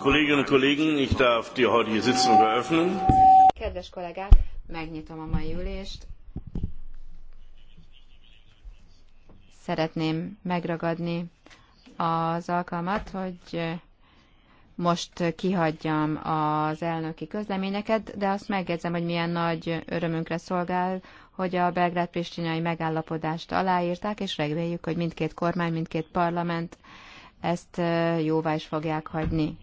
Kolleginnen und Kollegen, ich darf die heutige Sitzung eröffnen. Kedves kollégák, megnyitom a mai ülést. Szeretném megragadni az alkalmat, hogy most kihagyjam az elnöki közleményeket, de azt megjegyzem, hogy milyen nagy örömünkre szolgál, hogy a belgrád pristinai megállapodást aláírták, és reméljük, hogy mindkét kormány, mindkét parlament ezt jóvá is fogják hagyni.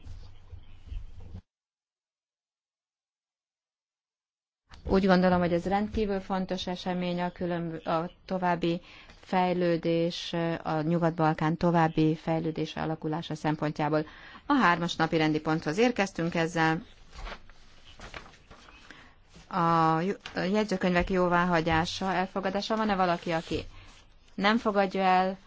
Úgy gondolom, hogy ez rendkívül fontos esemény a, külön, a további fejlődés, a Nyugat-Balkán további fejlődése, alakulása szempontjából. A hármas napi rendi ponthoz érkeztünk ezzel. A jegyzőkönyvek jóváhagyása, elfogadása van-e valaki, aki nem fogadja el,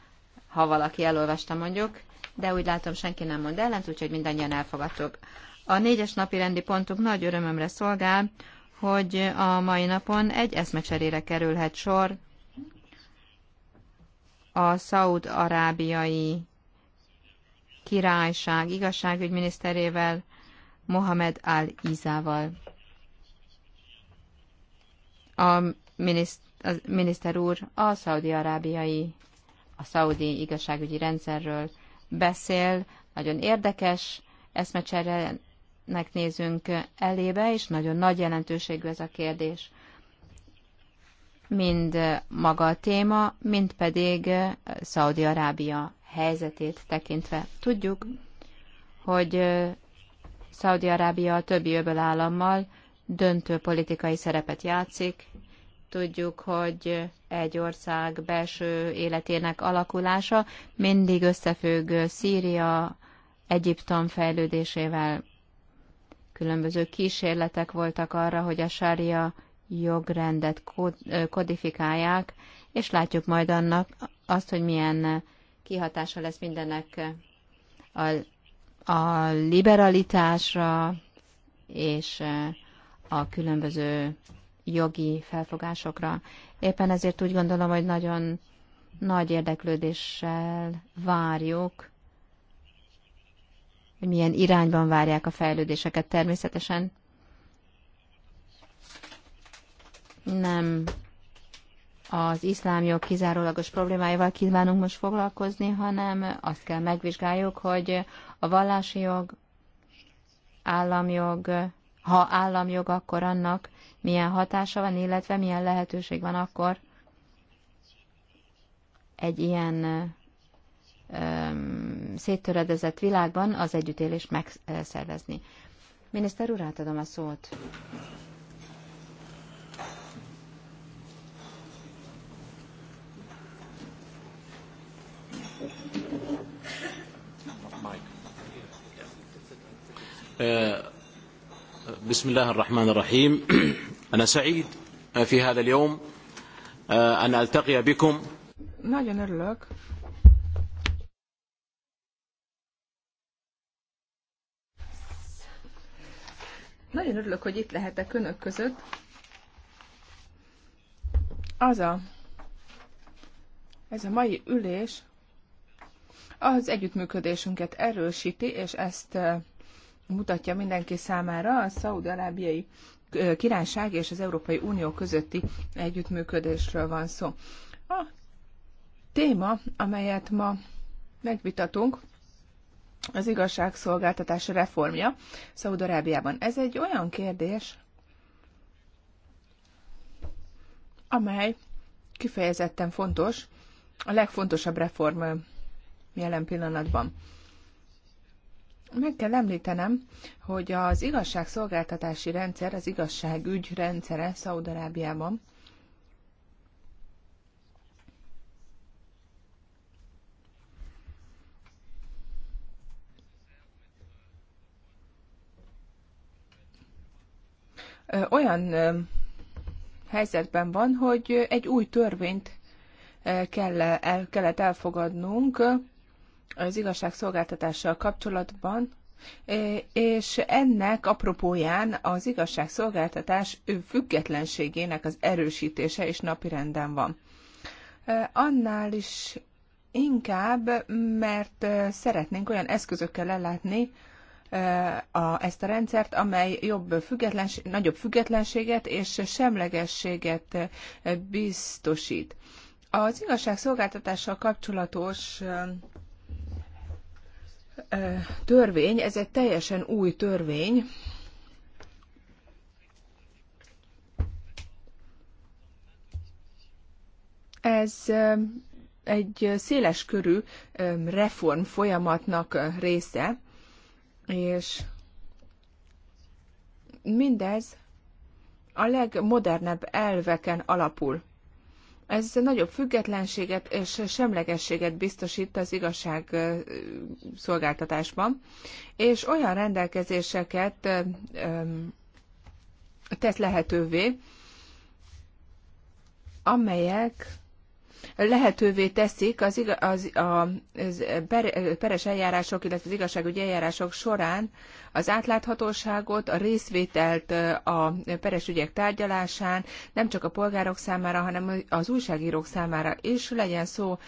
ha valaki elolvasta mondjuk, de úgy látom senki nem mond ellent, úgyhogy mindannyian elfogadtuk. A négyes napi rendi pontunk nagy örömömre szolgál, hogy a mai napon egy eszmecserére kerülhet sor a szaud-arábiai királyság igazságügyminiszterével, Mohamed Al-Izával. A miniszt, a miniszter úr a szaudi-arábiai, a szaudi igazságügyi rendszerről beszél, nagyon érdekes eszmecsere nek nézünk elébe, és nagyon nagy jelentőségű ez a kérdés. Mind maga a téma, mind pedig Szaudi-Arábia helyzetét tekintve. Tudjuk, hogy Szaudi-Arábia a többi öböl állammal döntő politikai szerepet játszik. Tudjuk, hogy egy ország belső életének alakulása mindig összefügg Szíria, Egyiptom fejlődésével. Különböző kísérletek voltak arra, hogy a sária jogrendet kodifikálják, és látjuk majd annak azt, hogy milyen kihatása lesz mindenek a, a liberalitásra és a különböző jogi felfogásokra. Éppen ezért úgy gondolom, hogy nagyon nagy érdeklődéssel várjuk hogy milyen irányban várják a fejlődéseket. Természetesen nem az iszlám jog kizárólagos problémáival kívánunk most foglalkozni, hanem azt kell megvizsgáljuk, hogy a vallási jog, államjog, ha államjog, akkor annak milyen hatása van, illetve milyen lehetőség van akkor egy ilyen széttöredezett világban az együttélést megszervezni. Miniszter úr, átadom a szót. بسم الله الرحمن الرحيم أنا سعيد في هذا اليوم أن ألتقي بكم. نعم örülök, Nagyon örülök, hogy itt lehetek önök között. Az a, ez a mai ülés az együttműködésünket erősíti, és ezt eh, mutatja mindenki számára a szaúd-arábiai eh, királyság és az Európai Unió közötti együttműködésről van szó. A téma, amelyet ma megvitatunk, az igazságszolgáltatás reformja Szaúd-Arábiában. Ez egy olyan kérdés, amely kifejezetten fontos, a legfontosabb reform jelen pillanatban. Meg kell említenem, hogy az igazságszolgáltatási rendszer, az igazságügy rendszere Szaudarábiában olyan helyzetben van, hogy egy új törvényt kell, el, kellett elfogadnunk az igazságszolgáltatással kapcsolatban, és ennek apropóján az igazságszolgáltatás függetlenségének az erősítése is napirenden van. Annál is inkább, mert szeretnénk olyan eszközökkel ellátni a, ezt a rendszert, amely jobb függetlenség, nagyobb függetlenséget és semlegességet biztosít. Az igazságszolgáltatással kapcsolatos törvény, ez egy teljesen új törvény, Ez egy széleskörű reform folyamatnak része, és mindez a legmodernebb elveken alapul. Ez nagyobb függetlenséget és semlegességet biztosít az igazság szolgáltatásban, és olyan rendelkezéseket tesz lehetővé, amelyek lehetővé teszik az, az, az peres eljárások, illetve az igazságügyi eljárások során az átláthatóságot, a részvételt a peres ügyek tárgyalásán, nem csak a polgárok számára, hanem az újságírók számára is, legyen szó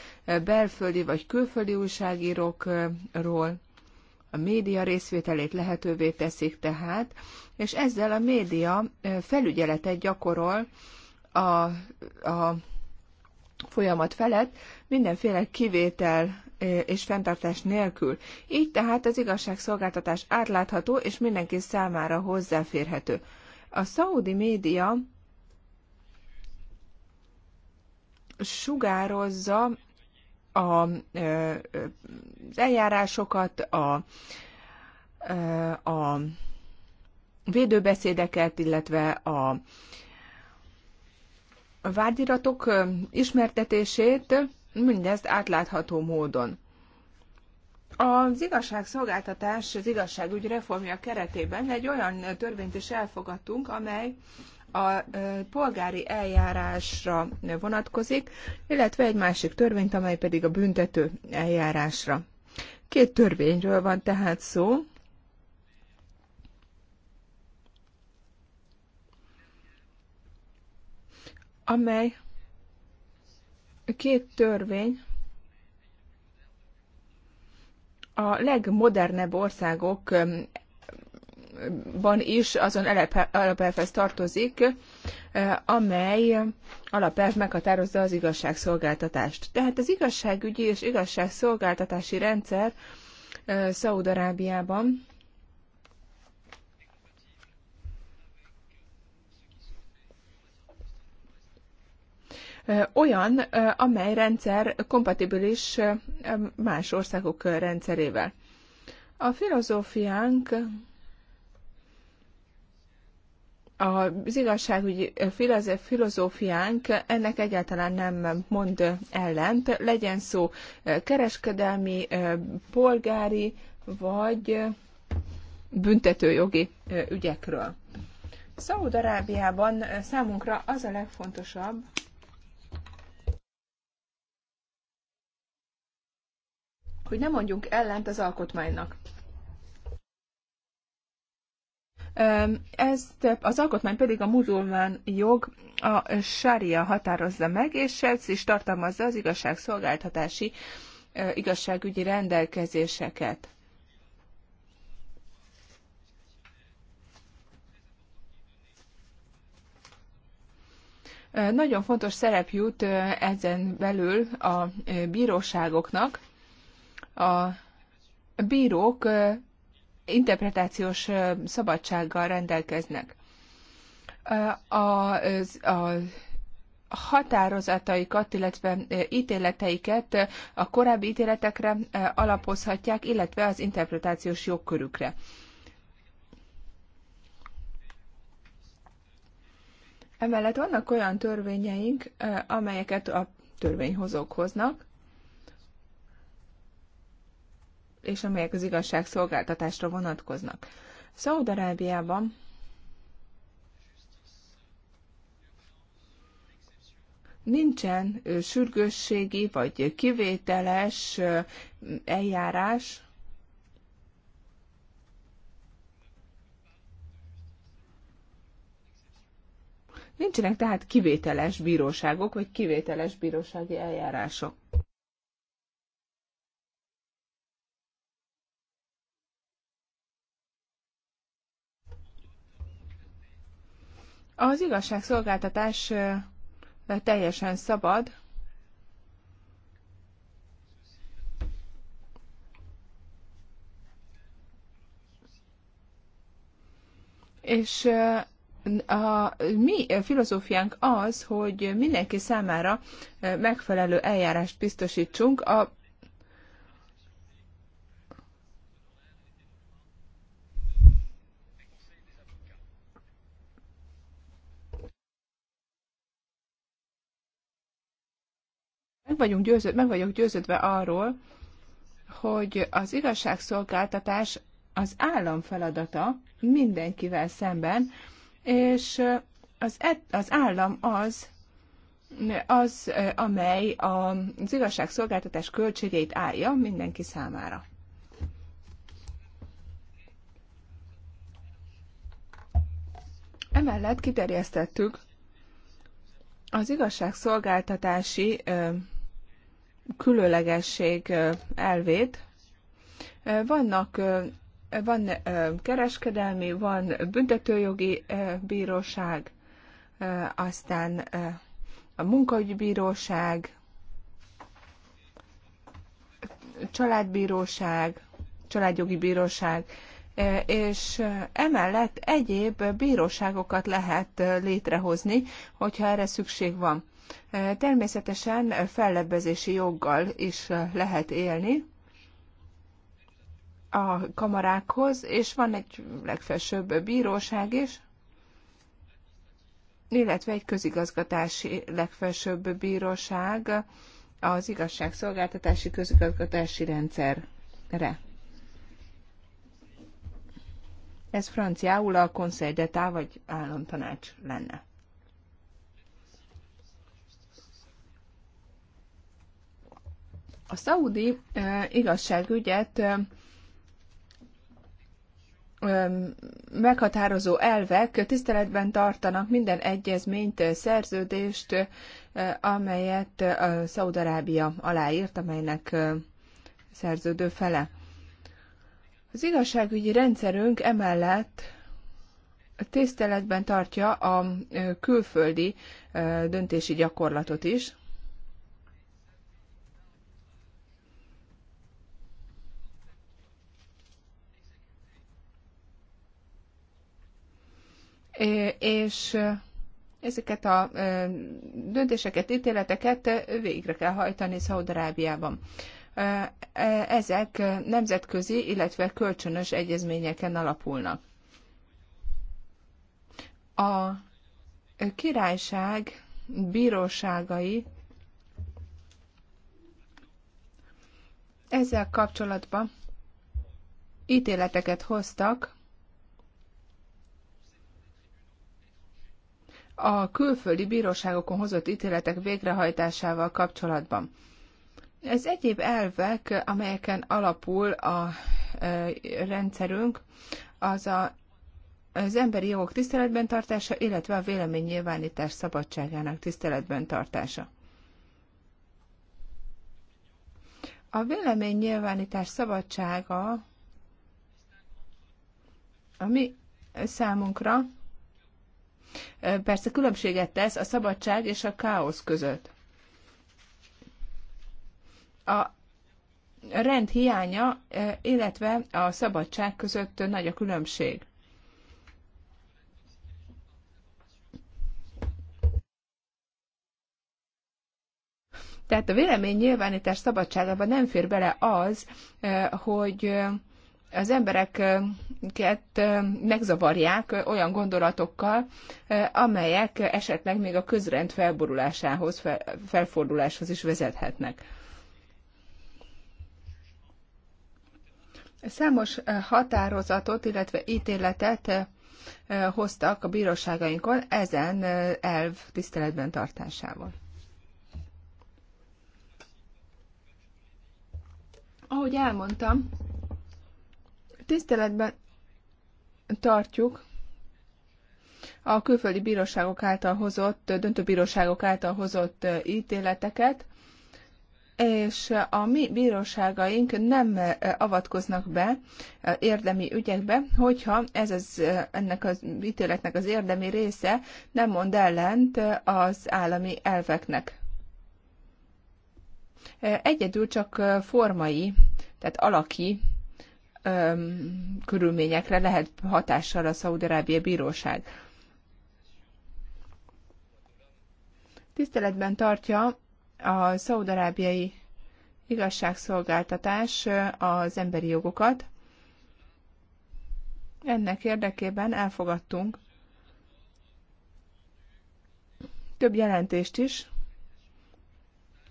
belföldi vagy külföldi újságírókról. A média részvételét lehetővé teszik tehát, és ezzel a média felügyeletet gyakorol a, a folyamat felett mindenféle kivétel és fenntartás nélkül. Így tehát az igazságszolgáltatás átlátható és mindenki számára hozzáférhető. A szaudi média sugározza a, az eljárásokat, a, a védőbeszédeket, illetve a vádiratok ismertetését, mindezt átlátható módon. Az igazságszolgáltatás, az igazságügy reformja keretében egy olyan törvényt is elfogadtunk, amely a polgári eljárásra vonatkozik, illetve egy másik törvényt, amely pedig a büntető eljárásra. Két törvényről van tehát szó, amely két törvény a legmodernebb országok is azon alapelvhez tartozik, amely alapelv meghatározza az igazságszolgáltatást. Tehát az igazságügyi és igazságszolgáltatási rendszer eh, Szaúd-Arábiában olyan, amely rendszer kompatibilis más országok rendszerével. A filozófiánk az igazságügyi filozófiánk ennek egyáltalán nem mond ellent, legyen szó kereskedelmi, polgári vagy büntetőjogi ügyekről. Szaúd-Arábiában számunkra az a legfontosabb, hogy nem mondjunk ellent az alkotmánynak. Ezt az alkotmány pedig a muzulmán jog a sária határozza meg, és ez is tartalmazza az igazságszolgáltatási igazságügyi rendelkezéseket. Nagyon fontos szerep jut ezen belül a bíróságoknak, a bírók interpretációs szabadsággal rendelkeznek. A, a határozataikat, illetve ítéleteiket a korábbi ítéletekre alapozhatják, illetve az interpretációs jogkörükre. Emellett vannak olyan törvényeink, amelyeket a törvényhozók hoznak, és amelyek az igazságszolgáltatásra vonatkoznak. Szaudarábiában nincsen sürgősségi vagy kivételes eljárás, Nincsenek tehát kivételes bíróságok, vagy kivételes bírósági eljárások. Az igazságszolgáltatás teljesen szabad, és a mi filozófiánk az, hogy mindenki számára megfelelő eljárást biztosítsunk. A vagyunk győződ, meg vagyok győződve arról, hogy az igazságszolgáltatás az állam feladata mindenkivel szemben, és az, e-, az állam az, az, amely az igazságszolgáltatás költségeit állja mindenki számára. Emellett kiterjesztettük az igazságszolgáltatási különlegesség elvét. Vannak van kereskedelmi, van büntetőjogi bíróság, aztán a munkaügybíróság, családbíróság, családjogi bíróság, és emellett egyéb bíróságokat lehet létrehozni, hogyha erre szükség van. Természetesen fellebbezési joggal is lehet élni a kamarákhoz, és van egy legfelsőbb bíróság is, illetve egy közigazgatási legfelsőbb bíróság az igazságszolgáltatási közigazgatási rendszerre. Ez franciául a Conseil d'État vagy államtanács lenne. A szaudi igazságügyet meghatározó elvek tiszteletben tartanak minden egyezményt, szerződést, amelyet a Szaudarábia aláírt, amelynek szerződő fele. Az igazságügyi rendszerünk emellett tiszteletben tartja a külföldi döntési gyakorlatot is, és ezeket a döntéseket, ítéleteket végre kell hajtani Szaudarábiában. E, ezek nemzetközi, illetve kölcsönös egyezményeken alapulnak. A királyság bíróságai ezzel kapcsolatban ítéleteket hoztak a külföldi bíróságokon hozott ítéletek végrehajtásával kapcsolatban. Ez egyéb elvek, amelyeken alapul a e, rendszerünk, az a, az emberi jogok tiszteletben tartása, illetve a véleménynyilvánítás szabadságának tiszteletben tartása. A véleménynyilvánítás szabadsága a mi számunkra Persze különbséget tesz a szabadság és a káosz között. A rend hiánya, illetve a szabadság között nagy a különbség. Tehát a vélemény nyilvánítás szabadságában nem fér bele az, hogy az embereket megzavarják olyan gondolatokkal, amelyek esetleg még a közrend felborulásához, felforduláshoz is vezethetnek. Számos határozatot, illetve ítéletet hoztak a bíróságainkon ezen elv tiszteletben tartásával. Ahogy elmondtam, Tiszteletben tartjuk a külföldi bíróságok által hozott, döntő bíróságok által hozott eh, ítéleteket, és a mi bíróságaink nem eh, avatkoznak be eh, érdemi ügyekbe, hogyha ez az, ennek az ítéletnek az érdemi része nem mond ellent az állami elveknek. Egyedül csak formai, tehát alaki körülményekre lehet hatással a Szaudarábia Bíróság. Tiszteletben tartja a szaudarábiai igazságszolgáltatás az emberi jogokat. Ennek érdekében elfogadtunk több jelentést is,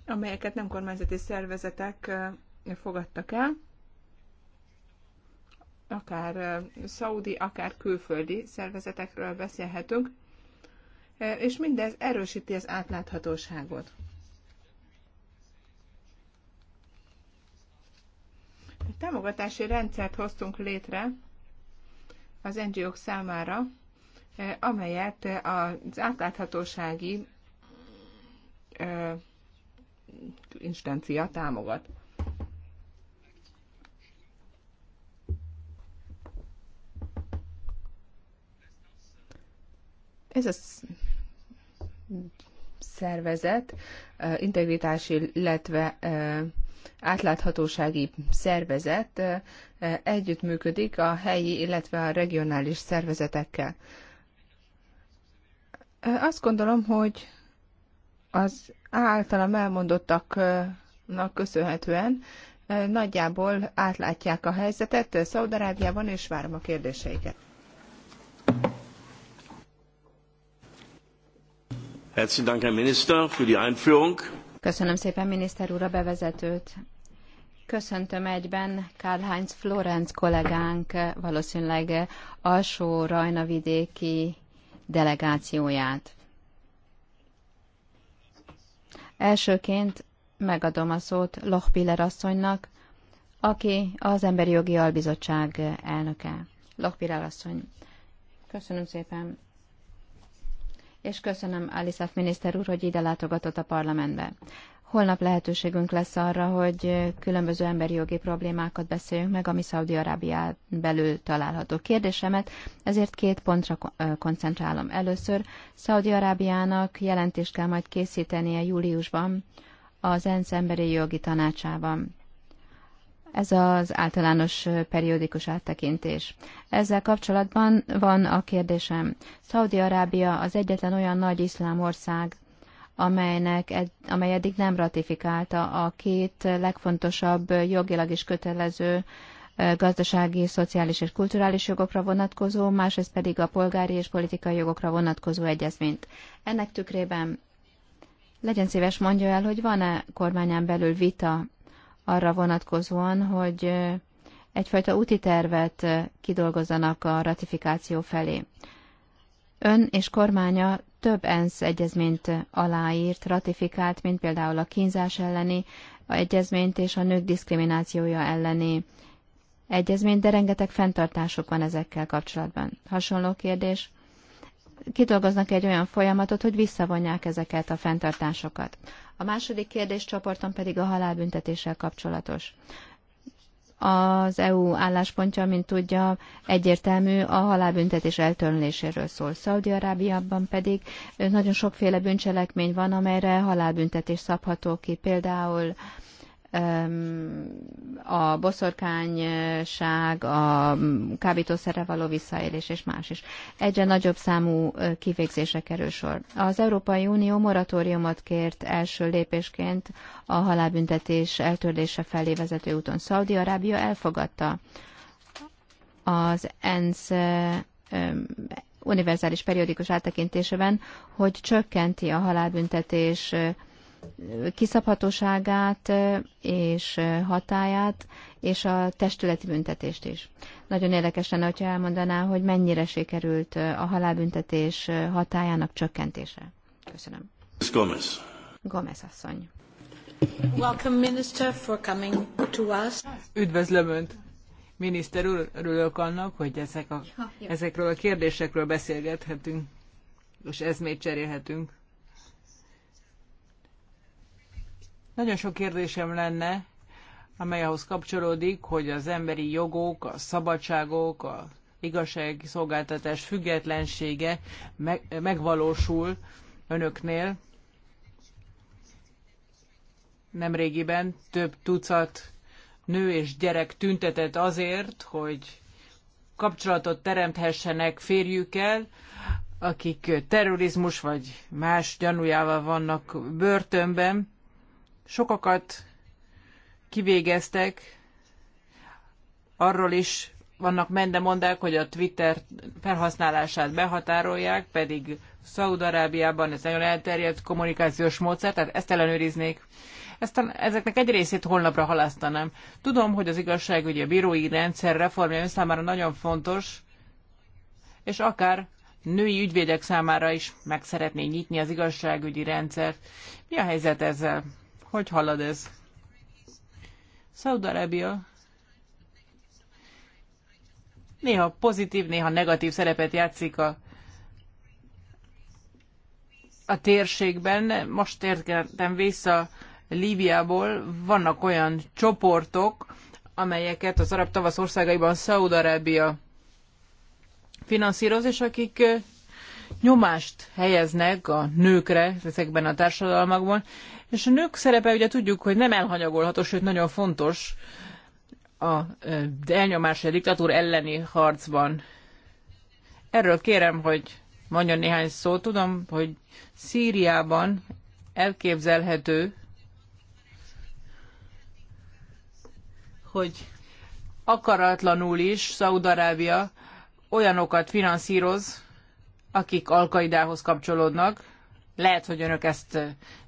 amelyeket nem kormányzati szervezetek fogadtak el akár szaudi, akár külföldi szervezetekről beszélhetünk, és mindez erősíti az átláthatóságot. Egy támogatási rendszert hoztunk létre az NGO-k számára, amelyet az átláthatósági instancia támogat. Ez a szervezet integritási, illetve átláthatósági szervezet együttműködik a helyi, illetve a regionális szervezetekkel. Azt gondolom, hogy az általam elmondottaknak köszönhetően nagyjából átlátják a helyzetet Szaudarábiában, és várom a kérdéseiket. Herzlichen Dank, Herr Minister, für die Einführung. Köszönöm szépen, miniszter úr, a bevezetőt. Köszöntöm egyben Karl-Heinz Florenz kollégánk, valószínűleg alsó vidéki delegációját. Elsőként megadom a szót Lochbiller asszonynak, aki az Emberi Jogi Albizottság elnöke. Lochbiller asszony, köszönöm szépen és köszönöm Alisaf miniszter úr, hogy ide látogatott a parlamentbe. Holnap lehetőségünk lesz arra, hogy különböző emberi jogi problémákat beszéljünk meg, ami Szaudi-Arábián belül található kérdésemet, ezért két pontra koncentrálom. Először Szaudi-Arábiának jelentést kell majd készítenie júliusban az ENSZ emberi jogi tanácsában ez az általános periódikus áttekintés. Ezzel kapcsolatban van a kérdésem. Szaudi-Arábia az egyetlen olyan nagy iszlám ország, amelynek, amely eddig nem ratifikálta a két legfontosabb jogilag is kötelező gazdasági, szociális és kulturális jogokra vonatkozó, másrészt pedig a polgári és politikai jogokra vonatkozó egyezményt. Ennek tükrében legyen szíves mondja el, hogy van-e kormányán belül vita arra vonatkozóan, hogy egyfajta úti tervet kidolgozzanak a ratifikáció felé. Ön és kormánya több ENSZ egyezményt aláírt, ratifikált, mint például a kínzás elleni egyezményt és a nők diszkriminációja elleni egyezményt, de rengeteg fenntartások van ezekkel kapcsolatban. Hasonló kérdés. Kidolgoznak egy olyan folyamatot, hogy visszavonják ezeket a fenntartásokat. A második kérdéscsoportom pedig a halálbüntetéssel kapcsolatos. Az EU álláspontja, mint tudja, egyértelmű a halálbüntetés eltörléséről szól. Szaudi-Arábiában pedig nagyon sokféle bűncselekmény van, amelyre halálbüntetés szabható ki. Például a boszorkányság, a kábítószerre való visszaélés és más is. Egyre nagyobb számú kivégzése kerül sor. Az Európai Unió moratóriumot kért első lépésként a halálbüntetés eltörlése felé vezető úton. Szaudi-Arábia elfogadta az ENSZ univerzális periódikus áttekintésében, hogy csökkenti a halálbüntetés kiszabhatóságát és hatáját, és a testületi büntetést is. Nagyon érdekes lenne, hogyha elmondaná, hogy mennyire sikerült a halálbüntetés hatájának csökkentése. Köszönöm. Gomez. Gomez asszony. Welcome, Minister, for coming to us. Üdvözlöm Önt, miniszter úr, örülök annak, hogy ezek a, ezekről a kérdésekről beszélgethetünk, és még cserélhetünk. Nagyon sok kérdésem lenne, amely ahhoz kapcsolódik, hogy az emberi jogok, a szabadságok, a szolgáltatás függetlensége meg, megvalósul önöknél. Nemrégiben több tucat nő és gyerek tüntetett azért, hogy kapcsolatot teremthessenek férjükkel, akik terrorizmus vagy más gyanújával vannak börtönben sokakat kivégeztek, arról is vannak mendemondák, hogy a Twitter felhasználását behatárolják, pedig Szaúd-Arábiában ez nagyon elterjedt kommunikációs módszer, tehát ezt ellenőriznék. Ezt a, ezeknek egy részét holnapra halasztanám. Tudom, hogy az igazságügyi a bírói rendszer reformja ön számára nagyon fontos, és akár női ügyvédek számára is meg szeretné nyitni az igazságügyi rendszert. Mi a helyzet ezzel? Hogy halad ez? Szaudarábia néha pozitív, néha negatív szerepet játszik a, a térségben. Most érkeztem vissza Líbiából. Vannak olyan csoportok, amelyeket az arab tavasz országaiban Szaudarábia finanszíroz, és akik eh, nyomást helyeznek a nőkre ezekben a társadalmakban, és a nők szerepe ugye tudjuk, hogy nem elhanyagolható, sőt nagyon fontos a elnyomás a diktatúr elleni harcban. Erről kérem, hogy mondjon néhány szót. Tudom, hogy Szíriában elképzelhető, hogy akaratlanul is Szaudarábia olyanokat finanszíroz, akik Alkaidához kapcsolódnak, lehet, hogy önök ezt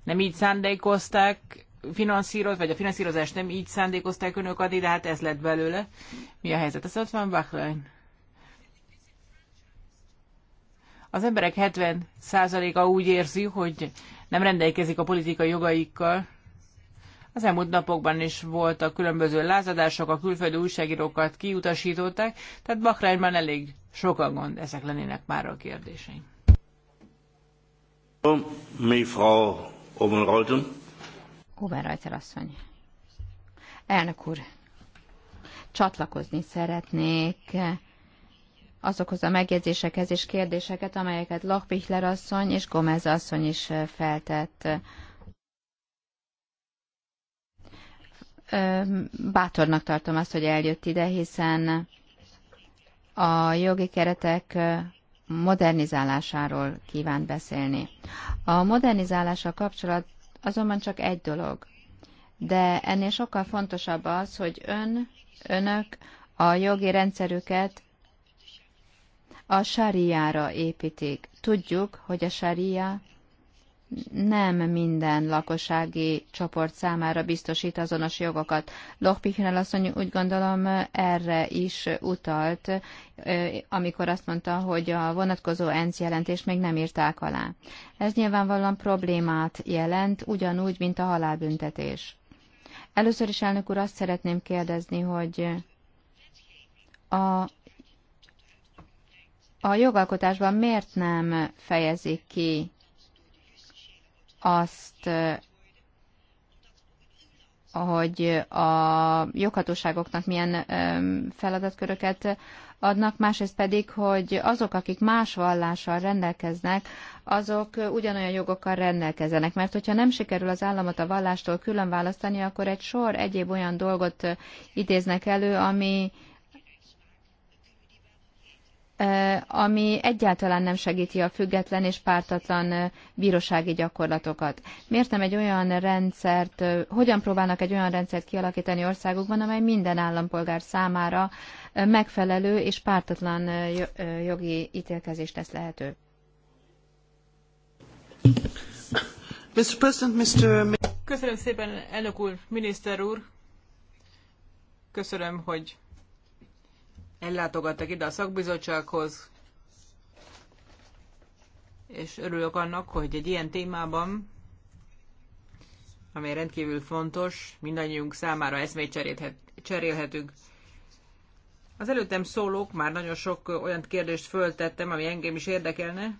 nem így szándékozták, finanszíroz, vagy a finanszírozást nem így szándékozták önök adni, de hát ez lett belőle. Mi a helyzet? Ez ott van Bachlein. Az emberek 70%-a úgy érzi, hogy nem rendelkezik a politikai jogaikkal. Az elmúlt napokban is voltak különböző lázadások, a külföldi újságírókat kiutasították, tehát már elég sok a gond, ezek lennének már a kérdéseim. Mi Frau Obenreuten. asszony. Elnök úr, csatlakozni szeretnék azokhoz a megjegyzésekhez és kérdéseket, amelyeket Lachpichler asszony és Gomez asszony is feltett. Bátornak tartom azt, hogy eljött ide, hiszen a jogi keretek modernizálásáról kíván beszélni. A modernizálással kapcsolat azonban csak egy dolog, de ennél sokkal fontosabb az, hogy ön, önök a jogi rendszerüket a sariára építik. Tudjuk, hogy a sariá nem minden lakossági csoport számára biztosít azonos jogokat. Lochpichnel asszony úgy gondolom erre is utalt, amikor azt mondta, hogy a vonatkozó ENC jelentést még nem írták alá. Ez nyilvánvalóan problémát jelent, ugyanúgy, mint a halálbüntetés. Először is, elnök úr, azt szeretném kérdezni, hogy a a jogalkotásban miért nem fejezik ki azt, hogy a joghatóságoknak milyen feladatköröket adnak, másrészt pedig, hogy azok, akik más vallással rendelkeznek, azok ugyanolyan jogokkal rendelkezenek. Mert hogyha nem sikerül az államot a vallástól külön választani, akkor egy sor egyéb olyan dolgot idéznek elő, ami ami egyáltalán nem segíti a független és pártatlan bírósági gyakorlatokat. Miért nem egy olyan rendszert, hogyan próbálnak egy olyan rendszert kialakítani országokban, amely minden állampolgár számára megfelelő és pártatlan jogi ítélkezést tesz lehető? Mr. President, Mr. Köszönöm szépen, elnök úr, miniszter úr. Köszönöm, hogy ellátogattak ide a szakbizottsághoz, és örülök annak, hogy egy ilyen témában, amely rendkívül fontos, mindannyiunk számára eszmét cserélhetünk. Az előttem szólók már nagyon sok olyan kérdést föltettem, ami engem is érdekelne.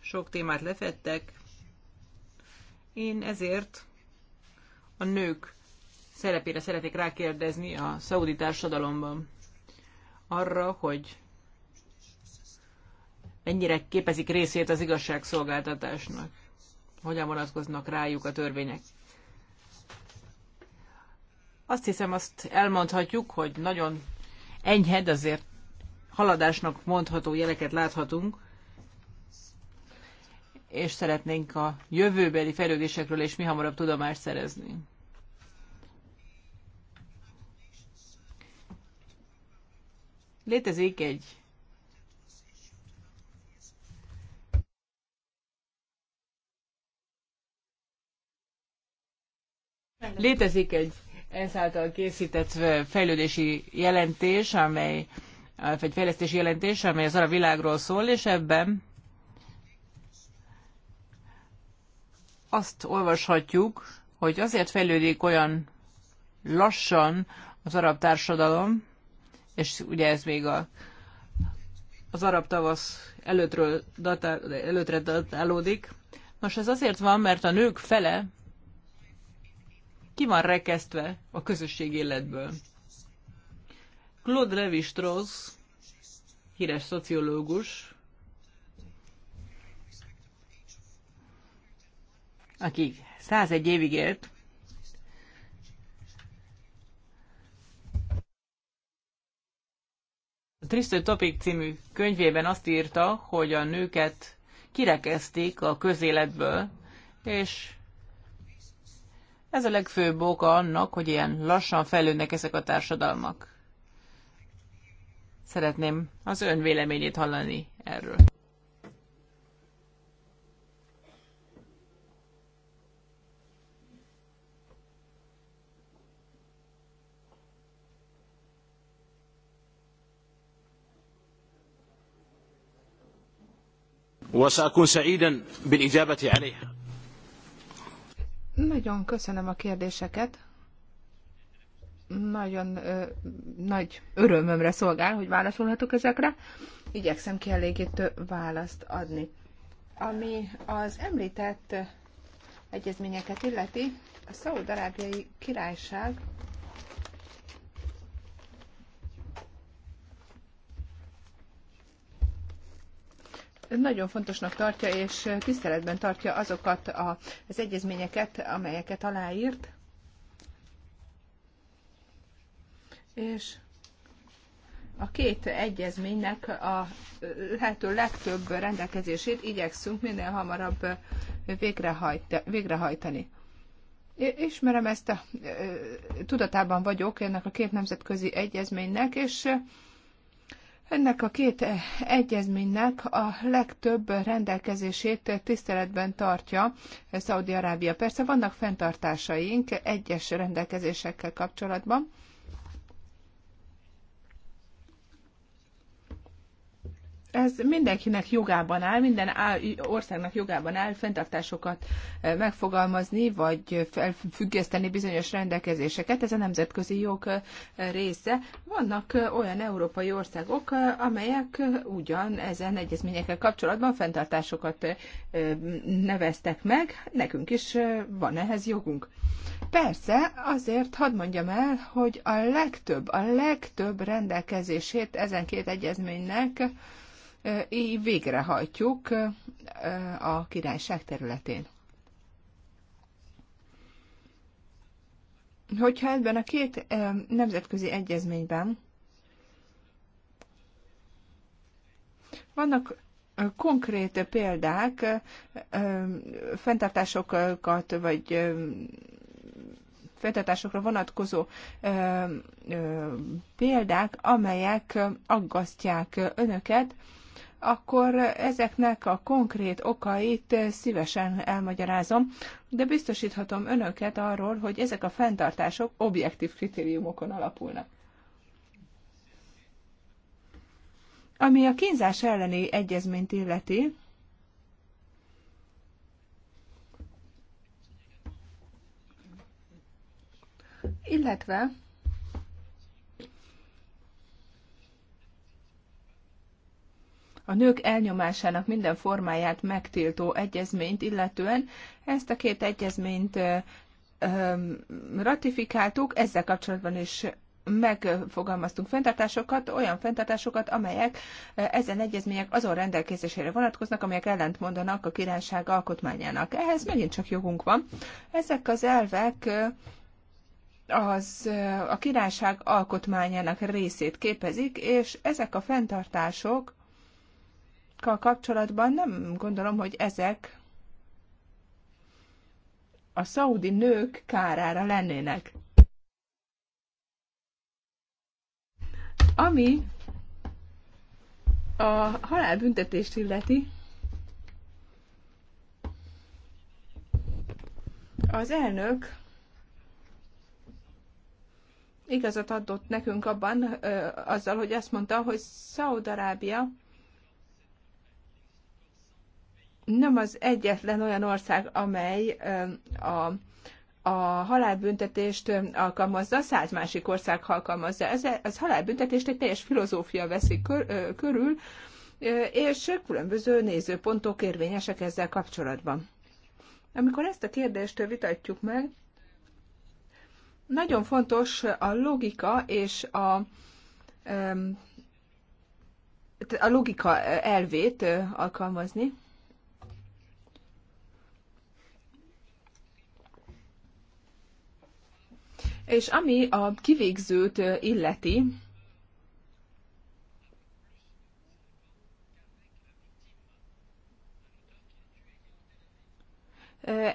Sok témát lefettek. Én ezért a nők szerepére szeretnék rákérdezni a szaudi társadalomban arra, hogy mennyire képezik részét az igazságszolgáltatásnak, hogyan vonatkoznak rájuk a törvények. Azt hiszem, azt elmondhatjuk, hogy nagyon enyhed azért haladásnak mondható jeleket láthatunk, és szeretnénk a jövőbeli fejlődésekről és mi hamarabb tudomást szerezni. Létezik egy Létezik egy ENSZ által készített fejlődési jelentés, amely, vagy fejlesztési jelentés, amely az arab világról szól, és ebben azt olvashatjuk, hogy azért fejlődik olyan lassan az arab társadalom, és ugye ez még a, az arab tavasz előttről datál, előttre datálódik. Nos, ez azért van, mert a nők fele ki van rekesztve a közösség életből. Claude Levi-Strauss, híres szociológus, aki 101 évig élt, Tristő Topik című könyvében azt írta, hogy a nőket kirekezték a közéletből, és ez a legfőbb oka annak, hogy ilyen lassan fejlődnek ezek a társadalmak. Szeretném az ön véleményét hallani erről. وسأكون سعيدا بالإجابة عليها Nagyon köszönöm a kérdéseket. Nagyon ö, nagy örömömre szolgál, hogy válaszolhatok ezekre. Igyekszem kielégítő választ adni. Ami az említett egyezményeket illeti, a Szaúd-Arábiai Királyság nagyon fontosnak tartja és tiszteletben tartja azokat a, az egyezményeket, amelyeket aláírt. És a két egyezménynek a lehető legtöbb rendelkezését igyekszünk minél hamarabb végrehajt, végrehajtani. Ismerem ezt, a, tudatában vagyok ennek a két nemzetközi egyezménynek, és ennek a két egyezménynek a legtöbb rendelkezését tiszteletben tartja Szaudi-Arábia. Persze vannak fenntartásaink egyes rendelkezésekkel kapcsolatban, ez mindenkinek jogában áll, minden áll, országnak jogában áll fenntartásokat e, megfogalmazni, vagy felfüggeszteni bizonyos rendelkezéseket. Ez a nemzetközi jog e, része. Vannak e, olyan európai országok, amelyek ugyan ezen egyezményekkel kapcsolatban fenntartásokat neveztek meg. Nekünk is van ehhez jogunk. Persze, azért hadd mondjam el, hogy a legtöbb, a legtöbb rendelkezését ezen két egyezménynek így végrehajtjuk a királyság területén. Hogyha ebben a két nemzetközi egyezményben vannak konkrét példák, fenntartásokat vagy fenntartásokra vonatkozó példák, amelyek aggasztják önöket, akkor ezeknek a konkrét okait szívesen elmagyarázom, de biztosíthatom önöket arról, hogy ezek a fenntartások objektív kritériumokon alapulnak. Ami a kínzás elleni egyezményt illeti, illetve a nők elnyomásának minden formáját megtiltó egyezményt illetően. Ezt a két egyezményt ratifikáltuk, ezzel kapcsolatban is megfogalmaztunk fenntartásokat, olyan fenntartásokat, amelyek ezen egyezmények azon rendelkezésére vonatkoznak, amelyek ellent mondanak a királyság alkotmányának. Ehhez megint csak jogunk van. Ezek az elvek az a királyság alkotmányának részét képezik, és ezek a fenntartások kapcsolatban nem gondolom, hogy ezek a szaudi nők kárára lennének. Ami a halálbüntetést illeti, az elnök igazat adott nekünk abban, ö, azzal, hogy azt mondta, hogy Szaudarábia nem az egyetlen olyan ország, amely a a halálbüntetést alkalmazza, száz másik ország alkalmazza. Ez, ez halálbüntetést egy teljes filozófia veszi kör, ö, körül, ö, és különböző nézőpontok érvényesek ezzel kapcsolatban. Amikor ezt a kérdést vitatjuk meg, nagyon fontos a logika és a, a logika elvét alkalmazni. És ami a kivégzőt illeti,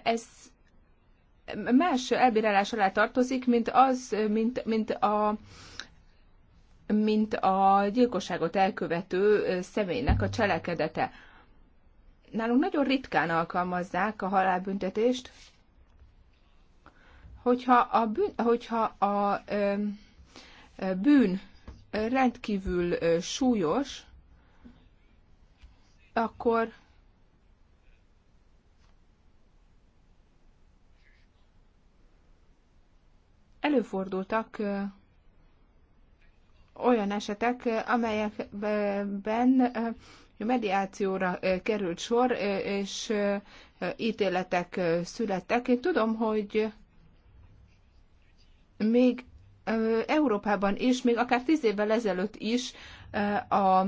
ez más elbírálás alá tartozik, mint az, mint, mint a mint a gyilkosságot elkövető személynek a cselekedete. Nálunk nagyon ritkán alkalmazzák a halálbüntetést, Hogyha a bűn, hogyha a e, bűn rendkívül súlyos, akkor előfordultak olyan esetek, amelyekben mediációra került sor, és ítéletek születtek. Én tudom, hogy még Európában is, még akár tíz évvel ezelőtt is a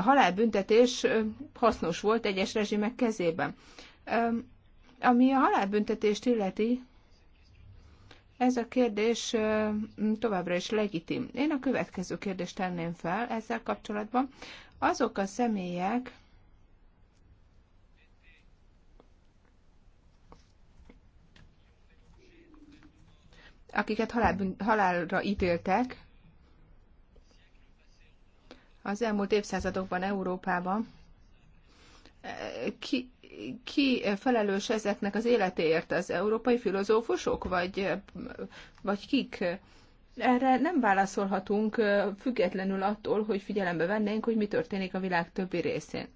halálbüntetés hasznos volt egyes rezsimek kezében. Ami a halálbüntetést illeti, ez a kérdés továbbra is legitim. Én a következő kérdést tenném fel ezzel kapcsolatban. Azok a személyek, akiket halál, halálra ítéltek az elmúlt évszázadokban Európában. E, ki, ki felelős ezeknek az életéért? Az európai filozófusok, vagy, vagy kik? Erre nem válaszolhatunk e, függetlenül attól, hogy figyelembe vennénk, hogy mi történik a világ többi részén.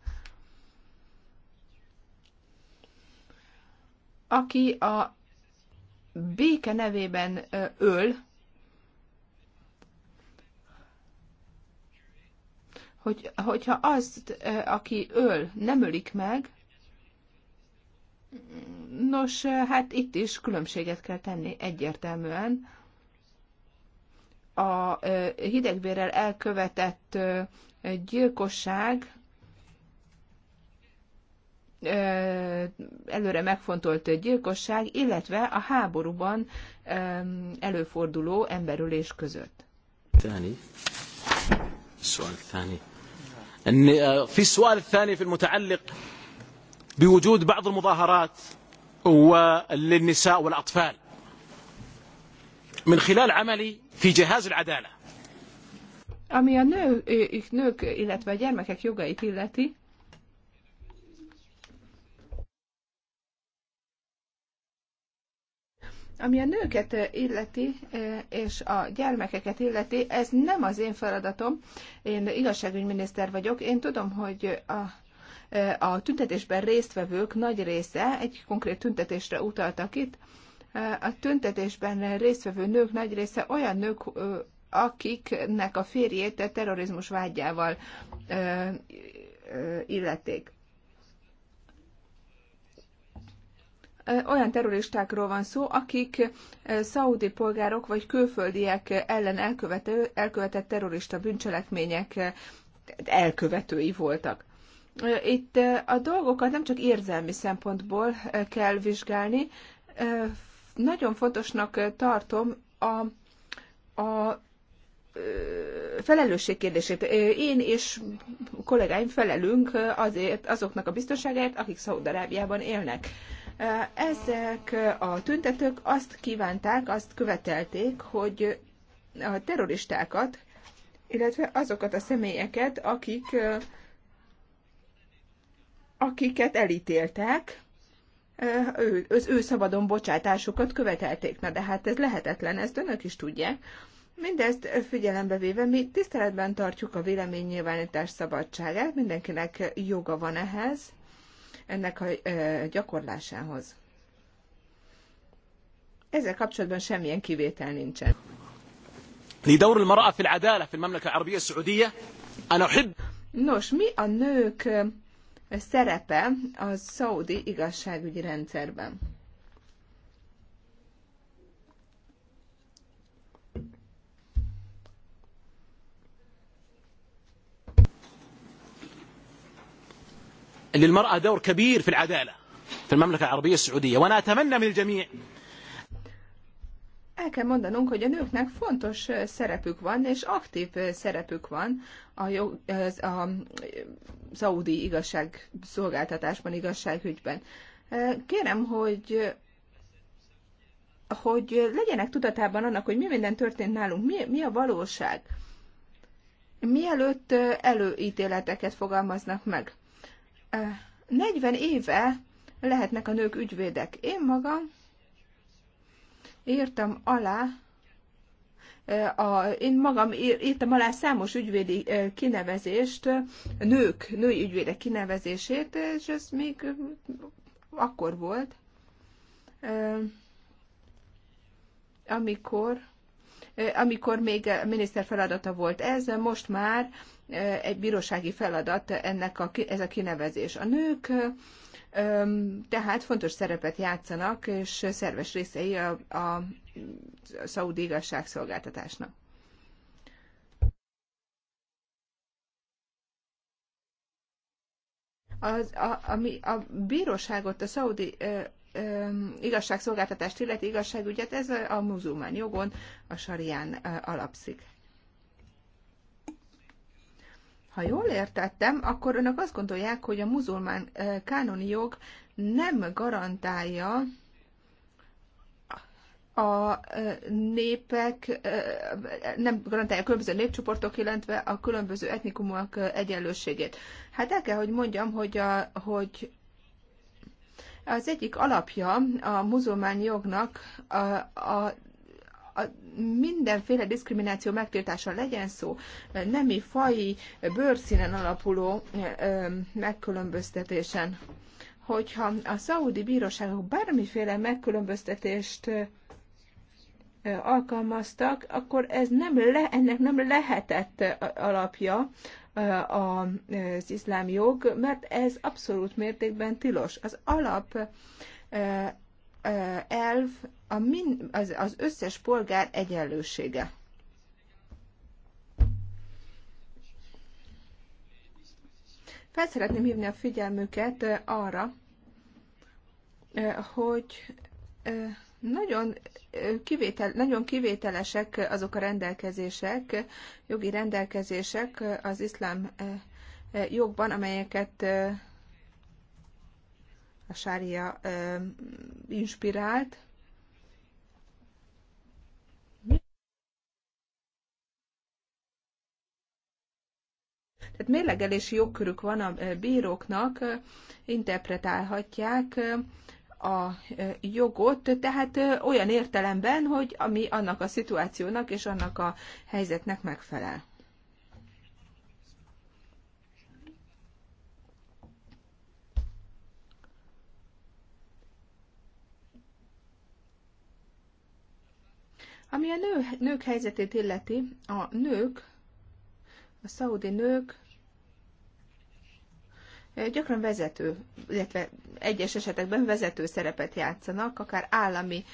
Aki a béke nevében öl, hogy, hogyha azt, aki öl, nem ölik meg, nos, hát itt is különbséget kell tenni egyértelműen. A hidegvérrel elkövetett gyilkosság előre megfontolt gyilkosság, illetve a háborúban előforduló emberülés között. ثاني السؤال الثاني في السؤال الثاني في المتعلق بوجود بعض المظاهرات للنساء والأطفال من خلال عملي في جهاز العدالة ami a nő, nők, illetve a gyermekek jogait illeti, Ami a nőket illeti, és a gyermekeket illeti, ez nem az én feladatom. Én igazságügyminiszter vagyok. Én tudom, hogy a a tüntetésben résztvevők nagy része, egy konkrét tüntetésre utaltak itt, a tüntetésben résztvevő nők nagy része olyan nők, akiknek a férjét terrorizmus vágyával illették. olyan terroristákról van szó, akik szaudi polgárok vagy külföldiek ellen elkövető, elkövetett terrorista bűncselekmények elkövetői voltak. Itt a dolgokat nem csak érzelmi szempontból kell vizsgálni. Nagyon fontosnak tartom a, a felelősség kérdését. Én és kollégáim felelünk azért azoknak a biztonságért, akik Szaúd-Arábiában élnek. Ezek a tüntetők azt kívánták, azt követelték, hogy a terroristákat, illetve azokat a személyeket, akik, akiket elítéltek, ő, az ő szabadon bocsátásukat követelték. Na de hát ez lehetetlen, ezt önök is tudják. Mindezt figyelembe véve mi tiszteletben tartjuk a véleménynyilvánítás szabadságát, mindenkinek joga van ehhez, ennek a gyakorlásához. Ezzel kapcsolatban semmilyen kivétel nincsen. لدور المرأة في العدالة في المملكة العربية السعودية أنا أحب Nos, mi a nők szerepe a szaudi igazságügyi rendszerben? للمرأة دور كبير في العدالة في المملكة العربية السعودية وأنا أتمنى من الجميع el kell mondanunk, hogy a nőknek fontos szerepük van, és aktív szerepük van a, jog, az, a szaudi igazságszolgáltatásban, igazságügyben. Kérem, hogy hogy legyenek tudatában annak, hogy mi minden történt nálunk, mi, mi a valóság. Mielőtt előítéleteket fogalmaznak meg. 40 éve lehetnek a nők ügyvédek. Én magam írtam alá, a, én magam írtam alá számos ügyvédi kinevezést, nők, női ügyvédek kinevezését, és ez még akkor volt, amikor amikor még miniszter feladata volt ez, most már egy bírósági feladat ennek a, ez a kinevezés. A nők tehát fontos szerepet játszanak, és szerves részei a, a szaudi igazságszolgáltatásnak. Az, a, ami a bíróságot, a szaudi ö, ö, igazságszolgáltatást illeti igazságügyet, ez a a muzulmán jogon, a sarián alapszik. Ha jól értettem, akkor önök azt gondolják, hogy a muzulmán kánoni jog nem garantálja a népek, nem garantálja a különböző népcsoportok, illetve a különböző etnikumok egyenlőségét. Hát el kell, hogy mondjam, hogy, a, hogy az egyik alapja a muzulmán jognak a, a a mindenféle diszkrimináció megtiltása legyen szó, nemi, fai, bőrszínen alapuló megkülönböztetésen. Hogyha a szaudi bíróságok bármiféle megkülönböztetést alkalmaztak, akkor ez nem le, ennek nem lehetett alapja az iszlám jog, mert ez abszolút mértékben tilos. Az alap elv a min, az, az összes polgár egyenlősége. Fel szeretném hívni a figyelmüket arra, hogy nagyon, kivétel, nagyon kivételesek azok a rendelkezések, jogi rendelkezések az iszlám jogban, amelyeket a sária inspirált, Tehát mérlegelési jogkörük van a bíróknak, interpretálhatják a jogot, tehát olyan értelemben, hogy ami annak a szituációnak és annak a helyzetnek megfelel. Ami a nő, nők helyzetét illeti, a nők, a szaudi nők gyakran vezető, illetve egyes esetekben vezető szerepet játszanak, akár állami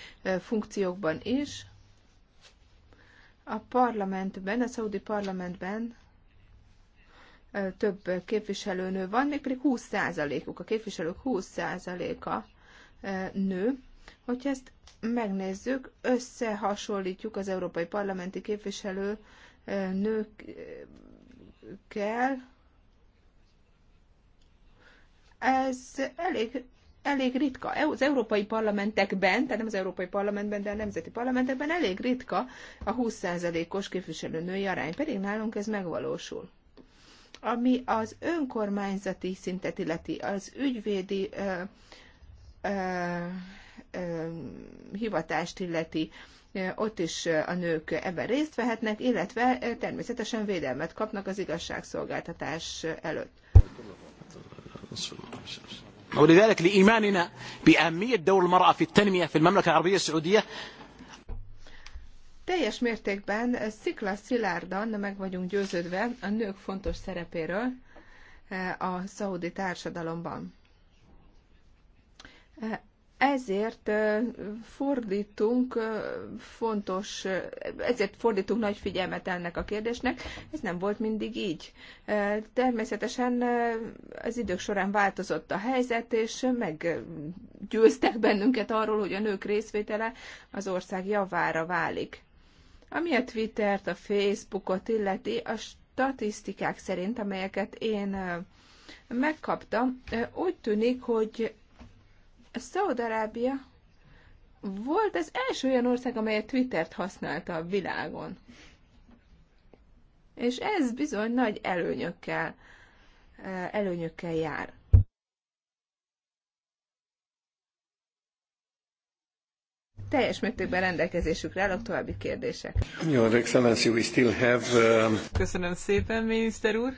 funkciókban is. A parlamentben, a szaudi parlamentben több képviselőnő van, mégpedig 20%-uk, a képviselők 20%-a nő. Hogyha ezt megnézzük, összehasonlítjuk az európai parlamenti képviselő nőkkel, ez elég elég ritka. E, az európai parlamentekben, tehát nem az európai parlamentben, de a nemzeti parlamentekben elég ritka a 20%-os képviselőnői arány, pedig nálunk ez megvalósul. Ami az önkormányzati szintet illeti, az ügyvédi ö, ö, ö, hivatást illeti, ott is a nők ebben részt vehetnek, illetve természetesen védelmet kapnak az igazságszolgáltatás előtt. ولذلك لإيماننا بأهمية دور المرأة في التنمية في المملكة العربية السعودية teljes mértékben szikla szilárdan meg vagyunk győződve a nők fontos szerepéről eh, a szaudi társadalomban. Eh, ezért fordítunk fontos, ezért fordítunk nagy figyelmet ennek a kérdésnek. Ez nem volt mindig így. Természetesen az idők során változott a helyzet, és meggyőztek bennünket arról, hogy a nők részvétele az ország javára válik. Ami a Twittert, a Facebookot illeti, a statisztikák szerint, amelyeket én megkaptam, úgy tűnik, hogy Szaudarábia volt az első olyan ország, amely a Twittert használta a világon. És ez bizony nagy előnyökkel, előnyökkel jár. teljes mértékben rendelkezésükre állok további kérdések. Your Excellency, we still have... Um... Köszönöm szépen, miniszter úr.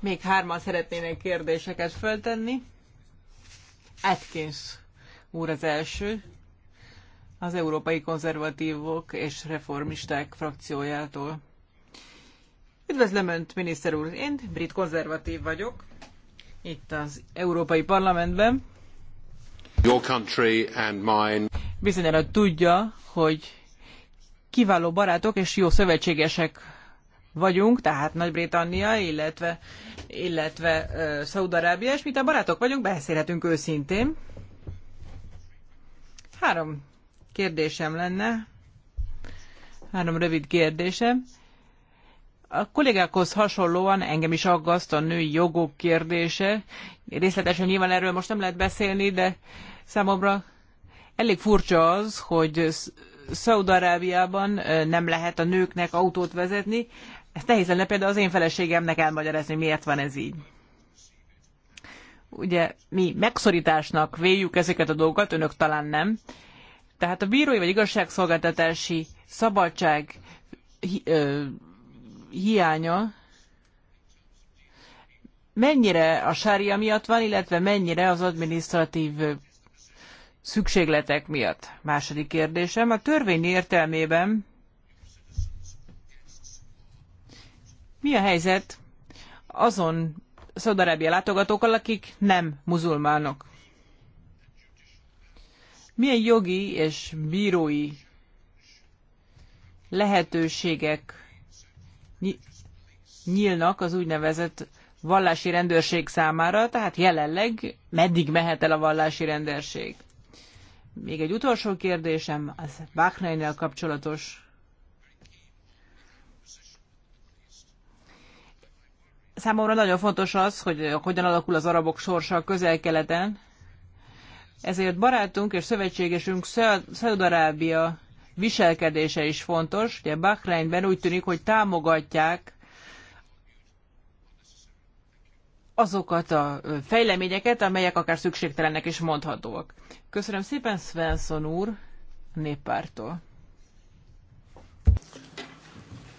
Még hárman szeretnének kérdéseket föltenni. Atkins úr az első, az Európai Konzervatívok és Reformisták frakciójától. Üdvözlöm Önt, miniszter úr! Én brit konzervatív vagyok, itt az Európai Parlamentben. Your country and mine. Bizonyára tudja, hogy kiváló barátok és jó szövetségesek vagyunk, tehát Nagy-Britannia, illetve, illetve uh, Szaúd-Arábia, és mint a barátok vagyunk, beszélhetünk őszintén. Három kérdésem lenne, három rövid kérdésem. A kollégákhoz hasonlóan engem is aggaszt a női jogok kérdése. Részletesen nyilván erről most nem lehet beszélni, de számomra elég furcsa az, hogy Szaudarábiában nem lehet a nőknek autót vezetni, ezt nehéz lenne például az én feleségemnek elmagyarázni, miért van ez így. Ugye mi megszorításnak véljük ezeket a dolgokat, önök talán nem. Tehát a bírói vagy igazságszolgáltatási szabadság hi, ö, hiánya mennyire a sária miatt van, illetve mennyire az adminisztratív szükségletek miatt. Második kérdésem, a törvény értelmében Mi a helyzet azon Szaudarábia látogatókkal, akik nem muzulmánok? Milyen jogi és bírói lehetőségek nyílnak az úgynevezett vallási rendőrség számára, tehát jelenleg meddig mehet el a vallási rendőrség? Még egy utolsó kérdésem, az Bahreinnel kapcsolatos. számomra nagyon fontos az, hogy hogyan alakul az arabok sorsa a közel-keleten. Ezért barátunk és szövetségesünk Szaudarábia viselkedése is fontos. Ugye Bahreinben úgy tűnik, hogy támogatják azokat a fejleményeket, amelyek akár szükségtelennek is mondhatóak. Köszönöm szépen Svensson úr néppártól.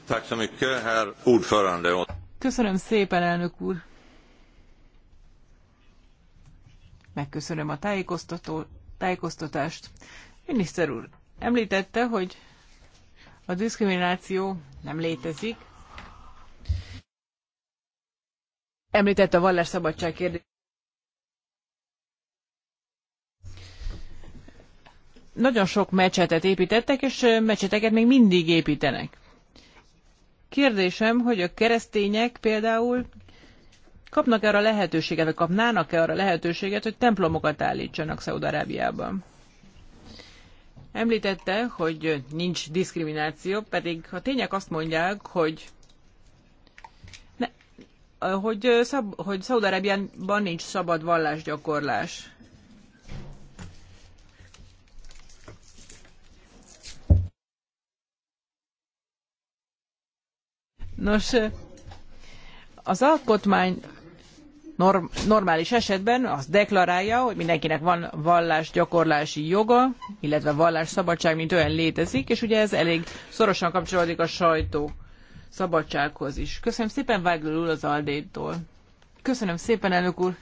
Tack så mycket, herr ordförande. Köszönöm szépen, elnök úr! Megköszönöm a tájékoztató, tájékoztatást. Miniszter úr, említette, hogy a diszkrimináció nem létezik. Említette a vallásszabadság kérdését. Nagyon sok mecsetet építettek, és mecseteket még mindig építenek. Kérdésem, hogy a keresztények például kapnak -e arra lehetőséget, vagy kapnának-e arra lehetőséget, hogy templomokat állítsanak Szaudarábiában? Említette, hogy nincs diszkrimináció, pedig a tények azt mondják, hogy ne, hogy, szab, hogy Szaudarábiában nincs szabad vallásgyakorlás. Nos, az alkotmány normális esetben azt deklarálja, hogy mindenkinek van vallásgyakorlási joga, illetve vallásszabadság, mint olyan létezik, és ugye ez elég szorosan kapcsolódik a sajtó szabadsághoz is. Köszönöm szépen Vágl az Aldétól. Köszönöm szépen, elnök úr.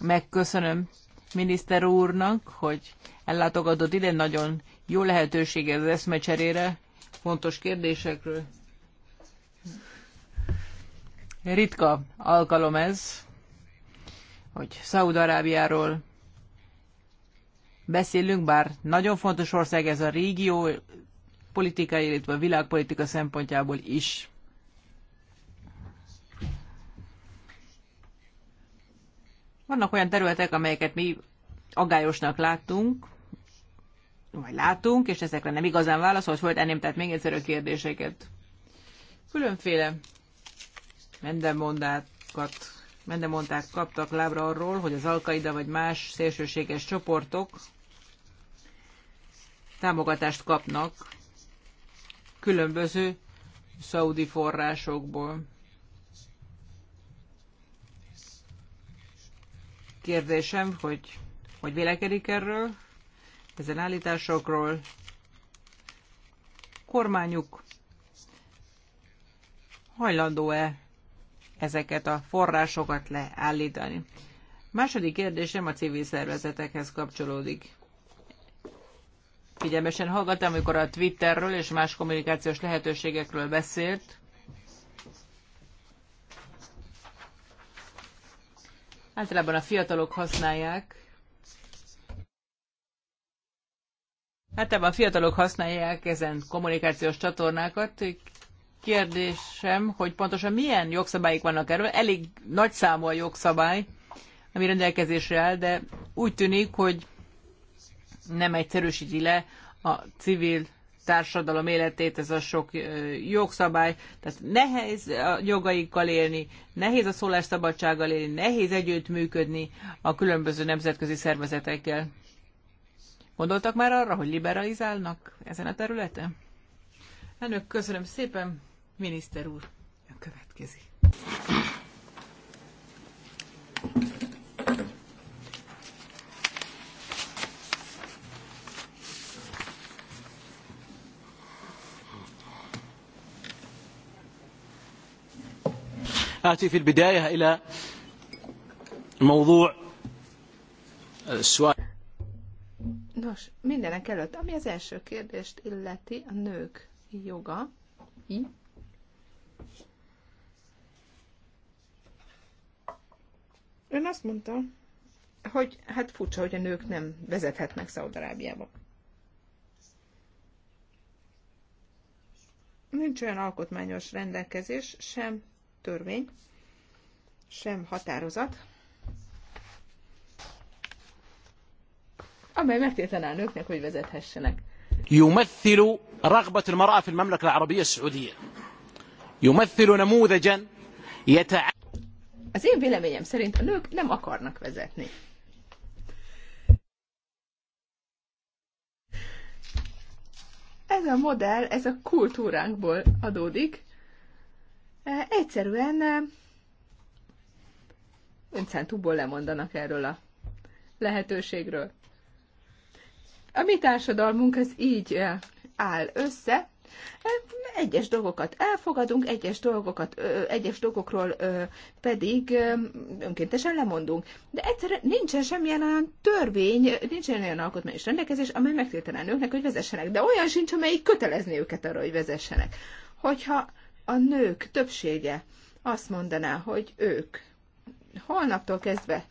Megköszönöm miniszter úrnak, hogy ellátogatott ide, nagyon jó lehetőség ez eszmecserére fontos kérdésekről. Ritka alkalom ez, hogy Szaúd-Arábiáról beszélünk, bár nagyon fontos ország ez a régió politikai, illetve a világpolitika szempontjából is. Vannak olyan területek, amelyeket mi agályosnak láttunk, vagy látunk, és ezekre nem igazán válaszolt, föltenném tehát még egyszer a kérdéseket. Különféle mendemondákat, mendemondák kaptak lábra arról, hogy az Alkaida vagy más szélsőséges csoportok támogatást kapnak különböző szaudi forrásokból. Kérdésem, hogy hogy vélekedik erről? ezen állításokról. Kormányuk hajlandó-e ezeket a forrásokat leállítani? Második kérdésem a civil szervezetekhez kapcsolódik. Figyelmesen hallgattam, amikor a Twitterről és más kommunikációs lehetőségekről beszélt. Általában a fiatalok használják Hát ebben a fiatalok használják ezen kommunikációs csatornákat. Kérdésem, hogy pontosan milyen jogszabályok vannak erről. Elég nagy számú a jogszabály, ami rendelkezésre áll, de úgy tűnik, hogy nem egyszerűsíti le a civil társadalom életét ez a sok jogszabály. Tehát nehéz a jogaikkal élni, nehéz a szólásszabadsággal élni, nehéz együttműködni a különböző nemzetközi szervezetekkel. Gondoltak már arra, hogy liberalizálnak ezen a területen? Önök, köszönöm szépen. Miniszter úr, a következik. آتي في البداية إلى موضوع السؤال Nos, mindenek előtt, ami az első kérdést illeti, a nők joga. I. Ön azt mondta, hogy hát furcsa, hogy a nők nem vezethetnek Szaudarábiába. Nincs olyan alkotmányos rendelkezés, sem törvény, sem határozat, amely megtiltaná a nőknek, hogy vezethessenek. يمثل رغبة المرأة في المملكة العربية السعودية يمثل نموذجا يتع... Az én véleményem szerint a nők nem akarnak vezetni. Ez a modell, ez a kultúránkból adódik. E, egyszerűen e, öncentúból lemondanak erről a lehetőségről. A mi társadalmunk ez így eh, áll össze, eh, egyes dolgokat elfogadunk, egyes, dolgokat, egyes dolgokról pedig önkéntesen lemondunk. De egyszerűen nincsen semmilyen olyan törvény, nincsen olyan alkotmányos rendelkezés, amely megtiltaná nőknek, hogy vezessenek. De olyan sincs, amelyik kötelezné őket arra, hogy vezessenek. Hogyha a nők többsége azt mondaná, hogy ők holnaptól kezdve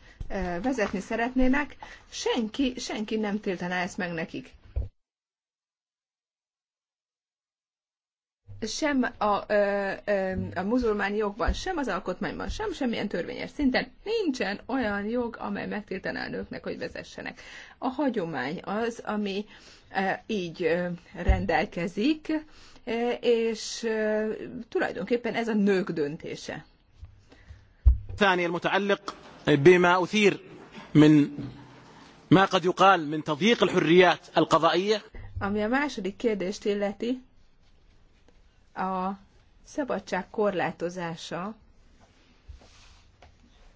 vezetni szeretnének, senki, senki nem tiltaná ezt meg nekik. Sem a, ö, ö, a muzulmán jogban, sem az alkotmányban, sem semmilyen törvényes szinten nincsen olyan jog, amely megtiltaná a nőknek, hogy vezessenek. A hagyomány az, ami ö, így ö, rendelkezik, ö, és ö, tulajdonképpen ez a nők döntése. بما أثير من ما قد يقال من تضييق الحريات القضائية Ami a második kérdést illeti, a szabadság korlátozása,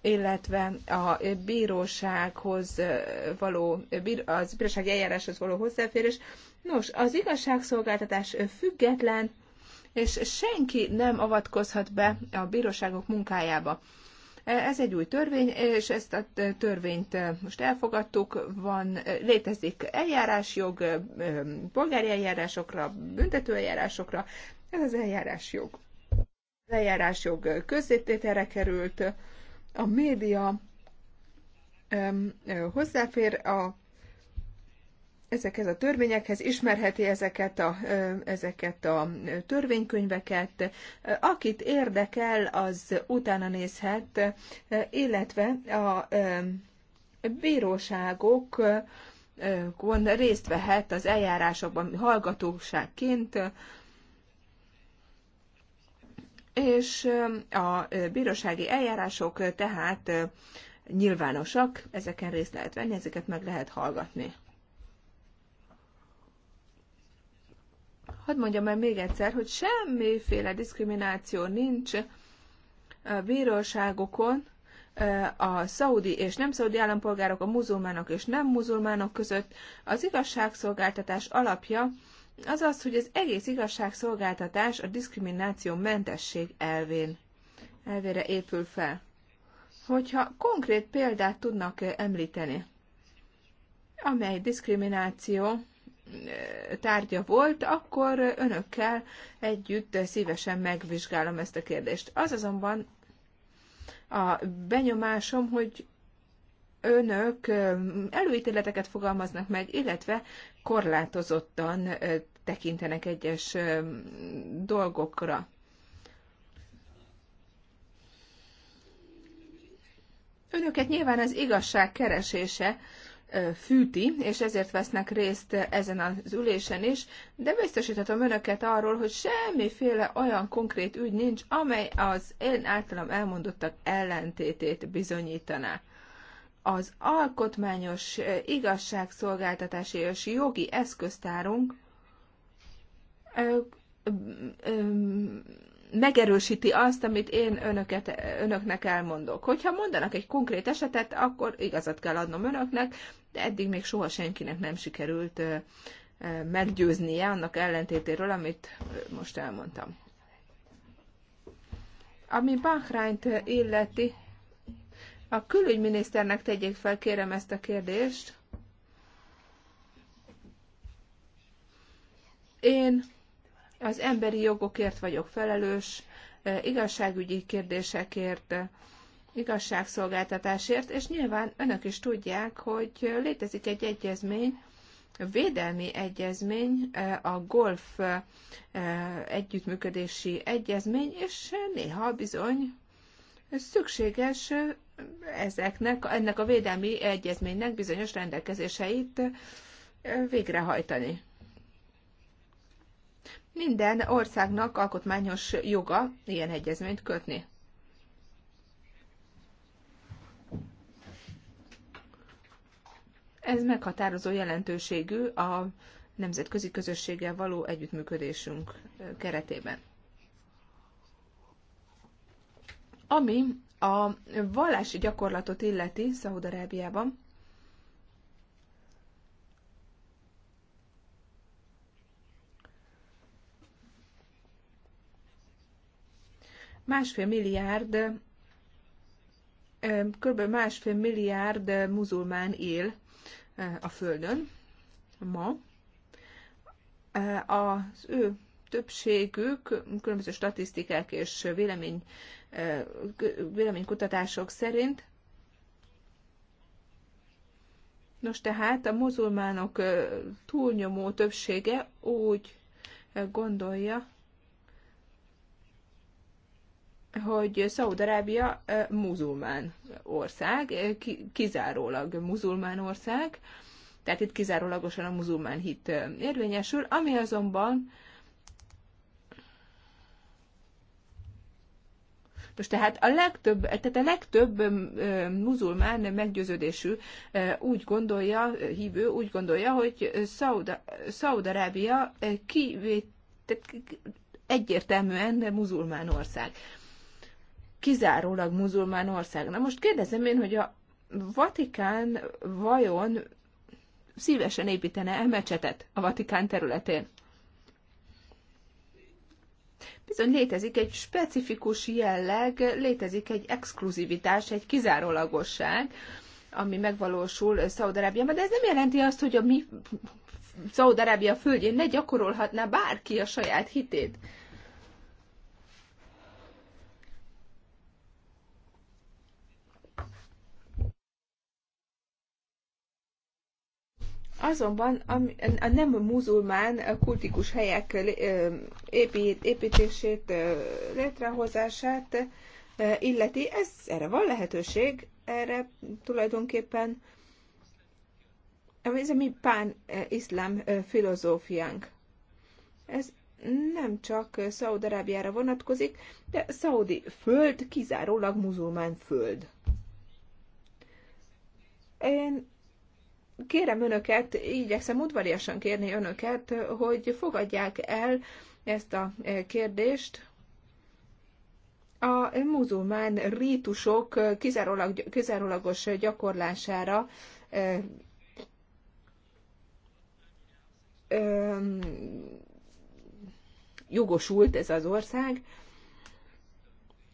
illetve a bírósághoz való, az bírósági eljáráshoz való hozzáférés. Nos, az igazságszolgáltatás független, és senki nem avatkozhat be a bíróságok munkájába. Ez egy új törvény, és ezt a törvényt eh, most elfogadtuk, van, eh, létezik eljárásjog, eh, polgári eljárásokra, eljárásokra. ez az eljárásjog. Az eljárásjog közzétételre került, a média hozzáfér a ezekhez a törvényekhez, ismerheti ezeket a, ezeket a törvénykönyveket. Akit érdekel, az utána nézhet, illetve a bíróságok részt vehet az eljárásokban hallgatóságként, és a bírósági eljárások tehát nyilvánosak, ezeken részt lehet venni, ezeket meg lehet hallgatni. hadd mondjam el még egyszer, hogy semmiféle diszkrimináció nincs a bíróságokon, a szaudi és nem szaudi állampolgárok, a muzulmánok és nem muzulmánok között. Az igazságszolgáltatás alapja az az, hogy az egész igazságszolgáltatás a diszkrimináció mentesség elvén, elvére épül fel. Hogyha konkrét példát tudnak említeni, amely diszkrimináció tárgya volt, akkor önökkel együtt szívesen megvizsgálom ezt a kérdést. Az azonban a benyomásom, hogy önök előítéleteket fogalmaznak meg, illetve korlátozottan tekintenek egyes dolgokra. Önöket nyilván az igazság keresése fűti, és ezért vesznek részt ezen az ülésen is, de biztosíthatom önöket arról, hogy semmiféle olyan konkrét ügy nincs, amely az én általam elmondottak ellentétét bizonyítaná. Az alkotmányos igazságszolgáltatási és jogi eszköztárunk megerősíti azt, amit én önöket, önöknek elmondok. Hogyha mondanak egy konkrét esetet, akkor igazat kell adnom önöknek, de eddig még soha senkinek nem sikerült meggyőznie annak ellentétéről, amit most elmondtam. Ami Bahrányt illeti, a külügyminiszternek tegyék fel, kérem ezt a kérdést. Én az emberi jogokért vagyok felelős, igazságügyi kérdésekért, igazságszolgáltatásért, és nyilván önök is tudják, hogy létezik egy egyezmény, védelmi egyezmény, a golf együttműködési egyezmény, és néha bizony szükséges ezeknek, ennek a védelmi egyezménynek bizonyos rendelkezéseit végrehajtani. Minden országnak alkotmányos joga ilyen egyezményt kötni. Ez meghatározó jelentőségű a nemzetközi közösséggel való együttműködésünk keretében. Ami a vallási gyakorlatot illeti Szaúd-Arábiában, másfél milliárd kb. másfél milliárd muzulmán él a Földön ma. Az ő többségük különböző statisztikák és vélemény, véleménykutatások szerint Nos, tehát a muzulmánok túlnyomó többsége úgy gondolja, hogy Szaúd-Arábia muzulmán ország, kizárólag muzulmán ország, tehát itt kizárólagosan a muzulmán hit érvényesül, ami azonban Most tehát a legtöbb, tehát a legtöbb muzulmán meggyőződésű úgy gondolja, hívő úgy gondolja, hogy Szaúd-Arábia kivét, egyértelműen muzulmán ország kizárólag muzulmán ország. Na most kérdezem én, hogy a Vatikán vajon szívesen építene-e mecsetet a Vatikán területén? Bizony létezik egy specifikus jelleg, létezik egy exkluzivitás, egy kizárólagosság, ami megvalósul Szaudarábiában, de ez nem jelenti azt, hogy a mi Szaudarábia földjén ne gyakorolhatná bárki a saját hitét. Azonban a nem muzulmán kultikus helyek építését, létrehozását illeti, ez, erre van lehetőség, erre tulajdonképpen ez a mi pán-iszlám filozófiánk. Ez nem csak Szaúd-Arábiára vonatkozik, de Szaudi föld kizárólag muzulmán föld. Én kérem önöket, igyekszem udvariasan kérni önöket, hogy fogadják el ezt a e, kérdést. A muzulmán rítusok kizárólag, kizárólagos gyakorlására e, e, jogosult ez az ország.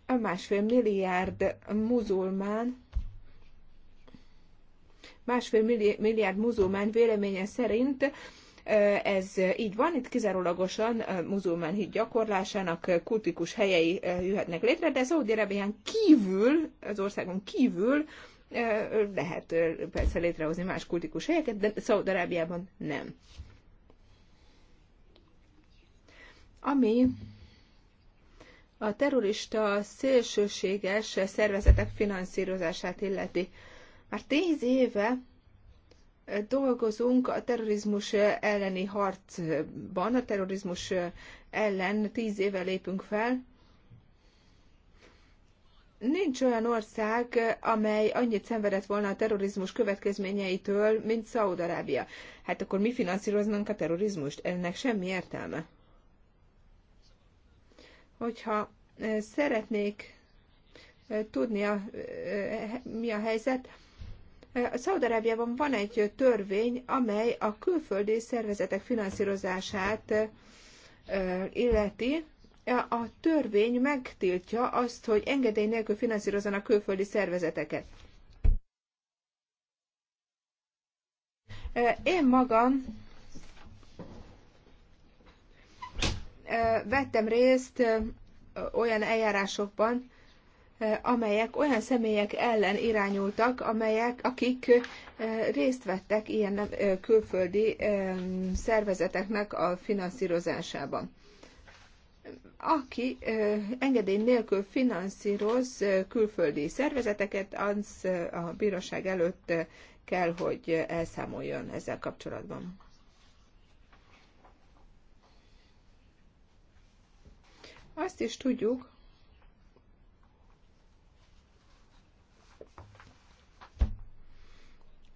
A másfél milliárd muzulmán másfél milliárd muzulmán véleménye szerint ez így van, itt kizárólagosan muzulmán hit gyakorlásának kultikus helyei jöhetnek létre, de Szaudi-Arabián kívül, az országon kívül lehet persze létrehozni más kultikus helyeket, de Szaud-Arábiában nem. Ami a terrorista szélsőséges szervezetek finanszírozását illeti. Már tíz éve dolgozunk a terrorizmus elleni harcban, a terrorizmus ellen tíz éve lépünk fel. Nincs olyan ország, amely annyit szenvedett volna a terrorizmus következményeitől, mint Szaudarábia. Hát akkor mi finanszíroznánk a terrorizmust? Ennek semmi értelme. Hogyha szeretnék tudni, a, mi a helyzet, Szaudarábiában van egy törvény, amely a külföldi szervezetek finanszírozását illeti. A törvény megtiltja azt, hogy engedély nélkül finanszírozzanak külföldi szervezeteket. Én magam vettem részt olyan eljárásokban, amelyek olyan személyek ellen irányultak, amelyek, akik részt vettek ilyen külföldi szervezeteknek a finanszírozásában. Aki engedély nélkül finanszíroz külföldi szervezeteket, az a bíróság előtt kell, hogy elszámoljon ezzel kapcsolatban. Azt is tudjuk,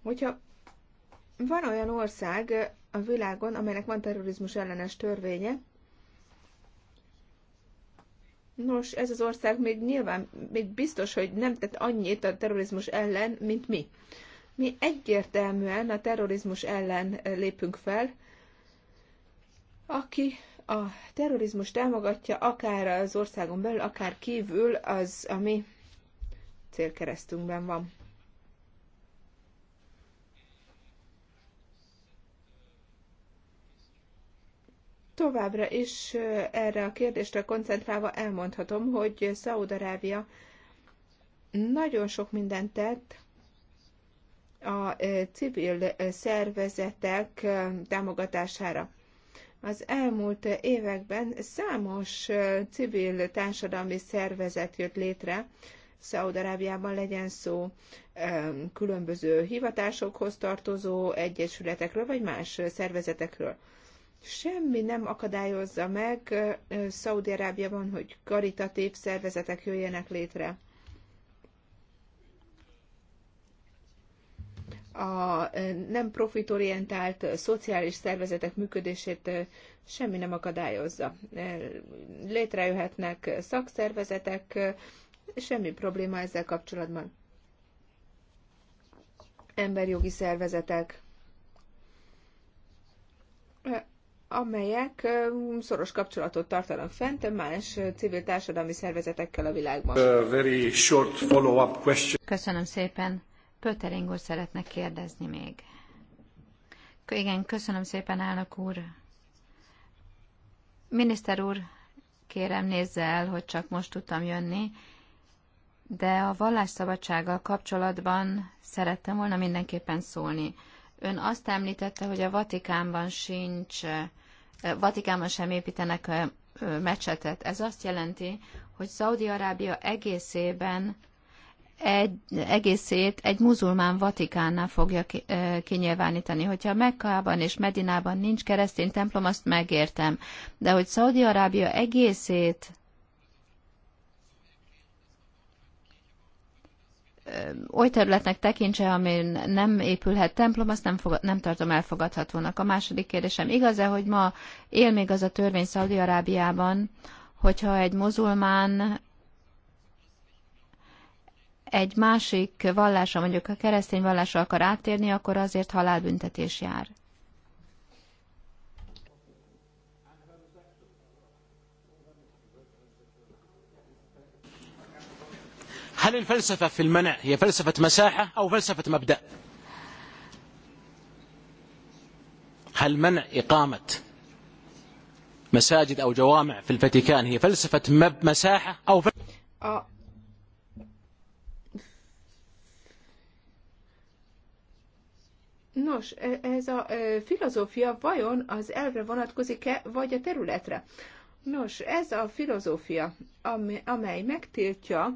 Hogyha van olyan ország a világon, amelynek van terrorizmus ellenes törvénye, Nos, ez az ország még nyilván, még biztos, hogy nem tett annyit a terrorizmus ellen, mint mi. Mi egyértelműen a terrorizmus ellen lépünk fel, aki a terrorizmus támogatja, akár az országon belül, akár kívül, az ami célkeresztünkben van. Továbbra is erre a kérdésre koncentrálva elmondhatom, hogy Szaúd-Arábia nagyon sok mindent tett a civil szervezetek támogatására. Az elmúlt években számos civil társadalmi szervezet jött létre, Szaúd-Arábiában legyen szó különböző hivatásokhoz tartozó egyesületekről, vagy más szervezetekről. Semmi nem akadályozza meg Szaudi-Arábiában, hogy karitatív szervezetek jöjjenek létre. a nem profitorientált szociális szervezetek működését semmi nem akadályozza. Létrejöhetnek szakszervezetek, semmi probléma ezzel kapcsolatban. Emberjogi szervezetek amelyek szoros kapcsolatot tartanak fent más civil társadalmi szervezetekkel a világban. A very short follow-up question. Köszönöm szépen. Pöttering úr szeretne kérdezni még. Igen, köszönöm szépen, állnak úr. Miniszter úr, kérem nézze el, hogy csak most tudtam jönni, de a vallásszabadsággal kapcsolatban szerettem volna mindenképpen szólni. Ön azt említette, hogy a Vatikánban sincs Vatikánban sem építenek mecsetet. Ez azt jelenti, hogy Szaudi-Arábia egészében egy, egészét egy muzulmán Vatikánnál fogja ki, e, kinyilvánítani. Hogyha Mekkában és Medinában nincs keresztény templom, azt megértem. De hogy Szaudi-Arábia egészét oly területnek tekintse, amin nem épülhet templom, azt nem, fog, nem tartom elfogadhatónak. A második kérdésem, igaz-e, hogy ma él még az a törvény Szaudi-Arábiában, hogyha egy muzulmán egy másik vallásra, mondjuk a keresztény vallásra akar áttérni, akkor azért halálbüntetés jár. هل الفلسفة في المنع هي فلسفة مساحة أو فلسفة مبدأ هل منع إقامة مساجد أو جوامع في الفاتيكان هي فلسفة مب مساحة أو فلسفة Nos, ez a filozófia vajon az elvre vonatkozik-e, vagy a területre? Nos, ez a filozófia, amely megtiltja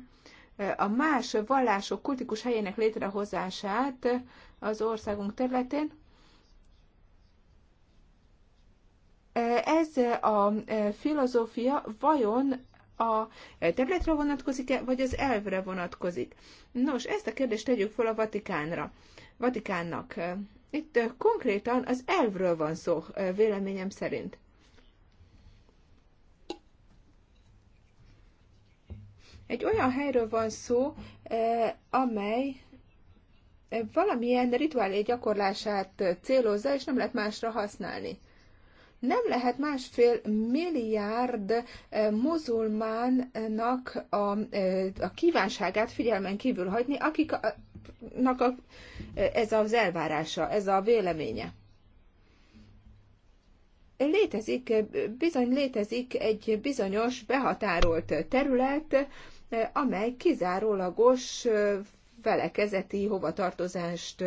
a más vallások kultikus helyének létrehozását az országunk területén. Ez a filozófia vajon a területre vonatkozik-e, vagy az elvre vonatkozik? Nos, ezt a kérdést tegyük fel a Vatikánra. Vatikánnak. Itt konkrétan az elvről van szó, véleményem szerint. Egy olyan helyről van szó, eh, amely eh, valamilyen rituálé gyakorlását célozza, és nem lehet másra használni. Nem lehet másfél milliárd eh, muzulmánnak a, a kívánságát figyelmen kívül hagyni, akiknek a, ez az elvárása, ez a véleménye létezik, bizony létezik egy bizonyos behatárolt terület, amely kizárólagos felekezeti hovatartozást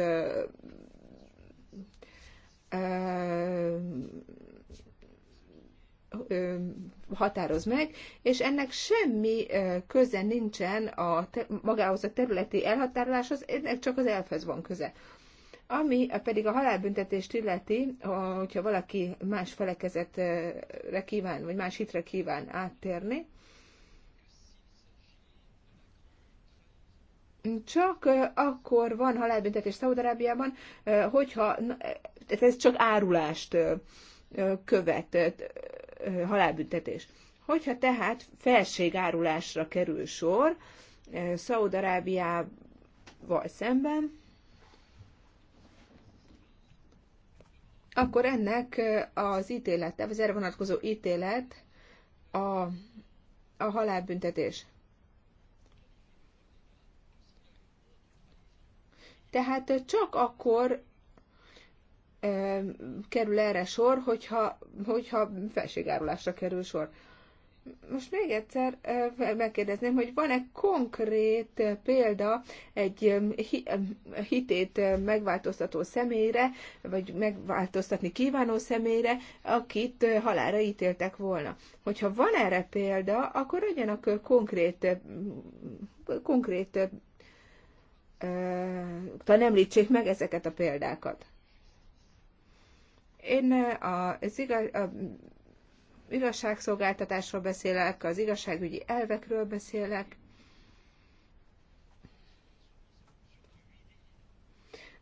határoz meg, és ennek semmi köze nincsen a te, magához a területi elhatároláshoz, ennek csak az elfhez van köze. Ami pedig a halálbüntetést illeti, hogyha valaki más felekezetre kíván, vagy más hitre kíván áttérni, csak akkor van halálbüntetés Szaudarábiában, hogyha, tehát ez csak árulást követ, halálbüntetés. Hogyha tehát felségárulásra kerül sor Szaudarábiával szemben, akkor ennek az ítélete, az erre vonatkozó ítélet a, a halálbüntetés. Tehát csak akkor kerül erre sor, hogyha, hogyha felségárulásra kerül sor. Most még egyszer megkérdezném, hogy van-e konkrét példa egy hitét megváltoztató személyre, vagy megváltoztatni kívánó személyre, akit halára ítéltek volna. Hogyha van erre példa, akkor adjanak konkrét, konkrét talán említsék meg ezeket a példákat. Én az igaz, a igazságszolgáltatásról beszélek, az igazságügyi elvekről beszélek.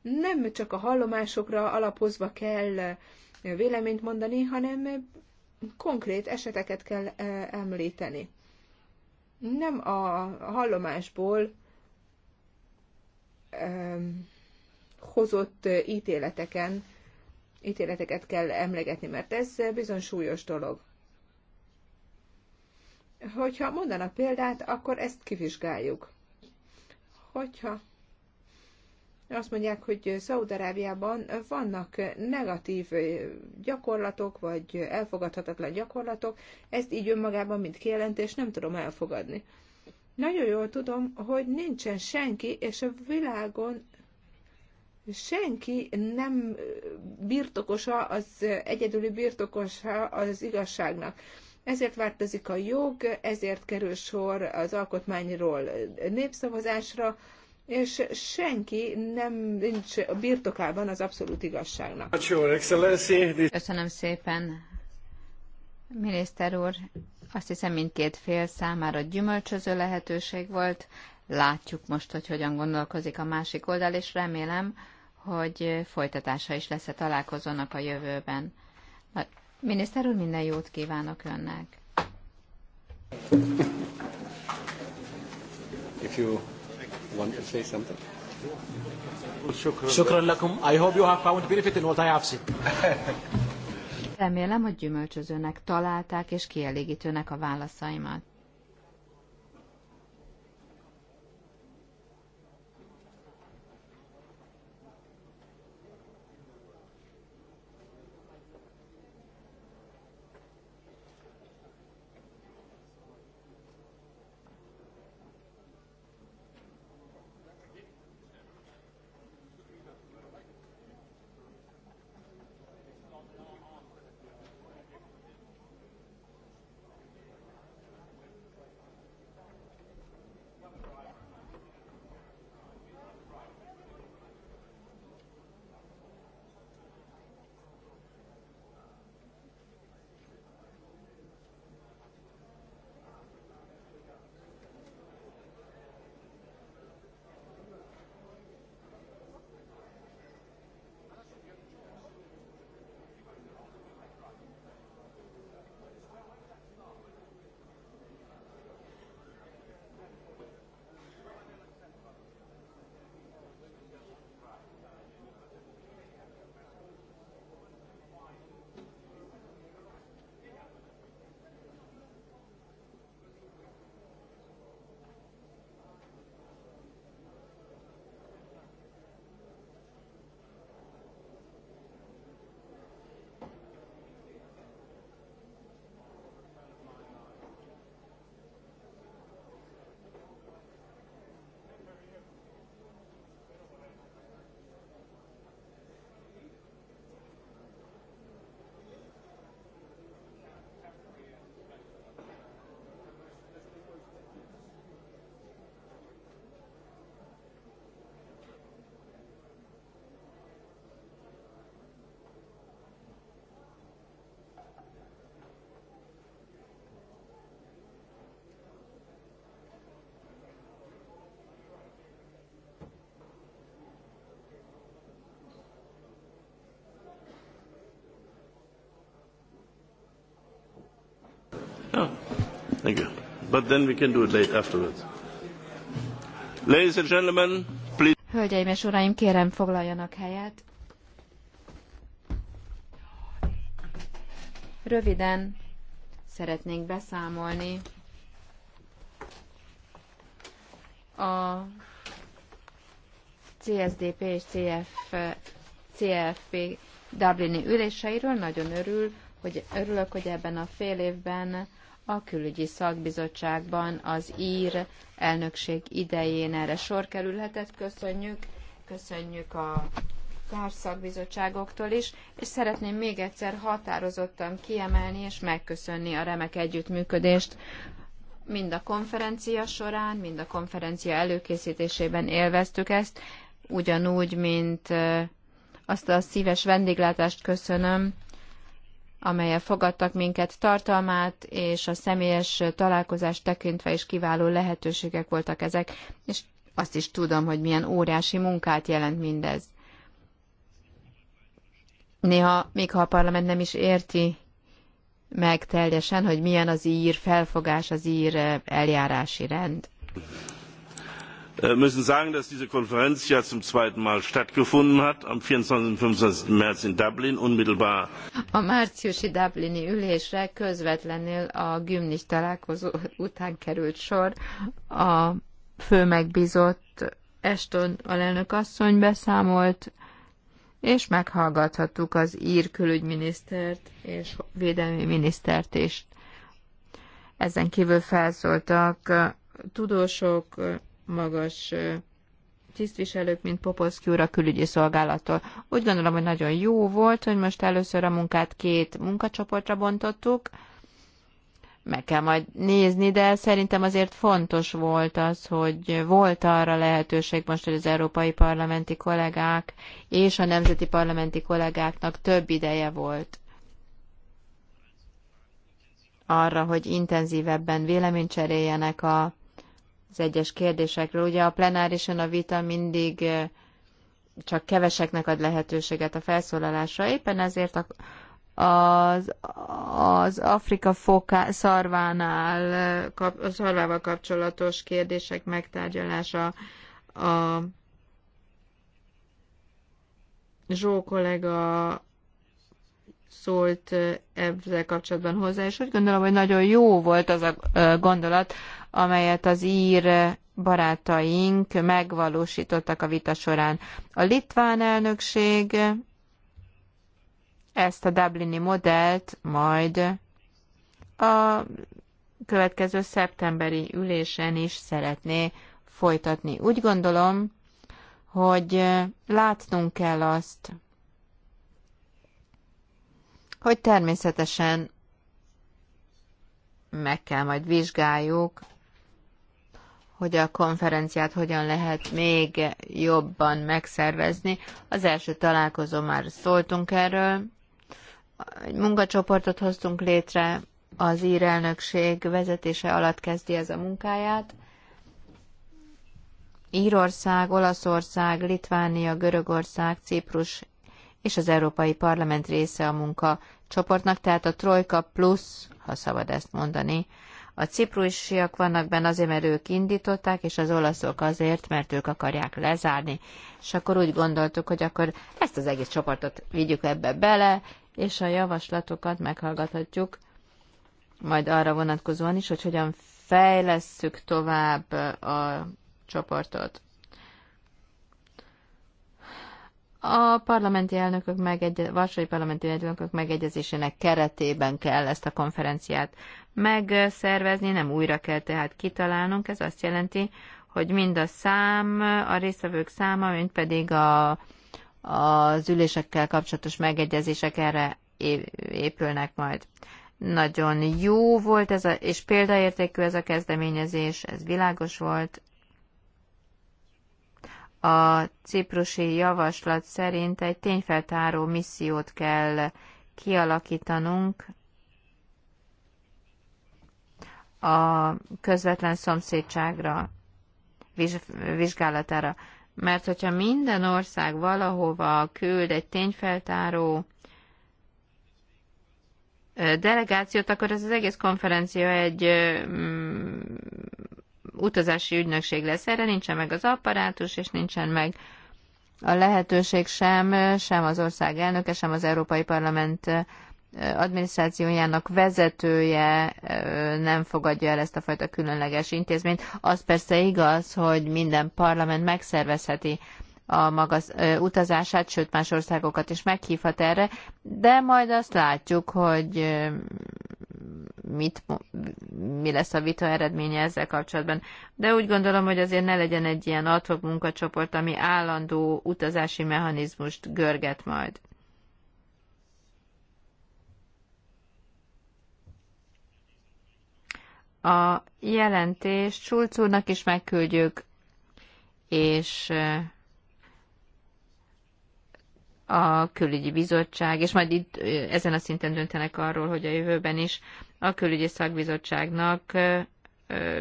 Nem csak a hallomásokra alapozva kell véleményt mondani, hanem konkrét eseteket kell említeni. Nem a hallomásból hozott ítéleteken, ítéleteket kell emlegetni, mert ez bizony súlyos dolog. Hogyha mondanak példát, akkor ezt kivizsgáljuk. Hogyha azt mondják, hogy Szaudarábiában vannak negatív gyakorlatok, vagy elfogadhatatlan gyakorlatok, ezt így önmagában, mint kijelentés nem tudom elfogadni. Nagyon jól tudom, hogy nincsen senki, és a világon senki nem birtokosa, az egyedüli birtokosa az igazságnak. Ezért változik a jog, ezért kerül sor az alkotmányról népszavazásra, és senki nem nincs a birtokában az abszolút igazságnak. Köszönöm szépen, miniszter úr. Azt hiszem mindkét fél számára gyümölcsöző lehetőség volt. Látjuk most, hogy hogyan gondolkozik a másik oldal, és remélem, hogy folytatása is lesz a találkozónak a jövőben. A miniszter úr, minden jót kívánok önnek! If you want to say something. شكرا لكم. I hope you have found benefit in what I have said. Remélem, hogy gyümölcsözőnek találták és kielégítőnek a válaszaimat. Thank you. But then we can do it late afterwards. Ladies and gentlemen, please. Hölgyeim és uraim, kérem foglaljanak helyet. Röviden szeretnénk beszámolni a CSDP és CF, CFP Dublini üléseiről. Nagyon örül, hogy örülök, hogy ebben a fél évben a külügyi szakbizottságban az ír elnökség idején erre sor kerülhetett. Köszönjük, köszönjük a társszakbizottságoktól is, és szeretném még egyszer határozottan kiemelni és megköszönni a remek együttműködést mind a konferencia során, mind a konferencia előkészítésében élveztük ezt, ugyanúgy, mint azt a szíves vendéglátást köszönöm, amelyel fogadtak minket tartalmát, és a személyes találkozást tekintve is kiváló lehetőségek voltak ezek, és azt is tudom, hogy milyen óriási munkát jelent mindez. Néha, még ha a parlament nem is érti meg teljesen, hogy milyen az ír felfogás, az ír eh, eljárási rend. Äh, müssen sagen dass diese konferenz ja zum zweiten mal stattgefunden hat am. 24. und 25. märz in dublin unmittelbar. a márciusi dublini ülésre közvetlenül a után került sor a főmegbízott Eston alelnök asszony beszámolt, és meghallgathattuk az ír külügyminisztert és védelmi minisztert is. Ezen kívül felszóltak tudósok, magas tisztviselők, mint Poposzki úr a külügyi szolgálattól. Úgy gondolom, hogy nagyon jó volt, hogy most először a munkát két munkacsoportra bontottuk. Meg kell majd nézni, de szerintem azért fontos volt az, hogy volt arra lehetőség most, hogy az európai parlamenti kollégák és a nemzeti parlamenti kollégáknak több ideje volt arra, hogy intenzívebben véleménycseréljenek a az egyes kérdésekről. Ugye a plenárison a vita mindig eh, csak keveseknek ad lehetőséget a felszólalásra, éppen ezért a, az, az Afrika foká, szarvánál, eh, kap, a szarvával kapcsolatos kérdések megtárgyalása a Zsó kollega szólt eh, ezzel kapcsolatban hozzá, és úgy gondolom, hogy nagyon jó volt az a gondolat, amelyet az ír barátaink megvalósítottak a vita során. A litván elnökség ezt a Dublini modellt majd a következő szeptemberi ülésen is szeretné folytatni. Úgy gondolom, hogy látnunk kell azt, hogy természetesen meg kell majd vizsgáljuk hogy a konferenciát hogyan lehet még jobban megszervezni. Az első találkozó már szóltunk erről. Egy munkacsoportot hoztunk létre, az írelnökség vezetése alatt kezdi ez a munkáját. Írország, Olaszország, Litvánia, Görögország, Ciprus és az Európai Parlament része a munka csoportnak, tehát a Trojka plusz, ha szabad ezt mondani, a ciprusiak vannak benne azért, mert ők indították, és az olaszok azért, mert ők akarják lezárni. És akkor úgy gondoltuk, hogy akkor ezt az egész csoportot vigyük ebbe bele, és a javaslatokat meghallgathatjuk, majd arra vonatkozóan is, hogy hogyan fejlesszük tovább a csoportot. a parlamenti elnökök megegye, Varsói parlamenti elnökök megegyezésének keretében kell ezt a konferenciát megszervezni, nem újra kell tehát kitalálnunk. Ez azt jelenti, hogy mind a szám, a résztvevők száma, mint pedig a, az ülésekkel kapcsolatos megegyezések erre épülnek majd. Nagyon jó volt ez a, és példaértékű ez a kezdeményezés, ez világos volt, a ciprusi javaslat szerint egy tényfeltáró missziót kell kialakítanunk a közvetlen szomszédságra, vizsgálatára. Mert hogyha minden ország valahova küld egy tényfeltáró delegációt, akkor ez az egész konferencia egy utazási ügynökség lesz. Erre nincsen meg az apparátus, és nincsen meg a lehetőség sem, sem az ország elnöke, sem az Európai Parlament adminisztrációjának vezetője nem fogadja el ezt a fajta különleges intézményt. Az persze igaz, hogy minden parlament megszervezheti a maga utazását, sőt más országokat is meghívhat erre, de majd azt látjuk, hogy mit, mi lesz a vita eredménye ezzel kapcsolatban. De úgy gondolom, hogy azért ne legyen egy ilyen adhok munkacsoport, ami állandó utazási mechanizmust görget majd. A jelentést Schulz úrnak is megküldjük, és a külügyi bizottság, és majd itt ezen a szinten döntenek arról, hogy a jövőben is a külügyi szakbizottságnak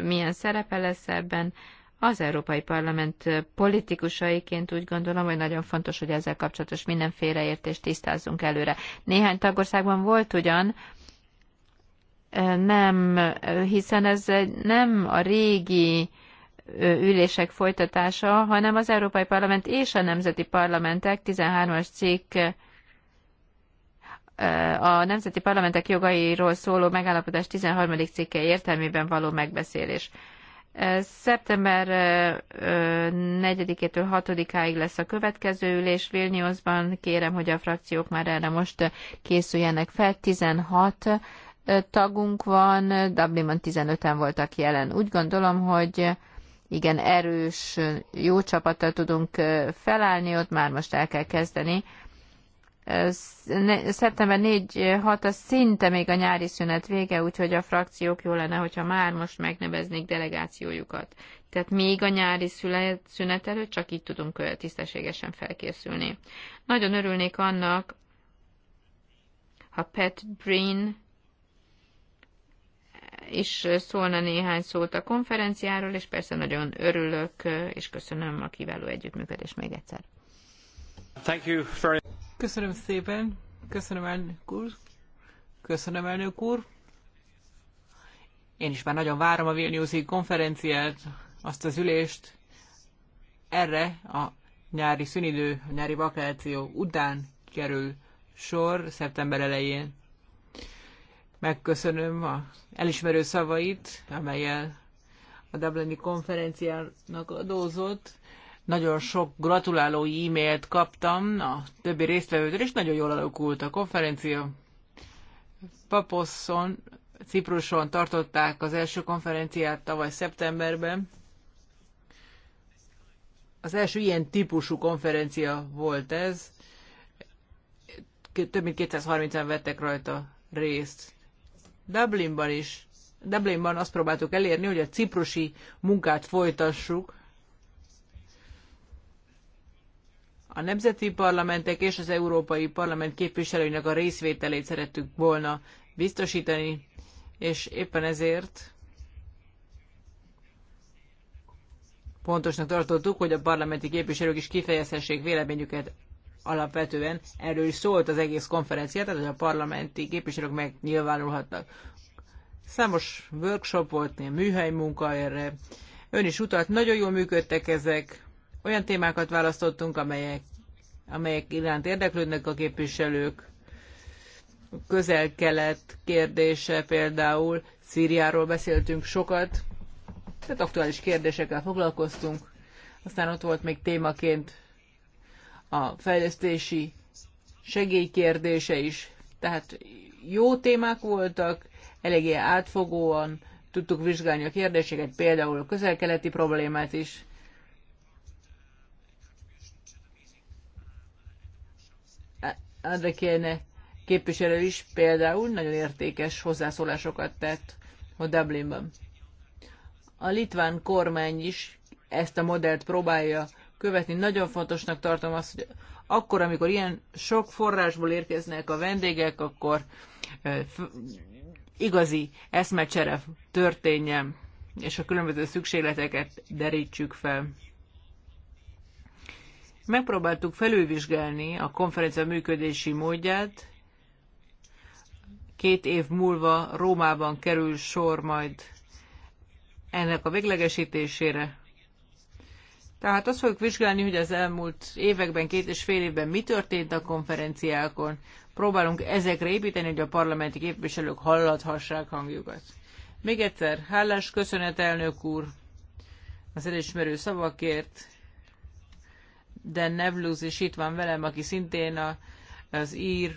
milyen szerepe lesz ebben. Az Európai Parlament politikusaiként úgy gondolom, hogy nagyon fontos, hogy ezzel kapcsolatos mindenféle értést tisztázzunk előre. Néhány tagországban volt ugyan, nem, hiszen ez nem a régi ülések folytatása, hanem az Európai Parlament és a nemzeti parlamentek 13-as cikk a nemzeti parlamentek jogairól szóló megállapodás 13. cikke értelmében való megbeszélés. Szeptember 4-től 6-áig lesz a következő ülés Vilniusban. Kérem, hogy a frakciók már erre most készüljenek fel. 16 tagunk van, Dublinban 15-en voltak jelen. Úgy gondolom, hogy igen erős, jó csapattal tudunk felállni, ott már most el kell kezdeni. Szeptember 4-6 a szinte még a nyári szünet vége, úgyhogy a frakciók jó lenne, hogyha már most megneveznék delegációjukat. Tehát még a nyári szünet előtt csak így tudunk tisztességesen felkészülni. Nagyon örülnék annak, ha Pat Breen is szólna néhány szót a konferenciáról, és persze nagyon örülök, és köszönöm a kiváló együttműködést még egyszer. Thank you very... Köszönöm szépen, köszönöm elnök úr, köszönöm elnök úr. Én is már nagyon várom a Vilniuszi konferenciát, azt az ülést. Erre a nyári szünidő, a nyári vakáció után kerül sor szeptember elején. Megköszönöm a elismerő szavait, amelyel a Dublini konferenciának adózott. Nagyon sok gratuláló e-mailt kaptam a többi résztvevőtől, és nagyon jól alakult a konferencia. Paposzon, Cipruson tartották az első konferenciát tavaly szeptemberben. Az első ilyen típusú konferencia volt ez. Több mint 230-en vettek rajta részt. Dublinban is, Dublinban azt próbáltuk elérni, hogy a ciprusi munkát folytassuk. A nemzeti parlamentek és az Európai Parlament képviselőinek a részvételét szerettük volna biztosítani, és éppen ezért pontosnak tartottuk, hogy a parlamenti képviselők is kifejezhessék véleményüket alapvetően erről is szólt az egész konferencia, tehát hogy a parlamenti képviselők megnyilvánulhatnak. Számos workshop volt, műhely munka erre. Ön is utalt, nagyon jól működtek ezek. Olyan témákat választottunk, amelyek, amelyek iránt érdeklődnek a képviselők. Közel-kelet kérdése például, Szíriáról beszéltünk sokat, tehát aktuális kérdésekkel foglalkoztunk. Aztán ott volt még témaként a fejlesztési segélykérdése is. Tehát jó témák voltak, eléggé átfogóan tudtuk vizsgálni a kérdéseket, például a közelkeleti problémát is. Adekéne képviselő is például nagyon értékes hozzászólásokat tett a Dublinban. A litván kormány is ezt a modellt próbálja követni. Nagyon fontosnak tartom azt, hogy akkor, amikor ilyen sok forrásból érkeznek a vendégek, akkor igazi eszmecsere történjen, és a különböző szükségleteket derítsük fel. Megpróbáltuk felülvizsgálni a konferencia működési módját. Két év múlva Rómában kerül sor majd ennek a véglegesítésére. Tehát azt fogjuk vizsgálni, hogy az elmúlt években, két és fél évben mi történt a konferenciákon. Próbálunk ezekre építeni, hogy a parlamenti képviselők hallathassák hangjukat. Még egyszer, hálás köszönet, elnök úr, az elismerő szavakért, de Nevluz is itt van velem, aki szintén a, az ír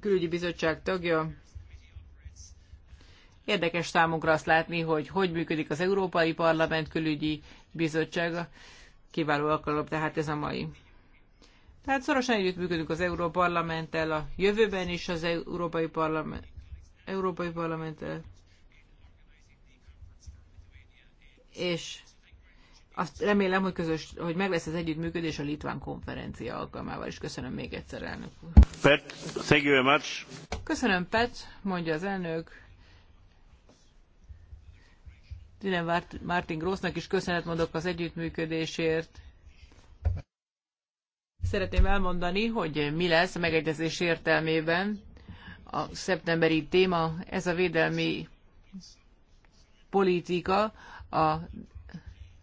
külügyi bizottság tagja. Érdekes számunkra azt látni, hogy hogy működik az Európai Parlament külügyi bizottsága. Kiváló alkalom tehát ez a mai. Tehát szorosan együttműködünk az Parlamenttel, a jövőben is az Európai Parlament, Európai Parlamenttel. És azt remélem, hogy, közös, hogy meg lesz az együttműködés a Litván konferencia alkalmával, és köszönöm még egyszer, elnök úr. Pet, thank you very much. Köszönöm, Pet, mondja az elnök. Dylan Martin Grossnak is köszönet mondok az együttműködésért. Szeretném elmondani, hogy mi lesz a megegyezés értelmében a szeptemberi téma, ez a védelmi politika a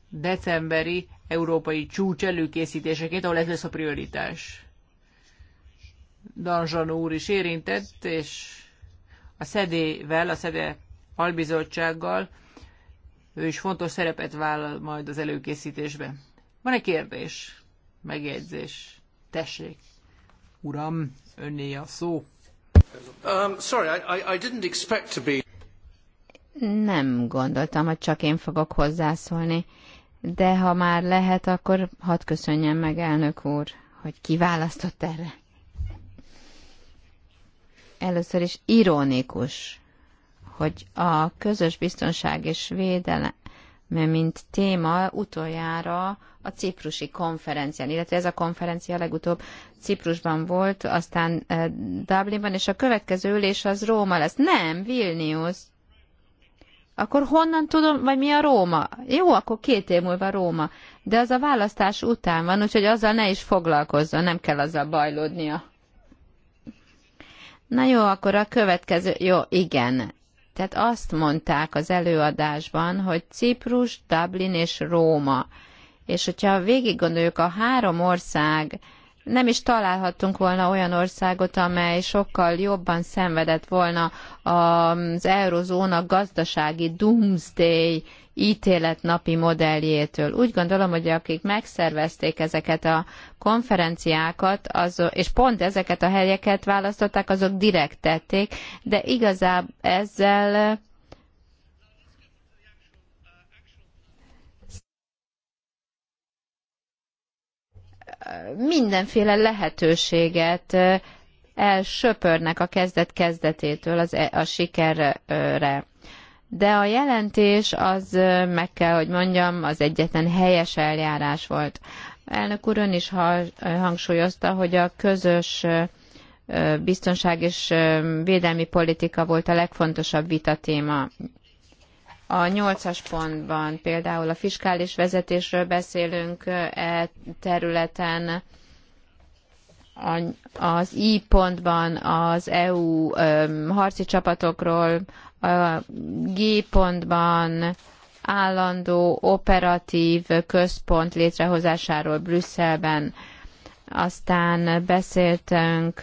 decemberi európai csúcs előkészítéseként, ahol ez lesz a prioritás. Danzsan úr is érintett, és a szedével, a szede albizottsággal ő is fontos szerepet vállal majd az előkészítésben. Van egy kérdés, megjegyzés. Tessék, uram, önné a szó. Um, sorry, I, I didn't expect to be... Nem gondoltam, hogy csak én fogok hozzászólni, de ha már lehet, akkor hadd köszönjem meg, elnök úr, hogy kiválasztott erre. Először is ironikus, hogy a közös biztonság és védelem, mint téma utoljára a ciprusi konferencián, illetve ez a konferencia legutóbb Ciprusban volt, aztán eh, Dublinban, és a következő ülés az Róma lesz. Nem, Vilnius. Akkor honnan tudom, vagy mi a Róma? Jó, akkor két év múlva Róma. De az a választás után van, úgyhogy azzal ne is foglalkozzon, nem kell azzal bajlódnia. Na jó, akkor a következő... Jó, igen, tehát azt mondták az előadásban, hogy Ciprus, Dublin és Róma. És hogyha végig gondoljuk a három ország nem is találhattunk volna olyan országot, amely sokkal jobban szenvedett volna az eurozóna gazdasági doomsday ítéletnapi modelljétől. Úgy gondolom, hogy akik megszervezték ezeket a konferenciákat, az, és pont ezeket a helyeket választották, azok direkt tették, de igazából ezzel mindenféle lehetőséget elsöpörnek a kezdet kezdetétől az, e, a sikerre. De a jelentés az, meg kell, hogy mondjam, az egyetlen helyes eljárás volt. Elnök úr ön is hangsúlyozta, hogy a közös biztonság és védelmi politika volt a legfontosabb vitatéma a nyolcas pontban például a fiskális vezetésről beszélünk e területen, az I pontban az EU harci csapatokról, a G pontban állandó operatív központ létrehozásáról Brüsszelben. Aztán beszéltünk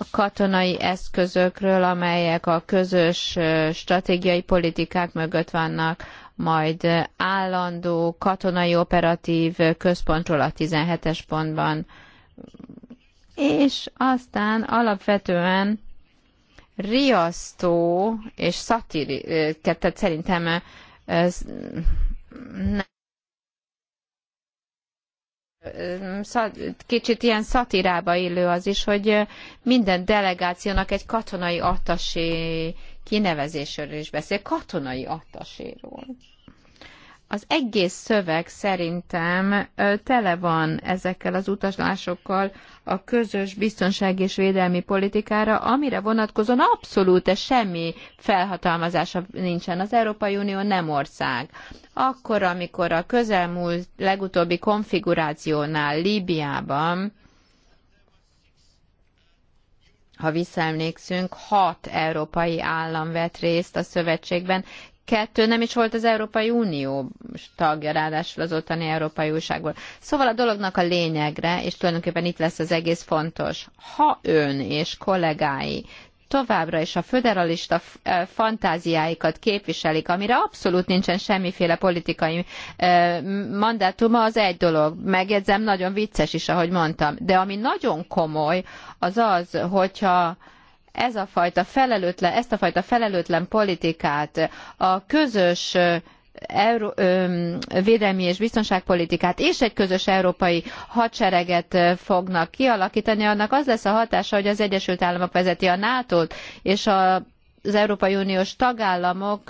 a katonai eszközökről, amelyek a közös stratégiai politikák mögött vannak, majd állandó katonai operatív központról a 17-es pontban, és aztán alapvetően riasztó és szatiri, tehát szerintem ez nem kicsit ilyen szatirába illő az is, hogy minden delegációnak egy katonai attasé kinevezésről is beszél, katonai attaséról az egész szöveg szerintem tele van ezekkel az utazásokkal a közös biztonság és védelmi politikára, amire vonatkozóan abszolút e semmi felhatalmazása nincsen. Az Európai Unió nem ország. Akkor, amikor a közelmúlt legutóbbi konfigurációnál Líbiában ha visszaemlékszünk, hat európai állam vett részt a szövetségben, kettő nem is volt az Európai Unió tagja, ráadásul az ottani Európai Újságból. Szóval a dolognak a lényegre, és tulajdonképpen itt lesz az egész fontos, ha ön és kollégái továbbra is a föderalista fantáziáikat képviselik, amire abszolút nincsen semmiféle politikai mandátuma, az egy dolog. Megjegyzem, nagyon vicces is, ahogy mondtam. De ami nagyon komoly, az az, hogyha ez a fajta felelőtlen, ezt a fajta felelőtlen politikát, a közös Euró, védelmi és biztonságpolitikát és egy közös európai hadsereget fognak kialakítani, annak az lesz a hatása, hogy az Egyesült Államok vezeti a NATO-t, és a, az Európai Uniós tagállamok,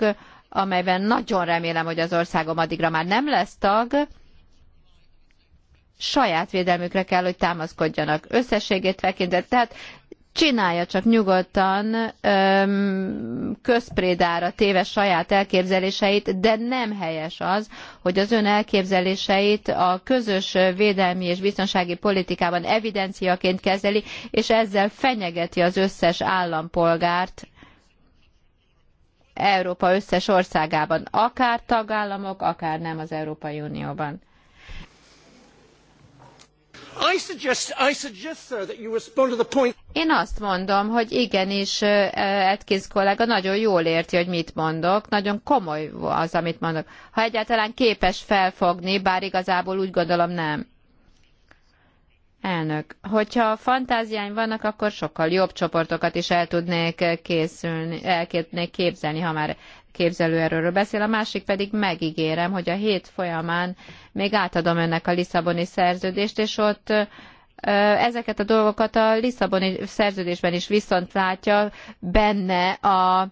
amelyben nagyon remélem, hogy az országom addigra már nem lesz tag, saját védelmükre kell, hogy támaszkodjanak. Összességét tekintve, tehát csinálja csak nyugodtan közprédára téve saját elképzeléseit, de nem helyes az, hogy az ön elképzeléseit a közös védelmi és biztonsági politikában evidenciaként kezeli, és ezzel fenyegeti az összes állampolgárt, Európa összes országában, akár tagállamok, akár nem az Európai Unióban. Én azt mondom, hogy igenis Atkins kollega nagyon jól érti, hogy mit mondok, nagyon komoly az, amit mondok. Ha egyáltalán képes felfogni, bár igazából úgy gondolom nem. Elnök, hogyha fantáziány vannak, akkor sokkal jobb csoportokat is el tudnék készülni, el tudnék képzelni, ha már képzelőerőről beszél, a másik pedig megígérem, hogy a hét folyamán még átadom önnek a Lisszaboni szerződést, és ott ezeket a dolgokat a Lisszaboni szerződésben is viszont látja benne a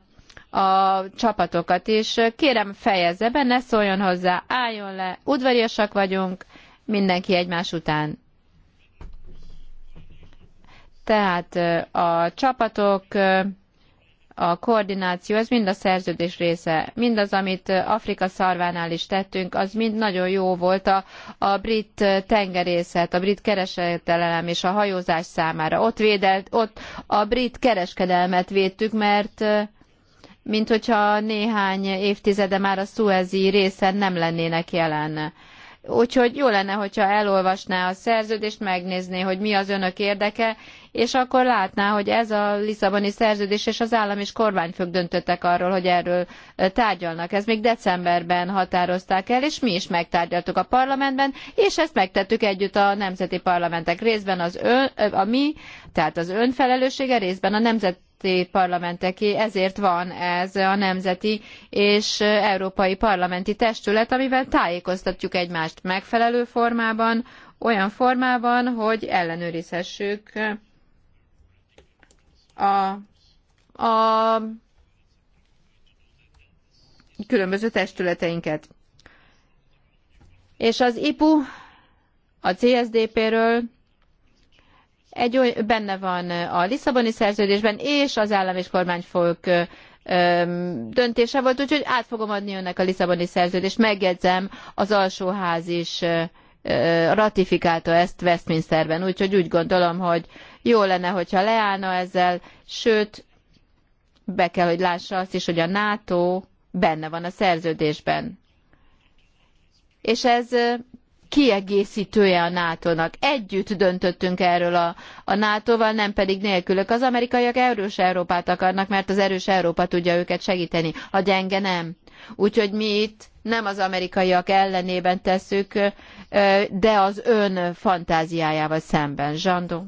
a csapatokat is. Kérem, fejezze be, ne szóljon hozzá, álljon le, udvariasak vagyunk, mindenki egymás után. Tehát a csapatok a koordináció, ez mind a szerződés része. Mindaz, amit Afrika szarvánál is tettünk, az mind nagyon jó volt a, a brit tengerészet, a brit kereskedelem és a hajózás számára. Ott, védelt, ott a brit kereskedelmet védtük, mert mint hogyha néhány évtizede már a szuezi részen nem lennének jelen Úgyhogy jó lenne, hogyha elolvasná a szerződést, megnézné, hogy mi az önök érdeke, és akkor látná, hogy ez a Lisszaboni szerződés és az állam és kormányfők döntöttek arról, hogy erről tárgyalnak. Ez még decemberben határozták el, és mi is megtárgyaltuk a parlamentben, és ezt megtettük együtt a nemzeti parlamentek részben az ön, a mi, tehát az önfelelőssége részben a nemzet nemzeti parlamenteké, ezért van ez a nemzeti és európai parlamenti testület, amivel tájékoztatjuk egymást megfelelő formában, olyan formában, hogy ellenőrizhessük a, a különböző testületeinket. És az IPU a CSDP-ről egy, benne van a Lisszaboni szerződésben, és az állam és kormányfők döntése volt, úgyhogy át fogom adni önnek a Lisszaboni szerződést. Megjegyzem, az alsóház is ratifikálta ezt Westminsterben, úgyhogy úgy gondolom, hogy jó lenne, hogyha leállna ezzel, sőt, be kell, hogy lássa azt is, hogy a NATO benne van a szerződésben. És ez kiegészítője a NATO-nak. Együtt döntöttünk erről a, a NATO-val, nem pedig nélkülök. Az amerikaiak erős Európát akarnak, mert az erős Európa tudja őket segíteni, a gyenge nem. Úgyhogy mi itt nem az amerikaiak ellenében tesszük, de az ön fantáziájával szemben. Zsandó.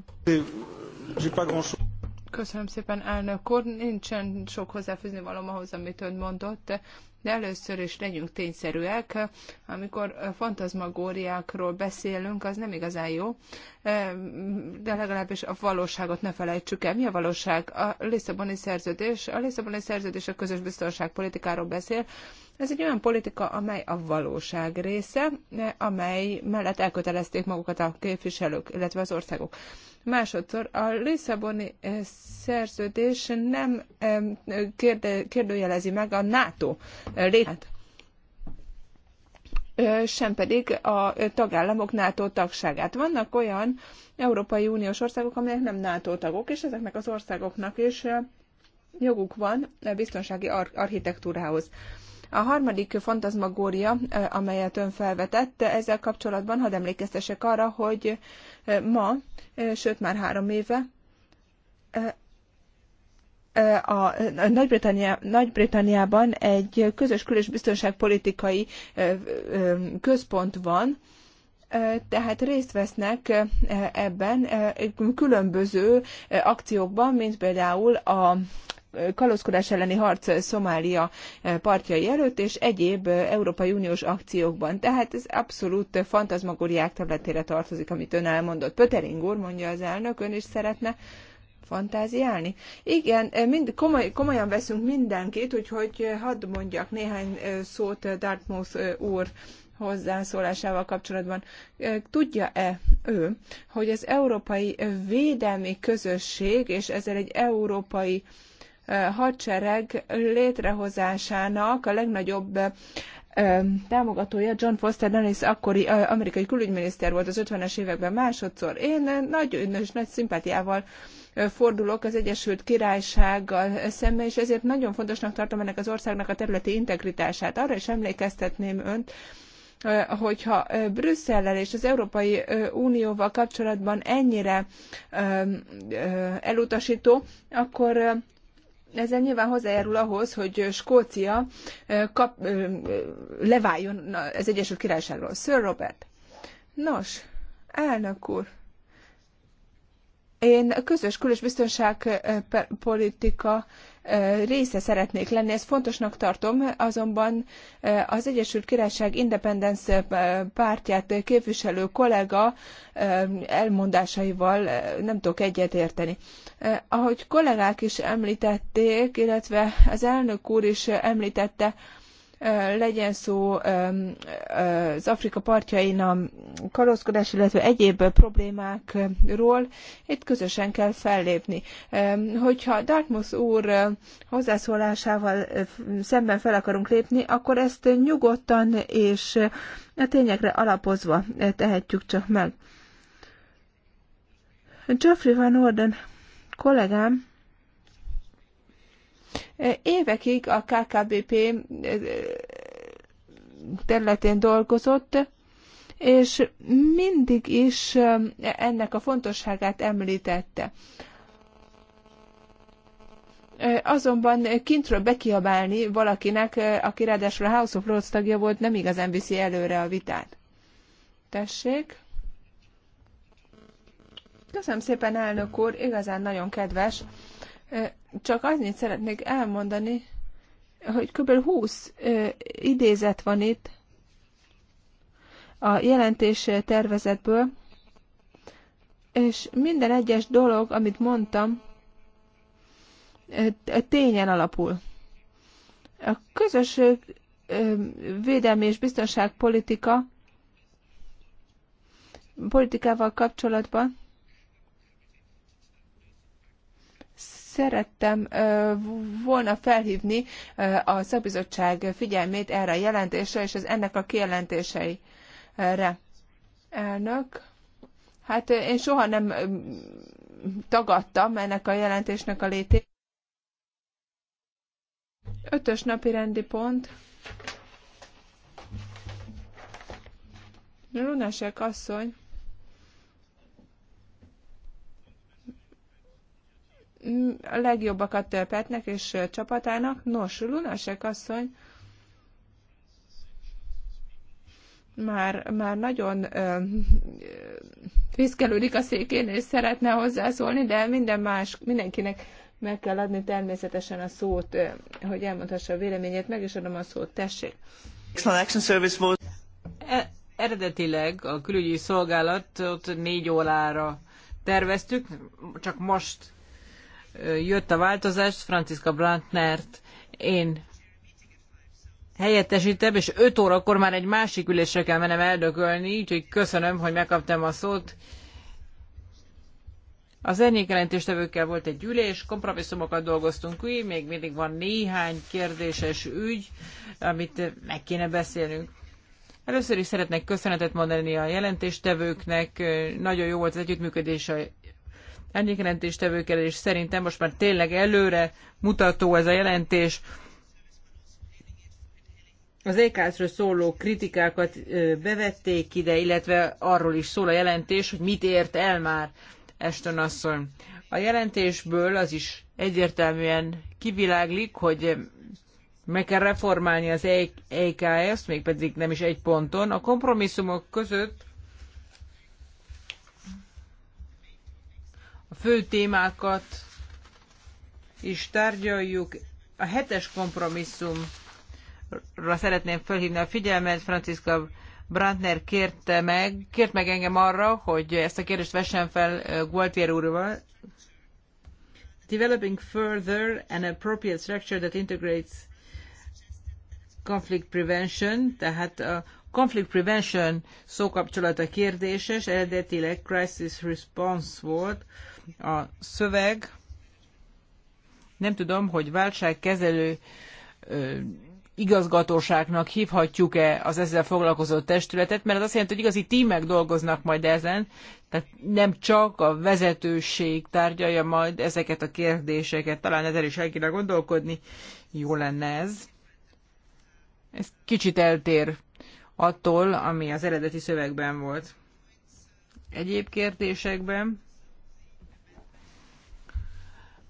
Köszönöm szépen, elnök úr. Nincsen sok hozzáfűzni valam ahhoz, amit ön mondott, de először is legyünk tényszerűek. Amikor fantazmagóriákról beszélünk, az nem igazán jó, de legalábbis a valóságot ne felejtsük el. Mi a valóság? A Lisszaboni szerződés, a Lisszaboni szerződés a közös biztonságpolitikáról beszél, ez egy olyan politika, amely a valóság része, amely mellett elkötelezték magukat a képviselők, illetve az országok. Másodszor a Lisszaboni eh, szerződés nem kérde, kérdőjelezi meg a NATO eh, létet, sem pedig a tagállamok NATO tagságát. Vannak olyan Európai Uniós országok, amelyek nem NATO tagok, és ezeknek az országoknak is eh, joguk van a biztonsági ar- architektúrához. A harmadik fantazmagória, amelyet ön felvetett, ezzel kapcsolatban hadd emlékeztesek arra, hogy ma, sőt már három éve, a Nagy-Britanniában egy közös külös biztonságpolitikai központ van, tehát részt vesznek ebben különböző akciókban, mint például a kalózkodás elleni harc Szomália eh, partjai előtt, és egyéb eh, Európai Uniós akciókban. Tehát ez abszolút fantazmagóriák területére tartozik, amit ön elmondott. Pötering úr, mondja az elnök, ön is szeretne fantáziálni? Igen, eh, mind, komoly, komolyan veszünk mindenkit, úgyhogy hadd mondjak néhány szót Dartmouth úr hozzászólásával kapcsolatban. Tudja-e ő, hogy az Európai Védelmi Közösség, és ezzel egy európai hadsereg létrehozásának a legnagyobb támogatója John Foster Dulles akkori amerikai külügyminiszter volt az 50-es években másodszor. Én nagy és nagy szimpátiával fordulok az Egyesült Királysággal szemben, és ezért nagyon fontosnak tartom ennek az országnak a területi integritását. Arra is emlékeztetném önt, hogyha Brüsszellel és az Európai Unióval kapcsolatban ennyire elutasító, akkor ezzel nyilván hozzájárul ahhoz, hogy Skócia kap, leváljon az Egyesült Királyságról. Sir Robert. Nos, elnök úr. Én a közös külös és biztonságpolitika része szeretnék lenni. Ezt fontosnak tartom, azonban az Egyesült Királyság Independence pártját képviselő kollega elmondásaival nem tudok egyetérteni. Ahogy kollégák is említették, illetve az elnök úr is említette, legyen szó az Afrika partjain a kalózkodás, illetve egyéb problémákról, itt közösen kell fellépni. Hogyha Dartmouth úr hozzászólásával szemben fel akarunk lépni, akkor ezt nyugodtan és a tényekre alapozva tehetjük csak meg. Geoffrey Van Orden kollégám Évekig a KKBP eh, területén dolgozott, és mindig is eh, ennek a fontosságát említette. Eh, azonban kintről bekiabálni valakinek, aki ráadásul a House of Lords tagja volt, nem igazán viszi előre a vitát. Tessék! Köszönöm szépen, elnök úr, igazán nagyon kedves, csak annyit szeretnék elmondani, hogy kb. 20 idézet van itt a jelentés tervezetből, és minden egyes dolog, amit mondtam, tényen alapul. A közös védelmi és biztonságpolitika politikával kapcsolatban szerettem volna felhívni a szakbizottság figyelmét erre a jelentésre és az ennek a kijelentéseire. Elnök, hát én soha nem tagadtam ennek a jelentésnek a létét. Ötös napi rendi pont. Lunásek asszony a legjobbakat Petnek és csapatának. Nos, Lunasek asszony már, már nagyon ö, viszkelődik a székén, és szeretne hozzászólni, de minden más, mindenkinek meg kell adni természetesen a szót, hogy elmondhassa a véleményét, meg is adom a szót, tessék. E, eredetileg a külügyi szolgálatot négy órára terveztük, csak most jött a változás, Franciska Brandnert én helyettesítem, és 5 órakor már egy másik ülésre kell mennem eldökölni, úgyhogy köszönöm, hogy megkaptam a szót. Az árnyékjelentéstevőkkel volt egy ülés, kompromisszumokat dolgoztunk ki, még mindig van néhány kérdéses ügy, amit meg kéne beszélnünk. Először is szeretnék köszönetet mondani a jelentéstevőknek, nagyon jó volt az együttműködés a árnyékjelentéstevőkkel, és szerintem most már tényleg előre mutató ez a jelentés. Az EKS-ről szóló kritikákat bevették ide, illetve arról is szól a jelentés, hogy mit ért el már Eston asszony. A jelentésből az is egyértelműen kiviláglik, hogy meg kell reformálni az EKS-t, e mégpedig nem is egy ponton. A kompromisszumok között a fő témákat is tárgyaljuk. A hetes kompromisszumra szeretném felhívni a figyelmet. Franciska Brandner kérte meg, kért meg engem arra, hogy ezt a kérdést vessen fel Gualtier úrval. Developing further an appropriate structure that integrates conflict prevention, tehát a conflict prevention szókapcsolata kérdéses, eredetileg crisis response volt, a szöveg. Nem tudom, hogy válságkezelő igazgatóságnak hívhatjuk-e az ezzel foglalkozó testületet, mert az azt jelenti, hogy igazi tímek dolgoznak majd ezen, tehát nem csak a vezetőség tárgyalja majd ezeket a kérdéseket, talán ezzel is el kéne gondolkodni, jó lenne ez. Ez kicsit eltér attól, ami az eredeti szövegben volt. Egyéb kérdésekben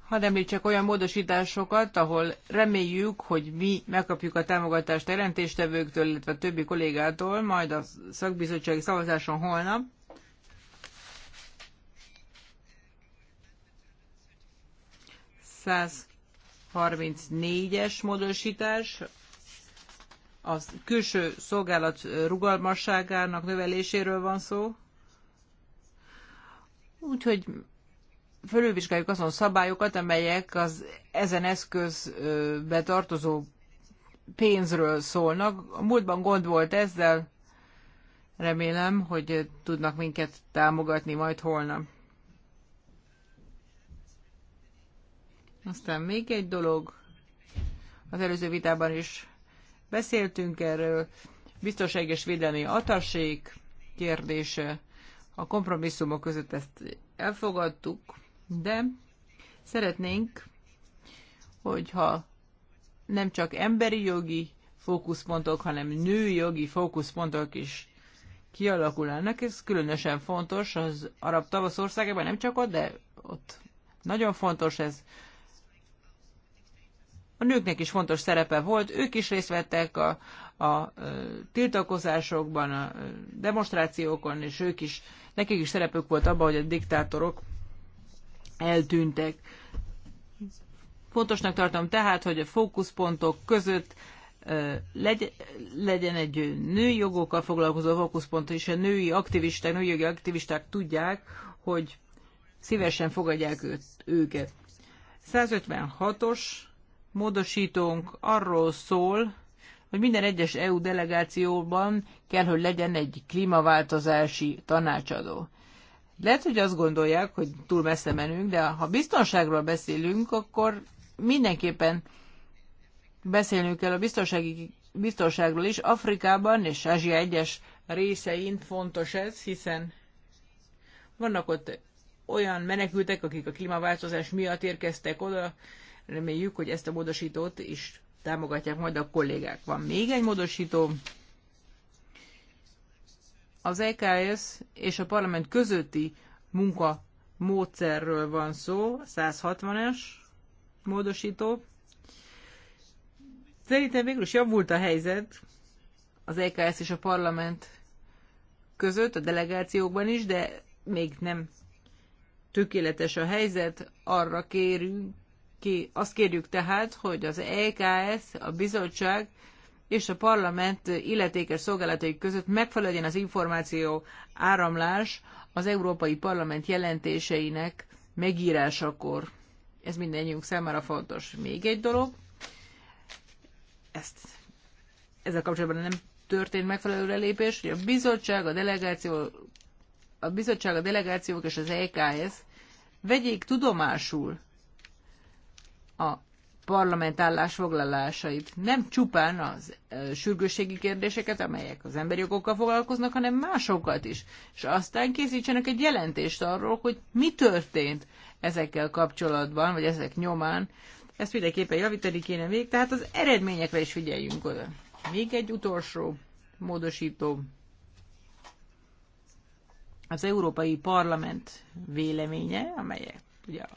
Hadd említsek olyan módosításokat, ahol reméljük, hogy mi megkapjuk a támogatást a jelentéstevőktől, illetve a többi kollégától, majd a szakbizottsági szavazáson holnap. Száz 34-es módosítás, a külső szolgálat rugalmasságának növeléséről van szó. Úgyhogy fölülvizsgáljuk azon szabályokat, amelyek az ezen eszközbe tartozó pénzről szólnak. A múltban gond volt ezzel, remélem, hogy tudnak minket támogatni majd holnap. Aztán még egy dolog, az előző vitában is beszéltünk erről, biztonság és védelmi atasék kérdése, a kompromisszumok között ezt elfogadtuk, de szeretnénk, hogyha nem csak emberi jogi fókuszpontok, hanem jogi fókuszpontok is kialakulnak. Ez különösen fontos az arab tavasz országában, nem csak ott, de ott nagyon fontos ez. A nőknek is fontos szerepe volt, ők is részt vettek a, a, a tiltakozásokban, a demonstrációkon, és ők is, nekik is szerepük volt abban, hogy a diktátorok eltűntek. Fontosnak tartom tehát, hogy a fókuszpontok között legyen egy női jogokkal foglalkozó fókuszpont, és a női aktivisták, női jogi aktivisták tudják, hogy szívesen fogadják őket. 156-os módosítónk arról szól, hogy minden egyes EU delegációban kell, hogy legyen egy klímaváltozási tanácsadó. Lehet, hogy azt gondolják, hogy túl messze menünk, de ha biztonságról beszélünk, akkor mindenképpen beszélnünk kell a biztonsági, biztonságról is. Afrikában és Ázsia egyes részein fontos ez, hiszen vannak ott olyan menekültek, akik a klímaváltozás miatt érkeztek oda, reméljük, hogy ezt a módosítót is támogatják majd a kollégák. Van még egy módosító, az EKS és a parlament közötti munka módszerről van szó, 160-es módosító. Szerintem végül is javult a helyzet az EKS és a parlament között, a delegációkban is, de még nem tökéletes a helyzet. Arra kérünk, ki, azt kérjük tehát, hogy az EKS, a bizottság és a parlament illetékes szolgálatai között megfeleljen az információ áramlás az Európai Parlament jelentéseinek megírásakor. Ez mindannyiunk számára fontos. Még egy dolog, ezt ezzel kapcsolatban nem történt megfelelő lépés, hogy a bizottság, a delegáció, a bizottság, a delegációk és az EKS vegyék tudomásul a parlament állásfoglalásait. Nem csupán az sürgősségi kérdéseket, amelyek az emberi jogokkal foglalkoznak, hanem másokat is. És aztán készítsenek egy jelentést arról, hogy mi történt ezekkel kapcsolatban, vagy ezek nyomán. Ezt mindenképpen javítani kéne még, tehát az eredményekre is figyeljünk oda. Még egy utolsó módosító. Az Európai Parlament véleménye, amelyek ugye a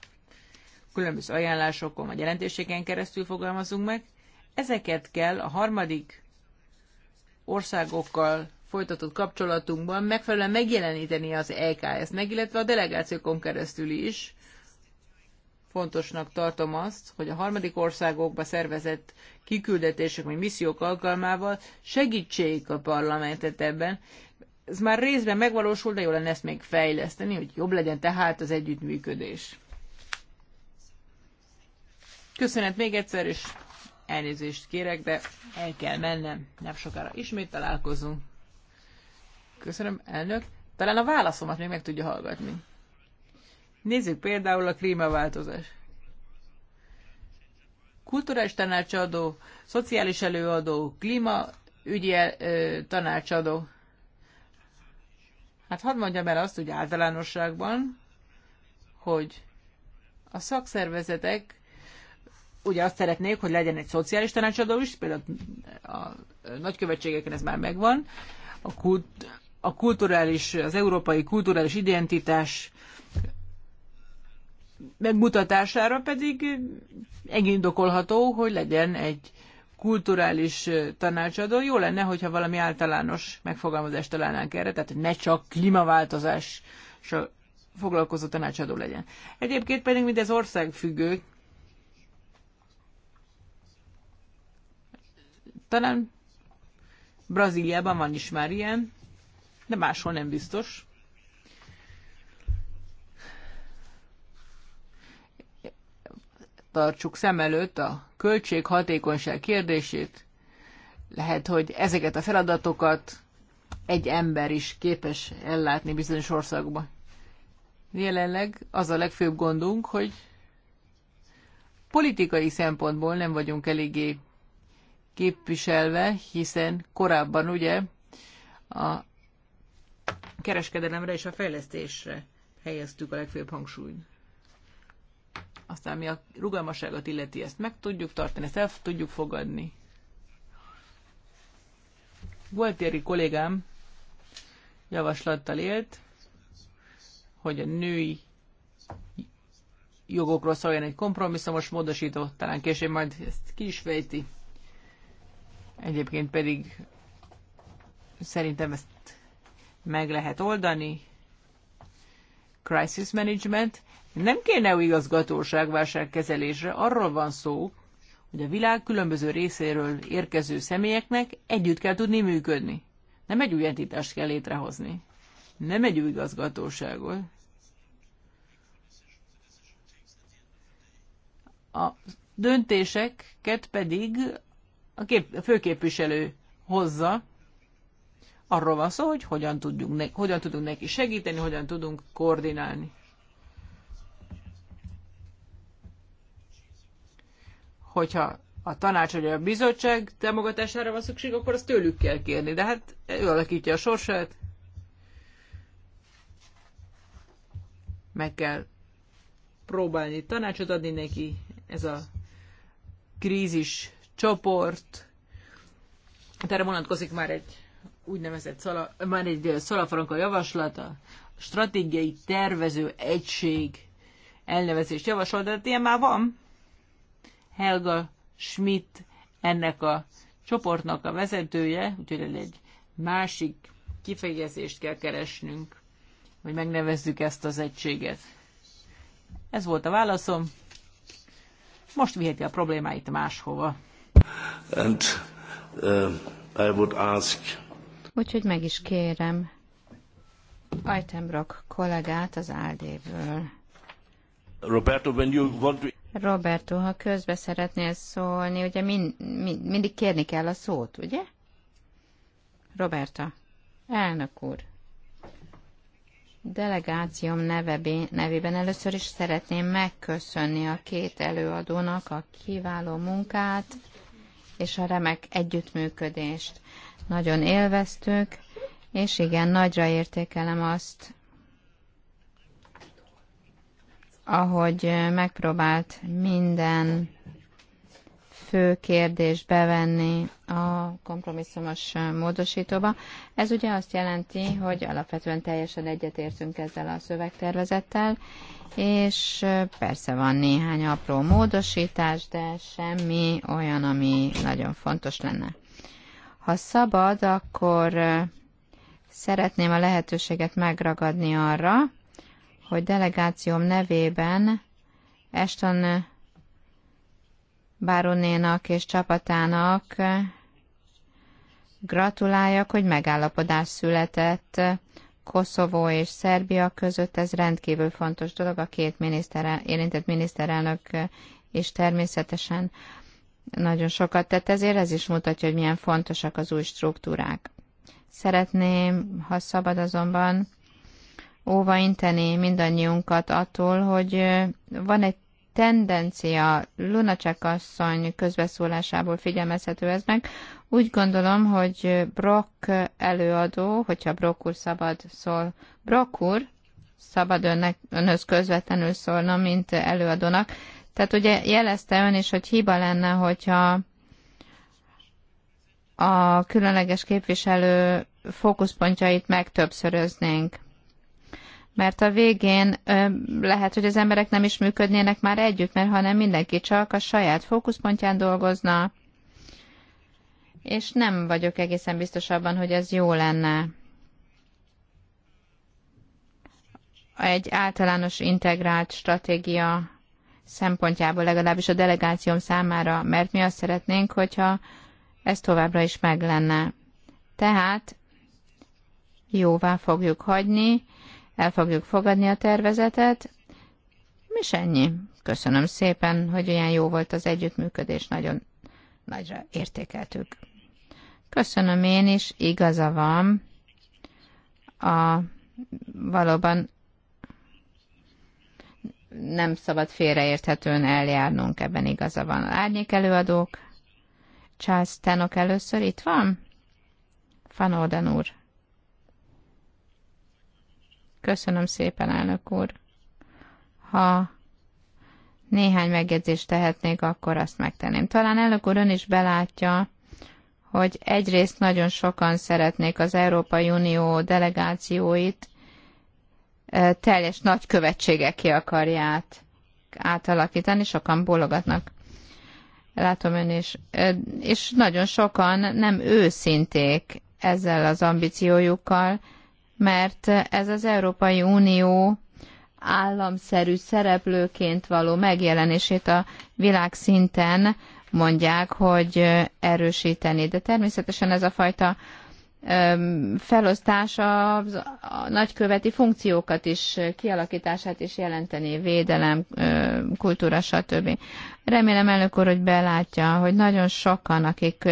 különböző ajánlásokon vagy jelentéseken keresztül fogalmazunk meg, ezeket kell a harmadik országokkal folytatott kapcsolatunkban megfelelően megjeleníteni az EKS-nek, illetve a delegációkon keresztül is. Fontosnak tartom azt, hogy a harmadik országokba szervezett kiküldetések vagy missziók alkalmával segítsék a parlamentet ebben. Ez már részben megvalósul, de jó lenne ezt még fejleszteni, hogy jobb legyen tehát az együttműködés. Köszönet még egyszer, és elnézést kérek, de el kell mennem. Nem sokára ismét találkozunk. Köszönöm, elnök. Talán a válaszomat még meg tudja hallgatni. Nézzük például a klímaváltozás. Kulturális tanácsadó, szociális előadó, klímaügyi eh, tanácsadó. Hát hadd mondjam el azt, hogy általánosságban, hogy a szakszervezetek ugye azt szeretnék, hogy legyen egy szociális tanácsadó is, például a nagykövetségeken ez már megvan, a, kult, a kulturális, az európai kulturális identitás megmutatására pedig megindokolható, hogy legyen egy kulturális tanácsadó. Jó lenne, hogyha valami általános megfogalmazást találnánk erre, tehát ne csak klímaváltozás foglalkozó tanácsadó legyen. Egyébként pedig mindez országfüggő, Talán Brazíliában van is már ilyen, de máshol nem biztos. Tartsuk szem előtt a költséghatékonyság kérdését. Lehet, hogy ezeket a feladatokat egy ember is képes ellátni bizonyos országban. Jelenleg az a legfőbb gondunk, hogy politikai szempontból nem vagyunk eléggé képviselve, hiszen korábban ugye a kereskedelemre és a fejlesztésre helyeztük a legfőbb hangsúlyt. Aztán mi a rugalmasságot illeti, ezt meg tudjuk tartani, ezt el tudjuk fogadni. Gualtieri kollégám javaslattal élt, hogy a női jogokról szóljon egy kompromisszumos módosító, talán később majd ezt ki is fejti. Egyébként pedig szerintem ezt meg lehet oldani. Crisis Management. Nem kéne új igazgatóság válságkezelésre, arról van szó, hogy a világ különböző részéről érkező személyeknek együtt kell tudni működni. Nem egy új entitást kell létrehozni. Nem egy új igazgatóságot. A döntéseket pedig a, kép, a főképviselő hozza, arról van szó, hogy hogyan, tudjunk ne, hogyan tudunk neki segíteni, hogyan tudunk koordinálni. Hogyha a tanács vagy a bizottság támogatására van szükség, akkor azt tőlük kell kérni. De hát ő alakítja a sorsát. Meg kell próbálni tanácsot adni neki. Ez a krízis csoport, hát erre vonatkozik már egy úgynevezett szala, már egy szalafranka javaslata, stratégiai tervező egység elnevezést javasolt, de hát ilyen már van. Helga Schmidt ennek a csoportnak a vezetője, úgyhogy egy másik kifejezést kell keresnünk, hogy megnevezzük ezt az egységet. Ez volt a válaszom. Most viheti a problémáit máshova. And uh, I would ask... Úgyhogy meg is kérem Ajtenbrock kollégát az áldéből. Roberto, when you want to... Roberto, ha közbe szeretnél szólni, ugye min, min, mindig kérni kell a szót, ugye? Roberta, elnök úr, delegációm nevebé, nevében először is szeretném megköszönni a két előadónak a kiváló munkát, és a remek együttműködést. Nagyon élveztük, és igen, nagyra értékelem azt, ahogy megpróbált minden fő kérdés bevenni a kompromisszumos módosítóba. Ez ugye azt jelenti, hogy alapvetően teljesen egyetértünk ezzel a szövegtervezettel, és persze van néhány apró módosítás, de semmi olyan, ami nagyon fontos lenne. Ha szabad, akkor szeretném a lehetőséget megragadni arra, hogy delegációm nevében Eston Báronénak és csapatának gratuláljak, hogy megállapodás született Koszovó és Szerbia között. Ez rendkívül fontos dolog a két miniszter, érintett miniszterelnök és természetesen nagyon sokat tett, ezért ez is mutatja, hogy milyen fontosak az új struktúrák. Szeretném, ha szabad azonban, óvainteni mindannyiunkat attól, hogy van egy tendencia Lunacek asszony közbeszólásából figyelmezhető ez meg. Úgy gondolom, hogy Brock előadó, hogyha Brock úr szabad szól, Brock úr szabad önnek, önhöz közvetlenül szólna, mint előadónak. Tehát ugye jelezte ön is, hogy hiba lenne, hogyha a különleges képviselő fókuszpontjait megtöbbszöröznénk mert a végén ö, lehet, hogy az emberek nem is működnének már együtt, mert hanem mindenki csak a saját fókuszpontján dolgozna, és nem vagyok egészen biztos abban, hogy ez jó lenne. Egy általános integrált stratégia szempontjából legalábbis a delegációm számára, mert mi azt szeretnénk, hogyha ez továbbra is meg lenne. Tehát jóvá fogjuk hagyni, el fogjuk fogadni a tervezetet, Mi ennyi. Köszönöm szépen, hogy olyan jó volt az együttműködés, nagyon nagyra értékeltük. Köszönöm én is, igaza van. A, valóban nem szabad félreérthetően eljárnunk, ebben igaza van. Árnyék előadók, Charles Tenok először itt van? Van Orden úr. Köszönöm szépen, elnök úr. Ha néhány megjegyzést tehetnék, akkor azt megtenném. Talán elnök úr ön is belátja, hogy egyrészt nagyon sokan szeretnék az Európai Unió delegációit teljes ki akarját átalakítani, sokan bologatnak. Látom ön is. És nagyon sokan nem őszinték ezzel az ambíciójukkal, mert ez az Európai Unió államszerű szereplőként való megjelenését a világszinten mondják, hogy erősíteni. De természetesen ez a fajta felosztás a, nagyköveti funkciókat is, kialakítását is jelenteni, védelem, kultúra, stb. Remélem elnök úr, hogy belátja, hogy nagyon sokan, akik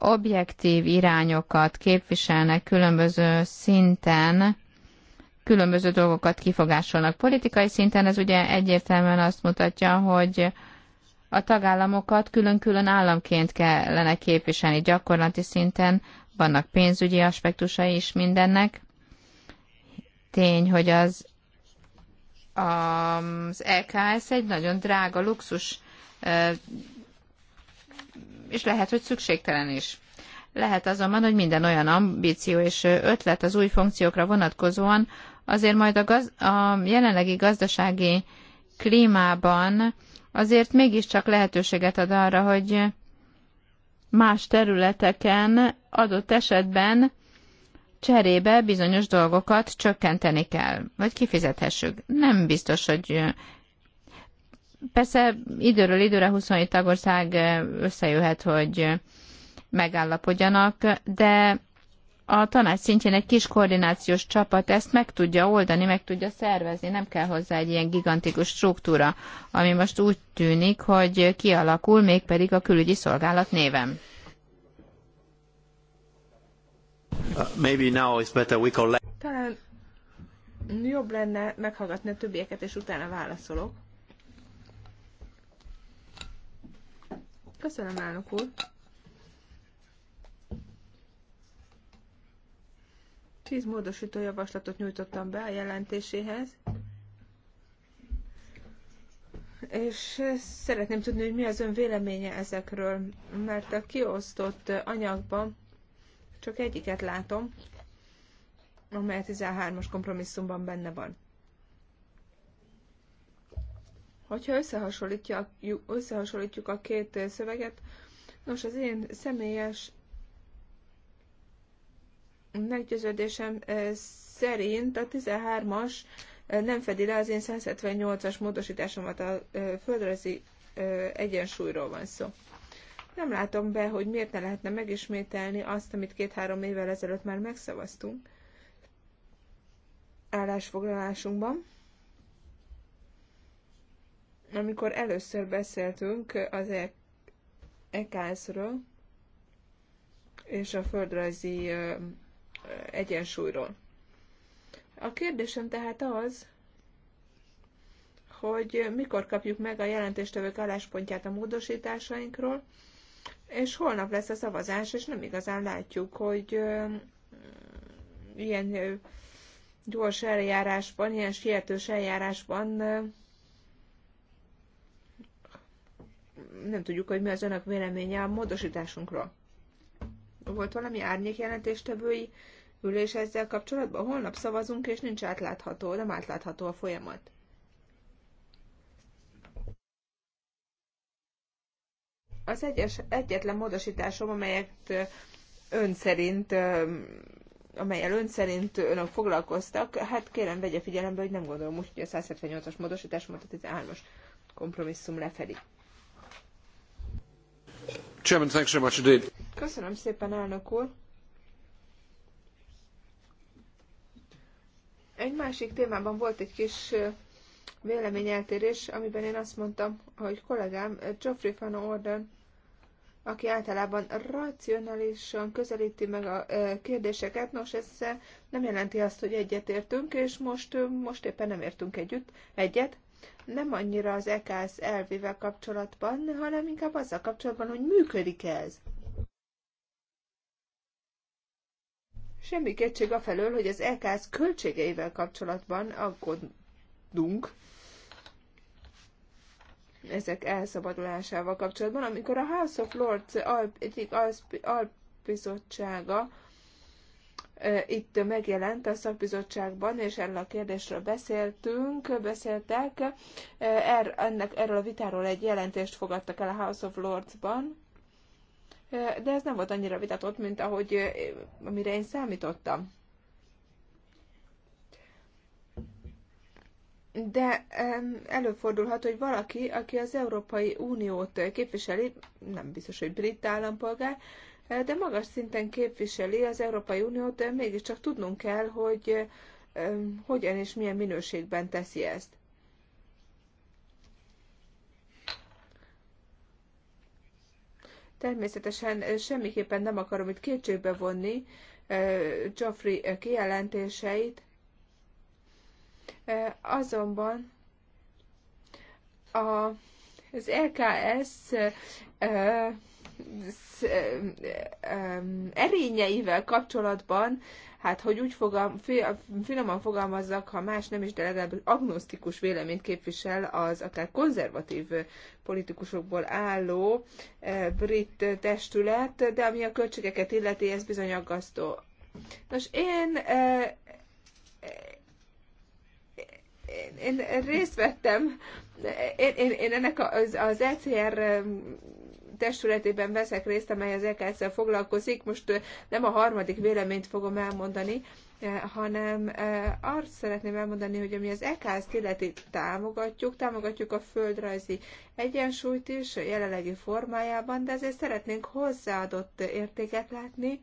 objektív irányokat képviselnek különböző szinten, különböző dolgokat kifogásolnak. Politikai szinten ez ugye egyértelműen azt mutatja, hogy a tagállamokat külön-külön államként kellene képviselni. Gyakorlati szinten vannak pénzügyi aspektusai is mindennek. Tény, hogy az az EKS egy nagyon drága luxus és lehet, hogy szükségtelen is. Lehet azonban, hogy minden olyan ambíció és ötlet az új funkciókra vonatkozóan azért majd a, gaz, a jelenlegi gazdasági klímában azért mégiscsak lehetőséget ad arra, hogy más területeken adott esetben cserébe bizonyos dolgokat csökkenteni kell, vagy kifizethessük. Nem biztos, hogy Persze időről időre 27 tagország összejöhet, hogy megállapodjanak, de a tanács szintjén egy kis koordinációs csapat ezt meg tudja oldani, meg tudja szervezni, nem kell hozzá egy ilyen gigantikus struktúra, ami most úgy tűnik, hogy kialakul, mégpedig a külügyi szolgálat névem. Uh, Talán jobb lenne meghallgatni a többieket, és utána válaszolok. Köszönöm, elnök úr. Tíz módosító javaslatot nyújtottam be a jelentéséhez, és szeretném tudni, hogy mi az ön véleménye ezekről, mert a kiosztott anyagban csak egyiket látom, amely 13-as kompromisszumban benne van. Hogyha összehasonlítjuk, összehasonlítjuk a két eh, szöveget, nos, az én személyes meggyőződésem eh, szerint a 13-as eh, nem fedi le az én 178-as módosításomat a földrajzi egyensúlyról van szó. Nem látom be, hogy miért ne lehetne megismételni azt, amit két-három évvel ezelőtt már megszavaztunk állásfoglalásunkban. Amikor először beszéltünk az EKS-ről e és a földrajzi egyensúlyról. A kérdésem tehát az, hogy mikor kapjuk meg a jelentéstevők álláspontját a módosításainkról, és holnap lesz a szavazás, és nem igazán látjuk, hogy ilyen gyors eljárásban, ilyen sietős eljárásban nem tudjuk, hogy mi az önök véleménye a módosításunkról. Volt valami árnyékjelentéstevői ülés ezzel kapcsolatban? Holnap szavazunk, és nincs átlátható, nem átlátható a folyamat. Az egyes, egyetlen módosításom, amelyet ön szerint amelyel ön szerint önök foglalkoztak, hát kérem vegye figyelembe, hogy nem gondolom úgy, hogy a 178-as módosítás, mert a 13-as kompromisszum lefedi. Köszönöm szépen, elnök úr. Egy másik témában volt egy kis véleményeltérés, amiben én azt mondtam, hogy kollégám Geoffrey van Orden, aki általában racionálisan közelíti meg a kérdéseket, nos ez nem jelenti azt, hogy egyetértünk, és most, most éppen nem értünk együtt, egyet, nem annyira az EKS elvével kapcsolatban, hanem inkább azzal kapcsolatban, hogy működik -e ez. Semmi kétség afelől, hogy az EKS költségeivel kapcsolatban aggódunk, ezek elszabadulásával kapcsolatban, amikor a House of Lords alp, egyik alp, bizottsága itt megjelent a szakbizottságban, és erről a kérdésről beszéltünk, beszéltek. Er, ennek, erről a vitáról egy jelentést fogadtak el a House of Lords-ban, de ez nem volt annyira vitatott, mint ahogy amire én számítottam. De előfordulhat, hogy valaki, aki az Európai Uniót képviseli, nem biztos, hogy brit állampolgár, de magas szinten képviseli az Európai Uniót, de mégiscsak tudnunk kell, hogy hogyan és milyen minőségben teszi ezt. Természetesen eh, semmiképpen nem akarom itt kétségbe vonni eh, Geoffrey eh, kijelentéseit, azonban az LKS erényeivel kapcsolatban, hát hogy úgy fogam, finoman fogalmazzak, ha más nem is, de legalább agnosztikus véleményt képvisel az akár konzervatív politikusokból álló brit testület, de ami a költségeket illeti, ez bizony aggasztó. Nos, én én részt vettem, én, én, én ennek az, az ECR testületében veszek részt, amely az eksz foglalkozik. Most nem a harmadik véleményt fogom elmondani, hanem azt szeretném elmondani, hogy ami az EKS-t illeti támogatjuk, támogatjuk a földrajzi egyensúlyt is a jelenlegi formájában, de azért szeretnénk hozzáadott értéket látni,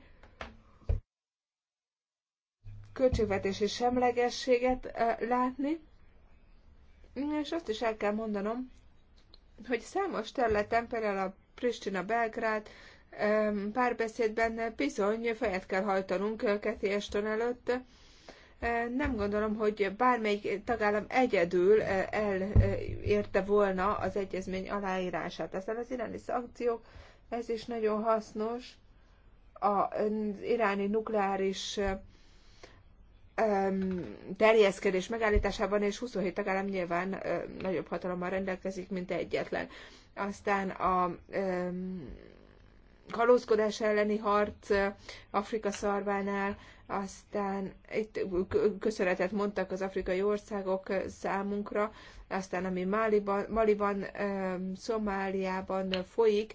költségvetési semlegességet látni, és azt is el kell mondanom, hogy számos területen, például a Pristina Belgrád párbeszédben bizony fejet kell hajtanunk Keti Eston előtt. E, nem gondolom, hogy bármelyik tagállam egyedül e, elérte volna az egyezmény aláírását. Aztán az iráni szankciók, ez is nagyon hasznos. Az iráni nukleáris terjeszkedés megállításában, és 27 tagállam nyilván nagyobb hatalommal rendelkezik, mint egyetlen aztán a kalózkodás elleni harc Afrika szarvánál, aztán itt köszönetet mondtak az afrikai országok számunkra, aztán ami Máliban, Maliban, Szomáliában folyik,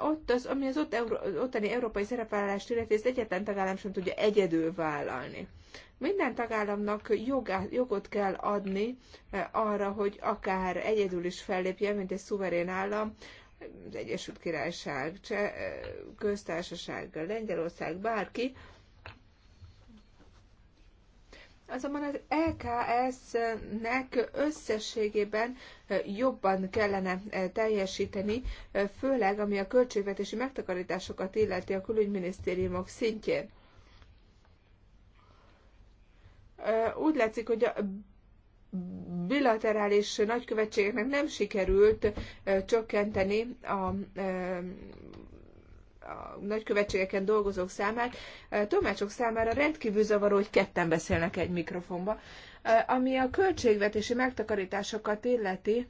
ott az, ami az ott, euró, ottani európai szerepvállalást illeti, ezt egyetlen tagállam sem tudja egyedül vállalni. Minden tagállamnak jogát, jogot kell adni eh, arra, hogy akár egyedül is fellépje, mint egy szuverén állam, az Egyesült Királyság, Cseh, eh, köztársaság, Lengyelország, bárki. Azonban az EKS-nek összességében eh, jobban kellene teljesíteni, főleg ami a költségvetési megtakarításokat illeti a külügyminisztériumok szintjén. Úgy látszik, hogy a bilaterális nagykövetségeknek nem sikerült csökkenteni a a nagykövetségeken dolgozók számát, tolmácsok számára rendkívül zavaró, hogy ketten beszélnek egy mikrofonba. Ami a költségvetési megtakarításokat illeti,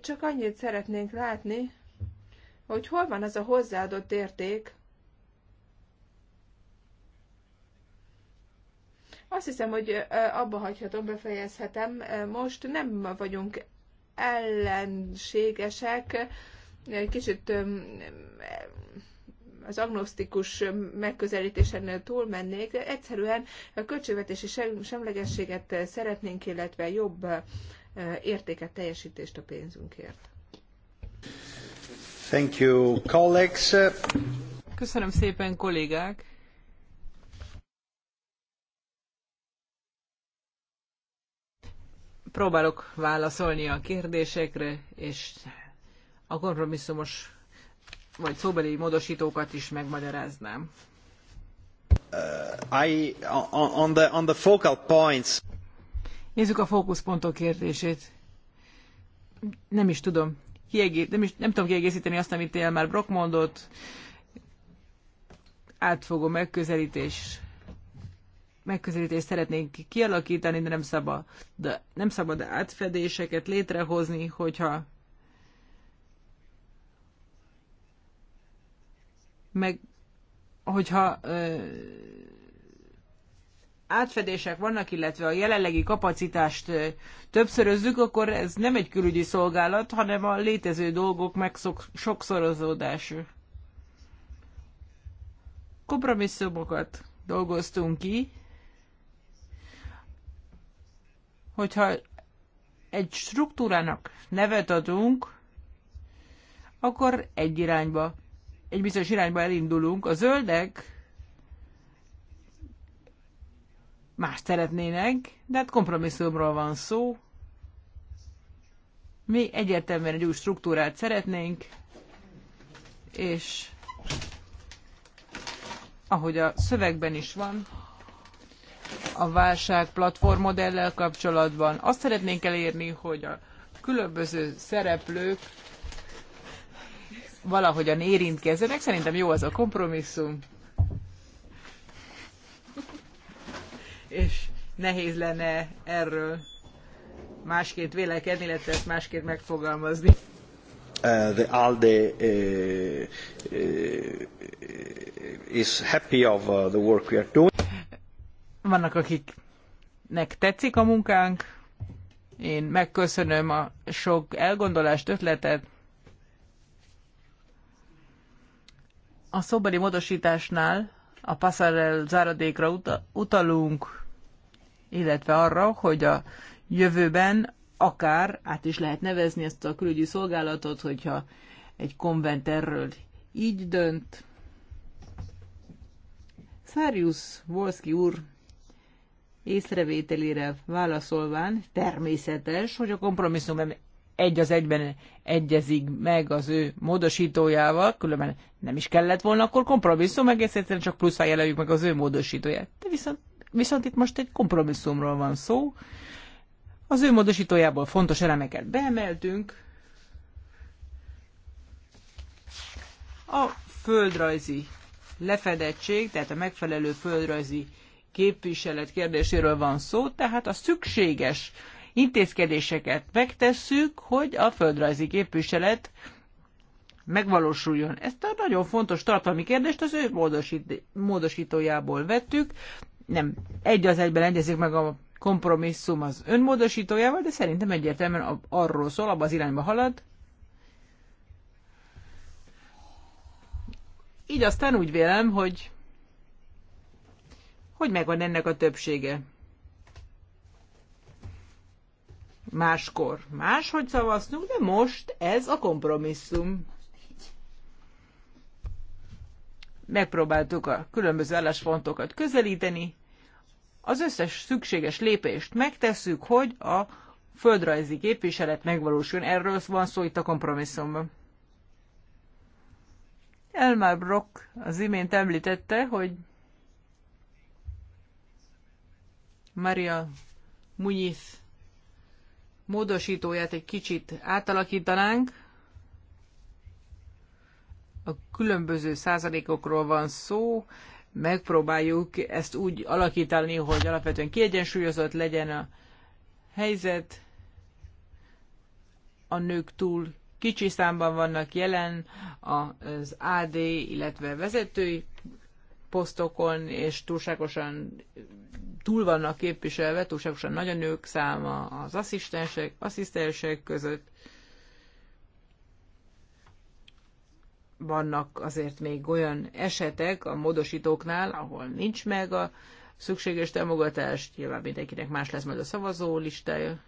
csak annyit szeretnénk látni, hogy hol van az a hozzáadott érték, Azt hiszem, hogy abba hagyhatom, befejezhetem. Most nem vagyunk ellenségesek, kicsit az agnosztikus megközelítésen túlmennék, de egyszerűen a költségvetési semlegességet szeretnénk, illetve jobb értéket, teljesítést a pénzünkért. Thank you, colleagues. Köszönöm szépen, kollégák! Próbálok válaszolni a kérdésekre, és a kompromisszumos vagy szóbeli módosítókat is megmagyaráznám. Uh, I, on the, on the focal points. Nézzük a fókuszpontok kérdését. Nem is tudom. Kiegé- nem, is, nem tudom kiegészíteni azt, amit él már Brock mondott. Átfogó megközelítés megközelítést szeretnénk kialakítani, de nem szabad, de nem szabad átfedéseket létrehozni, hogyha meg hogyha ö, átfedések vannak, illetve a jelenlegi kapacitást ö, többszörözzük, akkor ez nem egy külügyi szolgálat, hanem a létező dolgok megsokszorozódás. Kompromisszumokat dolgoztunk ki, hogyha egy struktúrának nevet adunk, akkor egy irányba, egy bizonyos irányba elindulunk. A zöldek más szeretnének, de hát kompromisszumról van szó. Mi egyértelműen egy új struktúrát szeretnénk, és ahogy a szövegben is van, a válság platform modellel kapcsolatban. Azt szeretnénk elérni, hogy a különböző szereplők valahogyan érintkezzenek. Szerintem jó az a kompromisszum. És nehéz lenne erről másként vélekedni, illetve ezt másként megfogalmazni. Uh, the ALDE uh, uh, is happy of uh, the work we are doing. Vannak, akiknek tetszik a munkánk. Én megköszönöm a sok elgondolást, ötletet. A szóbeli módosításnál a passarel záradékra utalunk, illetve arra, hogy a jövőben akár át is lehet nevezni ezt a külügyi szolgálatot, hogyha egy konvent erről így dönt. Szárius Volszki úr észrevételére válaszolván természetes, hogy a kompromisszum egy az egyben egyezik meg az ő módosítójával, különben nem is kellett volna, akkor kompromisszum, egész egyszerűen csak pluszá jelöljük meg az ő módosítóját. De viszont, viszont itt most egy kompromisszumról van szó. Az ő módosítójából fontos elemeket beemeltünk. A földrajzi lefedettség, tehát a megfelelő földrajzi képviselet kérdéséről van szó, tehát a szükséges intézkedéseket megtesszük, hogy a földrajzi képviselet megvalósuljon. Ezt a nagyon fontos tartalmi kérdést az ő módosítójából vettük. Nem egy az egyben egyezik meg a kompromisszum az önmódosítójával, de szerintem egyértelműen arról szól, abban az irányba halad. Így aztán úgy vélem, hogy hogy megvan ennek a többsége. Máskor máshogy szavaztunk, de most ez a kompromisszum. Megpróbáltuk a különböző álláspontokat közelíteni. Az összes szükséges lépést megtesszük, hogy a földrajzi képviselet megvalósuljon. Erről van szó itt a kompromisszumban. Elmar Brock az imént említette, hogy Maria Muñiz módosítóját egy kicsit átalakítanánk. A különböző százalékokról van szó, megpróbáljuk ezt úgy alakítani, hogy alapvetően kiegyensúlyozott legyen a helyzet, a nők túl kicsi számban vannak jelen az AD, illetve vezetői posztokon, és túlságosan túl vannak képviselve, túlságosan nagy a nők száma az asszisztensek, asszisztensek között. Vannak azért még olyan esetek a módosítóknál, ahol nincs meg a szükséges támogatás, nyilván mindenkinek más lesz majd a szavazó listája.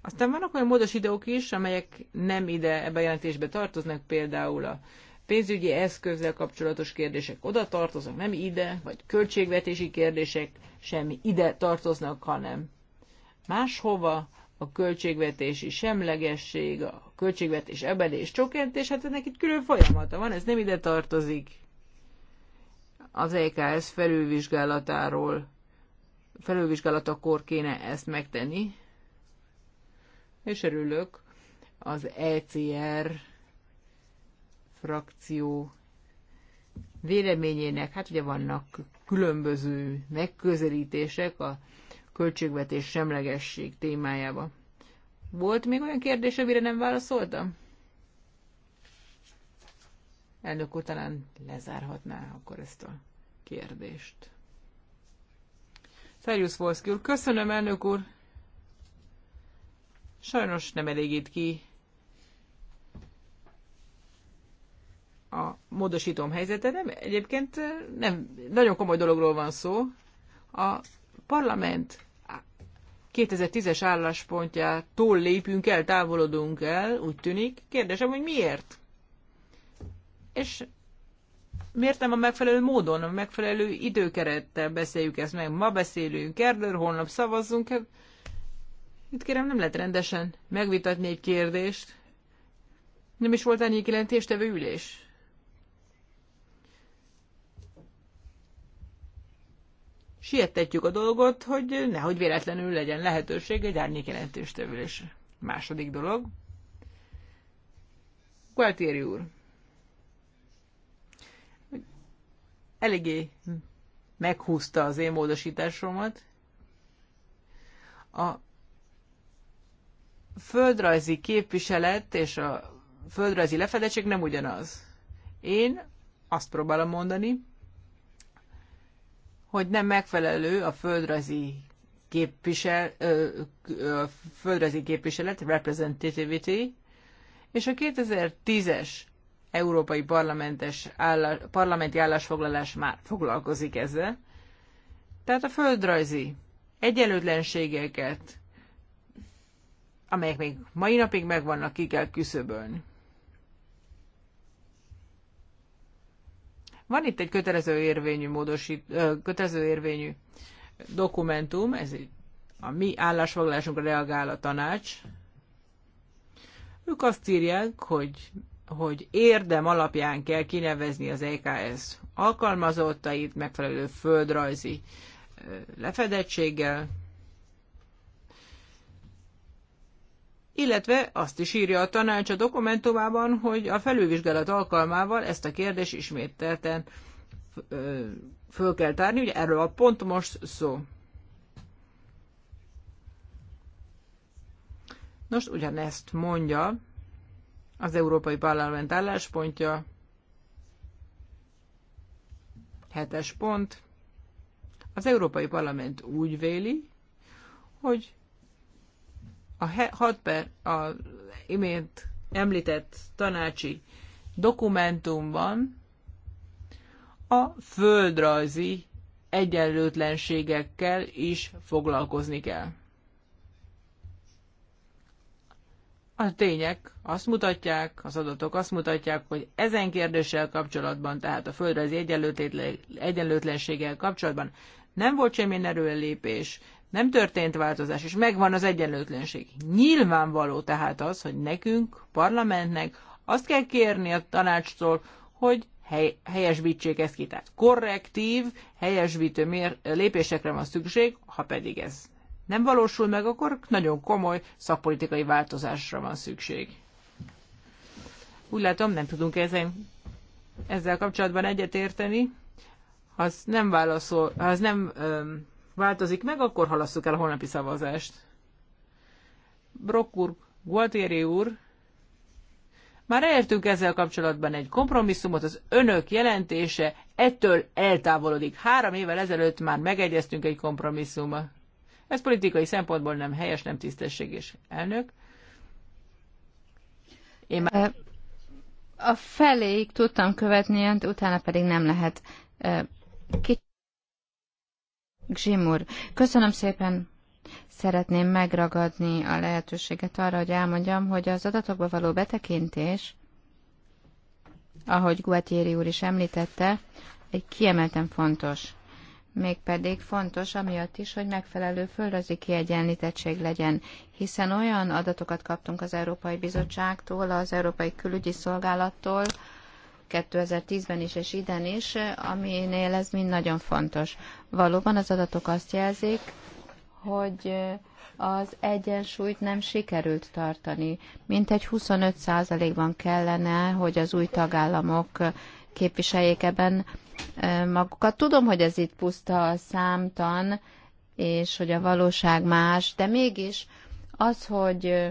Aztán vannak olyan módosítók is, amelyek nem ide ebbe a jelentésbe tartoznak, például a pénzügyi eszközzel kapcsolatos kérdések oda tartoznak, nem ide, vagy költségvetési kérdések semmi ide tartoznak, hanem máshova a költségvetési semlegesség, a költségvetés ebedés csökkentés, hát ennek itt külön folyamata van, ez nem ide tartozik. Az EKS felülvizsgálatáról, felülvizsgálatakor kéne ezt megtenni, és örülök az ECR frakció véleményének, hát ugye vannak különböző megközelítések a költségvetés semlegesség témájába. Volt még olyan kérdés, amire nem válaszoltam? Elnök úr talán lezárhatná akkor ezt a kérdést. Szerjusz Volszki úr, köszönöm elnök úr! Sajnos nem elégít ki a módosítom helyzete. Nem, egyébként nem, nagyon komoly dologról van szó. A parlament 2010-es álláspontjától lépünk el, távolodunk el, úgy tűnik. Kérdésem, hogy miért? És miért nem a megfelelő módon, a megfelelő időkerettel beszéljük ezt meg? Ma beszélünk erről, holnap szavazzunk. Itt kérem, nem lehet rendesen megvitatni egy kérdést. Nem is volt ennyi kilentéstevő ülés. sietetjük a dolgot, hogy nehogy véletlenül legyen lehetőség egy árnyék és Második dolog. Gualtieri úr. Eléggé meghúzta az én módosításomat. A földrajzi képviselet és a földrajzi lefedettség nem ugyanaz. Én azt próbálom mondani, hogy nem megfelelő a földrajzi képvisel, földrajzi képviselet, representativity, és a 2010-es európai parlamentes állás, parlamenti állásfoglalás már foglalkozik ezzel. Tehát a földrajzi egyenlőtlenségeket, amelyek még mai napig megvannak, ki kell küszöbölni. Van itt egy kötelező érvényű, módosít, kötelező érvényű dokumentum, ez a mi állásfoglalásunkra reagál a tanács. Ők azt írják, hogy, hogy érdem alapján kell kinevezni az EKS alkalmazottait megfelelő földrajzi lefedettséggel, illetve azt is írja a tanács a dokumentumában, hogy a felülvizsgálat alkalmával ezt a kérdést ismételten föl kell tárni, ugye erről a pont most szó. Nos, ugyanezt mondja az Európai Parlament álláspontja, hetes pont. Az Európai Parlament úgy véli, hogy a 6 per imént említett tanácsi dokumentumban a földrajzi egyenlőtlenségekkel is foglalkozni kell. A tények azt mutatják, az adatok azt mutatják, hogy ezen kérdéssel kapcsolatban, tehát a földrajzi egyenlőtlenséggel kapcsolatban nem volt semmilyen erőlépés, nem történt változás, és megvan az egyenlőtlenség. Nyilvánvaló tehát az, hogy nekünk, parlamentnek azt kell kérni a tanácstól, hogy hely, helyesbítsék ezt ki. Tehát korrektív, helyesbítő mér, lépésekre van szükség, ha pedig ez nem valósul meg, akkor nagyon komoly szakpolitikai változásra van szükség. Úgy látom, nem tudunk ezen, ezzel kapcsolatban egyetérteni. Ha Az nem válaszol, ha nem öm, változik meg, akkor halasszuk el a holnapi szavazást. Brock úr, Gualtieri úr, már elértünk ezzel kapcsolatban egy kompromisszumot, az önök jelentése ettől eltávolodik. Három évvel ezelőtt már megegyeztünk egy kompromisszumot. Ez politikai szempontból nem helyes, nem tisztességes elnök. Én már... A feléig tudtam követni, utána pedig nem lehet. Kicsit Gzsim úr, köszönöm szépen. Szeretném megragadni a lehetőséget arra, hogy elmondjam, hogy az adatokba való betekintés, ahogy Guatieri úr is említette, egy kiemelten fontos. Mégpedig fontos amiatt is, hogy megfelelő földrajzi kiegyenlítettség legyen, hiszen olyan adatokat kaptunk az Európai Bizottságtól, az Európai Külügyi Szolgálattól, 2010-ben is és idén is, aminél ez mind nagyon fontos. Valóban az adatok azt jelzik, hogy az egyensúlyt nem sikerült tartani. Mintegy 25%-ban kellene, hogy az új tagállamok képviseljék ebben magukat. Tudom, hogy ez itt puszta számtan, és hogy a valóság más, de mégis az, hogy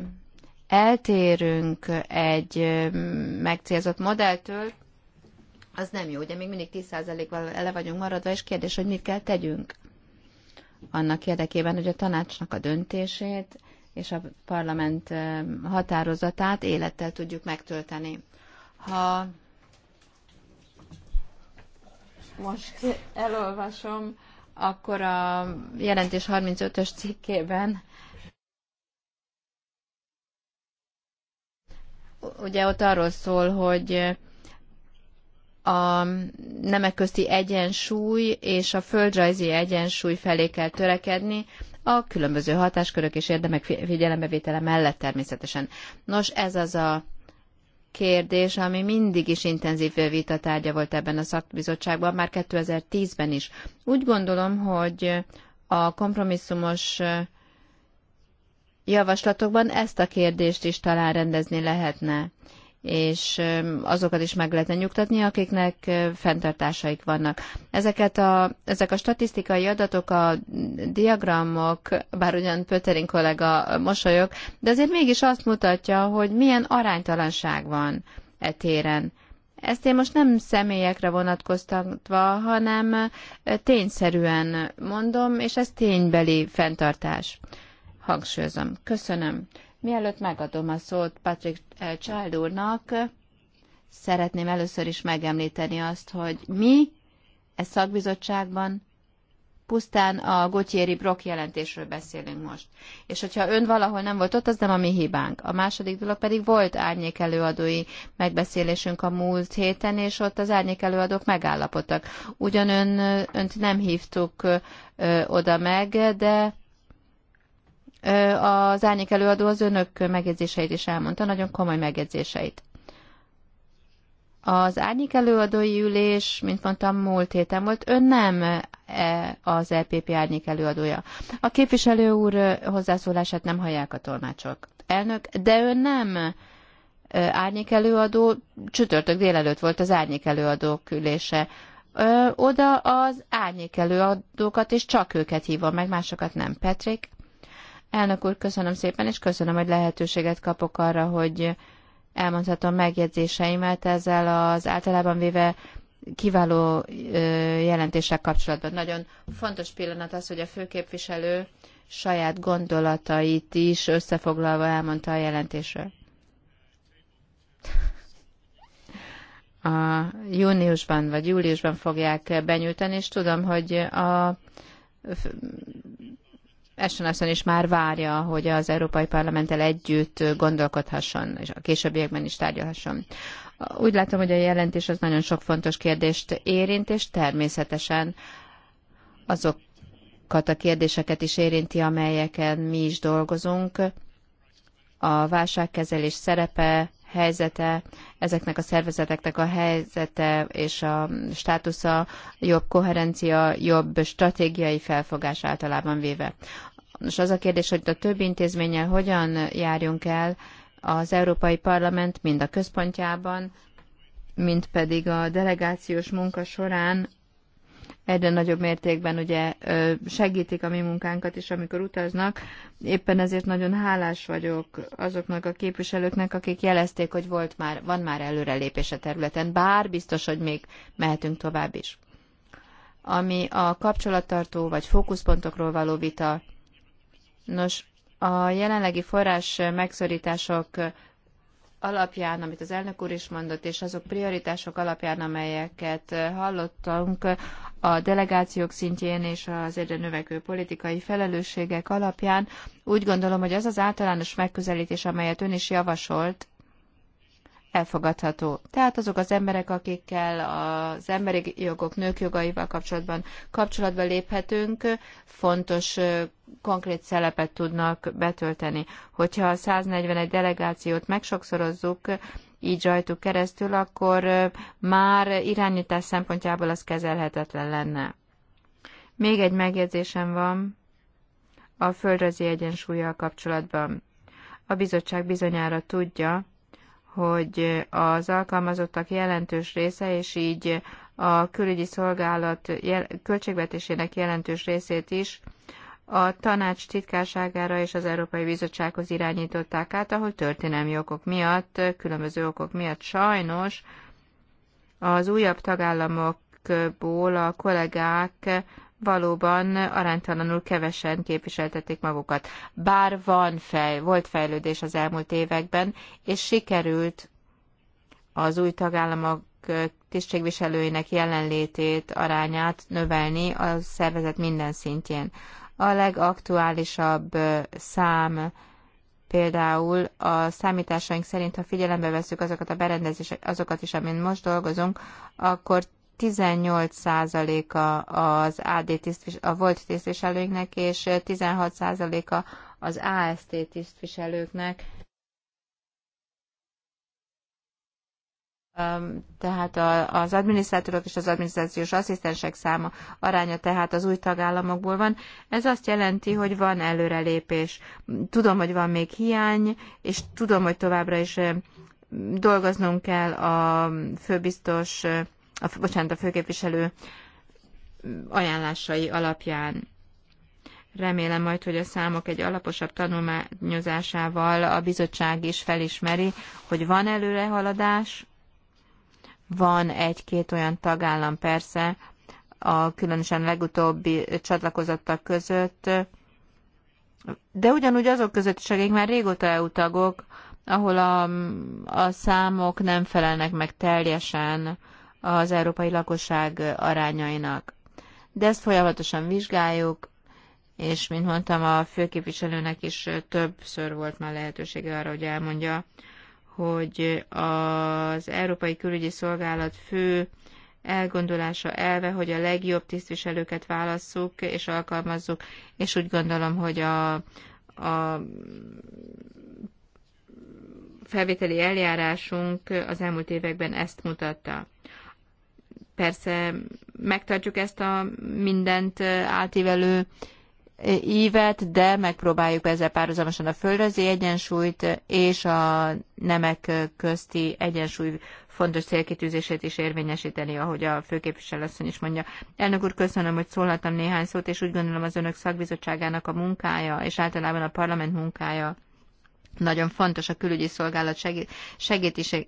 eltérünk egy megcélzott modelltől, az nem jó. Ugye még mindig 10%-val ele vagyunk maradva, és kérdés, hogy mit kell tegyünk annak érdekében, hogy a tanácsnak a döntését és a parlament határozatát élettel tudjuk megtölteni. Ha most elolvasom, akkor a jelentés 35-ös cikkében ugye ott arról szól, hogy a nemek közti egyensúly és a földrajzi egyensúly felé kell törekedni, a különböző hatáskörök és érdemek figyelembevétele mellett természetesen. Nos, ez az a kérdés, ami mindig is intenzív vita tárgya volt ebben a szakbizottságban, már 2010-ben is. Úgy gondolom, hogy a kompromisszumos javaslatokban ezt a kérdést is talán rendezni lehetne és azokat is meg lehetne nyugtatni, akiknek fenntartásaik vannak. Ezeket a, ezek a statisztikai adatok, a diagramok, bár ugyan Pöterin kollega mosolyog, de azért mégis azt mutatja, hogy milyen aránytalanság van e téren. Ezt én most nem személyekre vonatkoztatva, hanem tényszerűen mondom, és ez ténybeli fenntartás. Hangsúlyozom. Köszönöm. Mielőtt megadom a szót Patrick eh, Child úrnak, szeretném először is megemlíteni azt, hogy mi e szakbizottságban pusztán a Gotyéri Brock jelentésről beszélünk most. És hogyha ön valahol nem volt ott, az nem a mi hibánk. A második dolog pedig volt árnyék előadói megbeszélésünk a múlt héten, és ott az árnyék előadók megállapodtak. Ugyan ön, önt nem hívtuk ö, oda meg, de az árnyék előadó az önök megjegyzéseit is elmondta, nagyon komoly megjegyzéseit. Az árnyék előadói ülés, mint mondtam, múlt héten volt. Ön nem e, az LPP e árnyék előadója. A képviselő úr hozzászólását nem hallják a tolmácsok. Elnök, de ön nem e, árnyék előadó, csütörtök délelőtt volt az árnyék előadók ülése. oda az árnyék előadókat, és csak őket hívom meg, másokat nem. Patrick? Elnök úr, köszönöm szépen, és köszönöm, hogy lehetőséget kapok arra, hogy elmondhatom megjegyzéseimet ezzel az általában véve kiváló jelentések kapcsolatban. Nagyon fontos pillanat az, hogy a főképviselő saját gondolatait is összefoglalva elmondta a jelentésről. A júniusban vagy júliusban fogják benyújtani, és tudom, hogy a Ashton asszony is már várja, hogy az Európai Parlamenttel együtt gondolkodhasson, és a későbbiekben is tárgyalhasson. Úgy látom, hogy a jelentés az nagyon sok fontos kérdést érint, és természetesen azokat a kérdéseket is érinti, amelyeken mi is dolgozunk. A válságkezelés szerepe, helyzete, ezeknek a szervezeteknek a helyzete és a státusza, jobb koherencia, jobb stratégiai felfogás általában véve. Most az a kérdés, hogy a több intézménnyel hogyan járjunk el az Európai Parlament mind a központjában, mint pedig a delegációs munka során egyre nagyobb mértékben ugye segítik a mi munkánkat is, amikor utaznak. Éppen ezért nagyon hálás vagyok azoknak a képviselőknek, akik jelezték, hogy volt már, van már előrelépés a területen, bár biztos, hogy még mehetünk tovább is. Ami a kapcsolattartó vagy fókuszpontokról való vita, nos, a jelenlegi forrás megszorítások alapján, amit az elnök úr is mondott, és azok prioritások alapján, amelyeket eh, hallottunk a delegációk szintjén és az egyre növekvő politikai felelősségek alapján, úgy gondolom, hogy az az általános megközelítés, amelyet ön is javasolt, elfogadható. Tehát azok az emberek, akikkel az emberi jogok, nők jogaival kapcsolatban kapcsolatba léphetünk, fontos konkrét szerepet tudnak betölteni. Hogyha a 141 delegációt megsokszorozzuk, így rajtuk keresztül, akkor már irányítás szempontjából az kezelhetetlen lenne. Még egy megjegyzésem van a földrajzi egyensúlyjal kapcsolatban. A bizottság bizonyára tudja, hogy az alkalmazottak jelentős része, és így a külügyi szolgálat jel- költségvetésének jelentős részét is a tanács titkárságára és az Európai Bizottsághoz irányították át, ahol történelmi okok miatt, különböző okok miatt sajnos az újabb tagállamokból a kollégák valóban aránytalanul kevesen képviseltetik magukat. Bár van fej, volt fejlődés az elmúlt években, és sikerült az új tagállamok tisztségviselőinek jelenlétét, arányát növelni a szervezet minden szintjén. A legaktuálisabb szám például a számításaink szerint, ha figyelembe veszük azokat a berendezések, azokat is, amin most dolgozunk, akkor 18%-a az AD tisztvis, a volt tisztviselőknek, és 16%-a az AST tisztviselőknek. tehát az adminisztrátorok és az adminisztrációs asszisztensek száma aránya tehát az új tagállamokból van. Ez azt jelenti, hogy van előrelépés. Tudom, hogy van még hiány, és tudom, hogy továbbra is dolgoznunk kell a főbiztos a, bocsánat, a főképviselő ajánlásai alapján. Remélem majd, hogy a számok egy alaposabb tanulmányozásával a bizottság is felismeri, hogy van előrehaladás, van egy-két olyan tagállam persze, a különösen legutóbbi csatlakozottak között, de ugyanúgy azok között is, akik már régóta EU tagok, ahol a, a számok nem felelnek meg teljesen az európai lakosság arányainak. De ezt folyamatosan vizsgáljuk, és mint mondtam, a főképviselőnek is többször volt már lehetősége arra, hogy elmondja, hogy az Európai Külügyi Szolgálat fő elgondolása elve, hogy a legjobb tisztviselőket válasszuk és alkalmazzuk, és úgy gondolom, hogy a, a felvételi eljárásunk az elmúlt években ezt mutatta. Persze megtartjuk ezt a mindent átívelő ívet, de megpróbáljuk ezzel párhuzamosan a földrajzi egyensúlyt és a nemek közti egyensúly fontos célkitűzését is érvényesíteni, ahogy a főképviselőasszony is mondja. Elnök úr, köszönöm, hogy szólhattam néhány szót, és úgy gondolom az önök szakbizottságának a munkája, és általában a parlament munkája nagyon fontos a külügyi szolgálat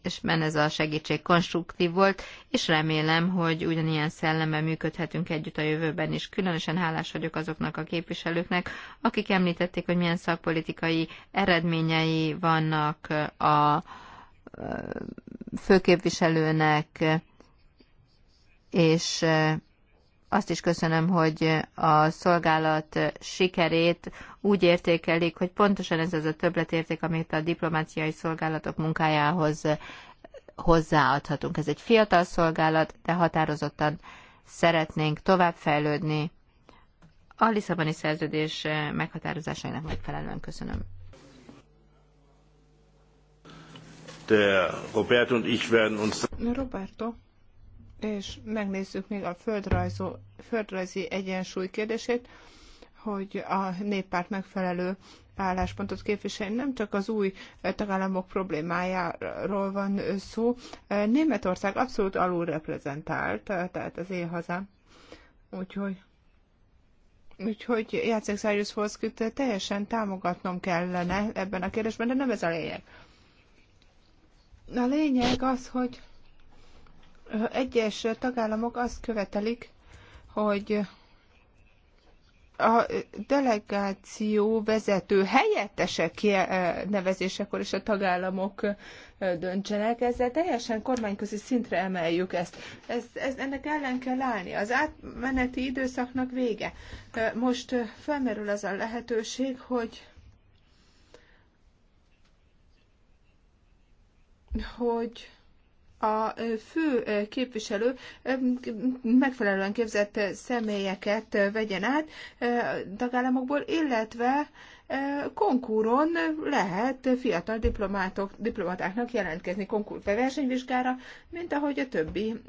és men ez a segítség konstruktív volt, és remélem, hogy ugyanilyen szellemben működhetünk együtt a jövőben is. Különösen hálás vagyok azoknak a képviselőknek, akik említették, hogy milyen szakpolitikai eredményei vannak a főképviselőnek, és azt is köszönöm, hogy a szolgálat sikerét úgy értékelik, hogy pontosan ez az a többletérték, amit a diplomáciai szolgálatok munkájához hozzáadhatunk. Ez egy fiatal szolgálat, de határozottan szeretnénk továbbfejlődni a Lisszaboni szerződés meghatározásainak megfelelően. Köszönöm. De Roberto und ich werden uns... Roberto és megnézzük még a földrajzó, földrajzi egyensúly kérdését, hogy a néppárt megfelelő álláspontot képviselni. Nem csak az új tagállamok problémájáról van szó. Németország abszolút alulreprezentált, tehát az én hazám. Úgyhogy Úgyhogy Jacek Cyrus Foszkit teljesen támogatnom kellene ebben a kérdésben, de nem ez a lényeg. A lényeg az, hogy egyes tagállamok azt követelik, hogy a delegáció vezető helyettesek e, nevezésekor is a tagállamok e, döntsenek, ezzel teljesen kormányközi szintre emeljük ezt. Ez, ez, ennek ellen kell állni. Az átmeneti időszaknak vége. E, most felmerül az a lehetőség, hogy hogy a fő képviselő megfelelően képzett személyeket vegyen át tagállamokból, illetve konkúron lehet fiatal diplomátok, diplomatáknak jelentkezni konkúr versenyvizsgára, mint ahogy a többi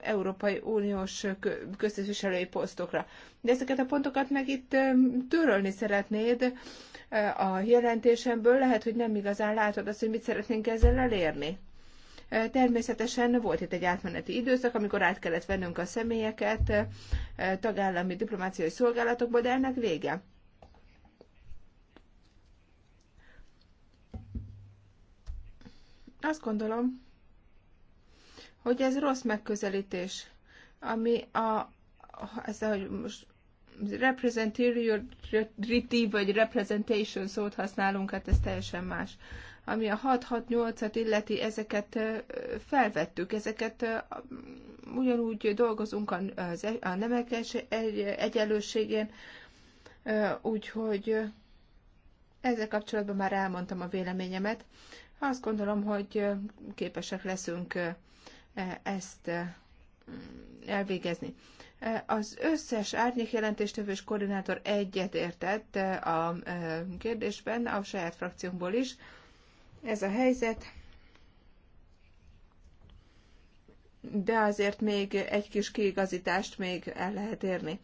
Európai Uniós köztisztviselői posztokra. De ezeket a pontokat meg itt törölni szeretnéd a jelentésemből, lehet, hogy nem igazán látod azt, hogy mit szeretnénk ezzel elérni. Természetesen volt itt egy átmeneti időszak, amikor át kellett vennünk a személyeket tagállami diplomáciai szolgálatokba, de ennek vége. Azt gondolom, hogy ez rossz megközelítés, ami a, ez a hogy most representative vagy representation szót használunk, hát ez teljesen más ami a 6-6-8-at illeti, ezeket felvettük, ezeket ugyanúgy dolgozunk a e, nemekes egy, egyenlőségén, úgyhogy ezzel kapcsolatban már elmondtam a véleményemet. Azt gondolom, hogy képesek leszünk e, ezt elvégezni. Az összes árnyékjelentéstevő és koordinátor egyetértett a kérdésben, a saját frakciónkból is, ez a helyzet, de azért még egy kis kiigazítást még el lehet érni.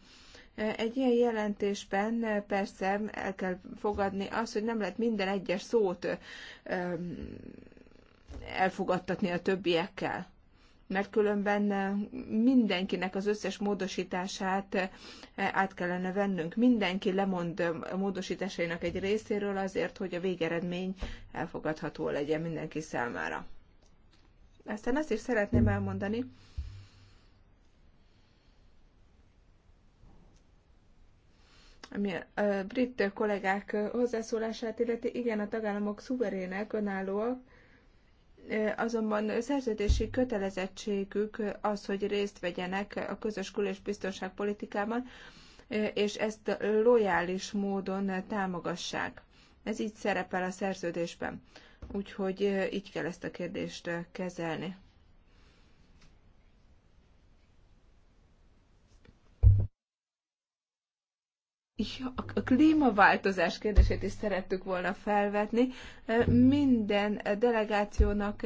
Egy ilyen jelentésben persze el kell fogadni azt, hogy nem lehet minden egyes szót elfogadtatni a többiekkel mert különben eh, mindenkinek az összes módosítását eh, át kellene vennünk. Mindenki lemond eh, a módosításainak egy részéről azért, hogy a végeredmény elfogadható legyen mindenki számára. Aztán azt is szeretném elmondani, ami a brit kollégák hozzászólását illeti, igen, a tagállamok szuverének, önállóak, azonban szerződési kötelezettségük az, hogy részt vegyenek a közös kül- és biztonságpolitikában, és ezt lojális módon támogassák. Ez így szerepel a szerződésben. Úgyhogy így kell ezt a kérdést kezelni. a klímaváltozás kérdését is szerettük volna felvetni. Minden delegációnak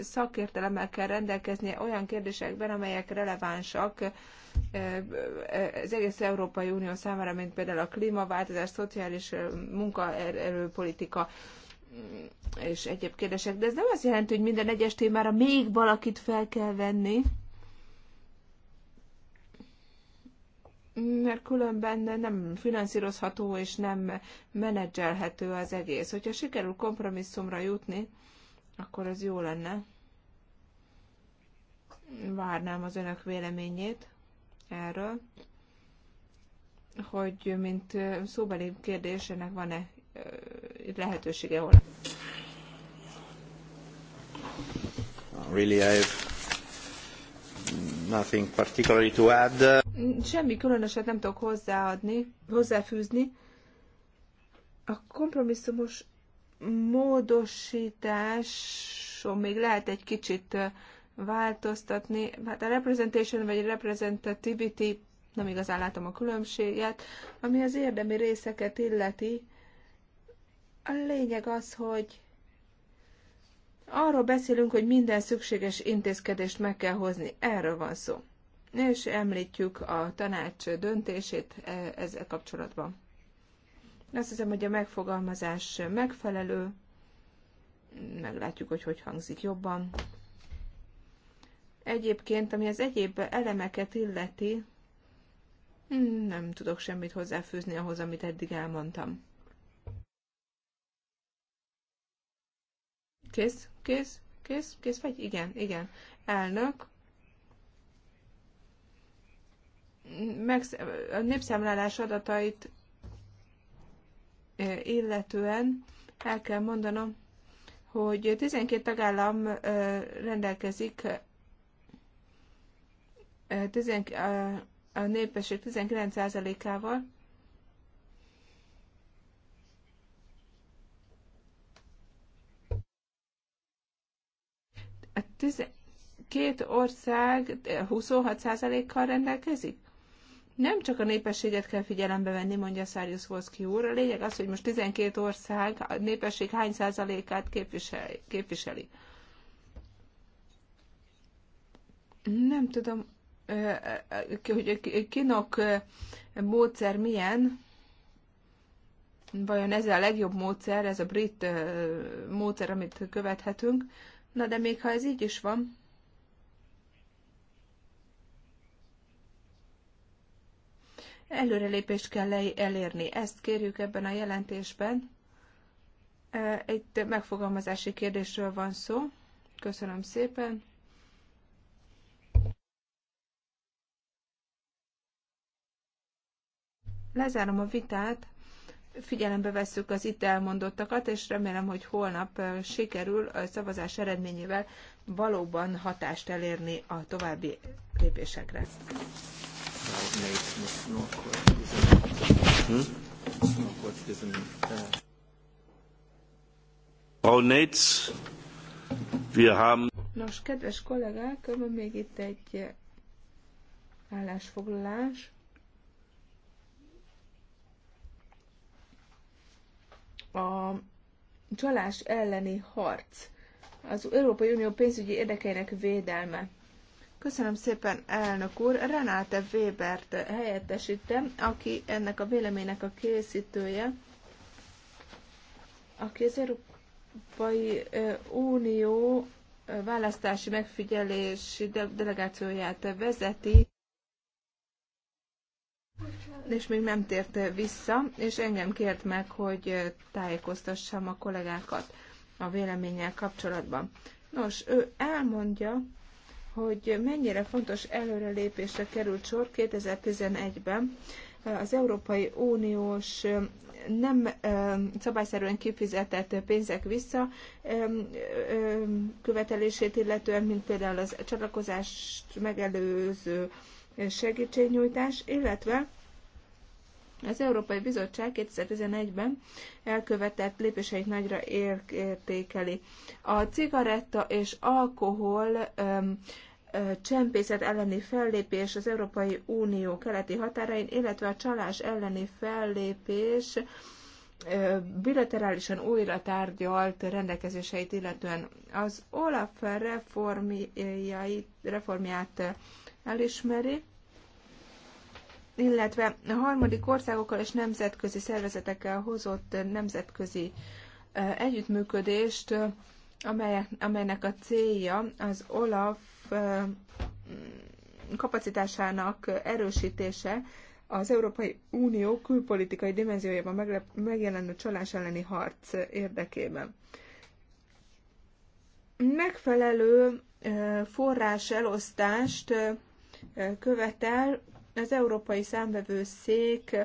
szakértelemmel kell rendelkeznie olyan kérdésekben, amelyek relevánsak az egész Európai Unió számára, mint például a klímaváltozás, szociális munkaerőpolitika mm, és egyéb kérdések. De ez nem azt jelenti, hogy minden egyes témára még valakit fel kell venni, mert különben nem finanszírozható és nem menedzselhető az egész. Hogyha sikerül kompromisszumra jutni, akkor az jó lenne. Várnám az önök véleményét erről, hogy mint szóbeli kérdés, ennek van-e lehetősége hol. Really, I have nothing particularly to add semmi különöset nem tudok hozzáadni, hozzáfűzni. A kompromisszumos módosításon még lehet egy kicsit változtatni. Hát a representation vagy representativity, nem igazán látom a különbséget, ami az érdemi részeket illeti. A lényeg az, hogy arról beszélünk, hogy minden szükséges intézkedést meg kell hozni. Erről van szó és említjük a tanács döntését e, ezzel kapcsolatban. Azt hiszem, hogy a megfogalmazás megfelelő, meglátjuk, hogy hogy hangzik jobban. Egyébként, ami az egyéb elemeket illeti, nem tudok semmit hozzáfűzni ahhoz, amit eddig elmondtam. Kész? Kész? Kész? Kész vagy? Igen, igen. Elnök, a népszámlálás adatait illetően el kell mondanom, hogy 12 tagállam rendelkezik a népesség 19%-ával, két ország 26%-kal rendelkezik? Nem csak a népességet kell figyelembe venni, mondja Szárius Voszki úr. A lényeg az, hogy most 12 ország a népesség hány százalékát képviseli. képviseli. Nem tudom, hogy kinok módszer milyen, vajon ez a legjobb módszer, ez a brit módszer, amit követhetünk. Na de még ha ez így is van, előrelépést kell elérni. Ezt kérjük ebben a jelentésben. Egy megfogalmazási kérdésről van szó. Köszönöm szépen. Lezárom a vitát, figyelembe vesszük az itt elmondottakat, és remélem, hogy holnap e, sikerül a szavazás eredményével valóban hatást elérni a további lépésekre. Frau Nates, wir haben... Nos, kedves kollégák, van még itt egy állásfoglalás. A csalás elleni harc, az Európai Unió pénzügyi érdekeinek védelme. Köszönöm szépen, elnök úr. Renáte Webert helyettesítem, aki ennek a véleménynek a készítője, aki az Európai Unió választási megfigyelési delegációját vezeti, és még nem tért vissza, és engem kért meg, hogy tájékoztassam a kollégákat a véleménnyel kapcsolatban. Nos, ő elmondja, hogy mennyire fontos előrelépésre került sor 2011-ben az Európai Uniós nem szabályszerűen kifizetett pénzek vissza követelését illetően, mint például az csatlakozást megelőző segítségnyújtás, illetve az Európai Bizottság 2011-ben elkövetett lépéseit nagyra értékeli. A cigaretta és alkohol öm, csempészet elleni fellépés az Európai Unió keleti határain, illetve a csalás elleni fellépés bilaterálisan újra tárgyalt rendelkezéseit, illetően az Olaf reformjai, reformját elismeri, illetve a harmadik országokkal és nemzetközi szervezetekkel hozott nemzetközi együttműködést, amelynek a célja az Olaf Eh, kapacitásának erősítése az Európai Unió külpolitikai dimenziójában megjelenő csalás elleni harc érdekében. Megfelelő eh, forrás elosztást eh, követel az Európai Számvevőszék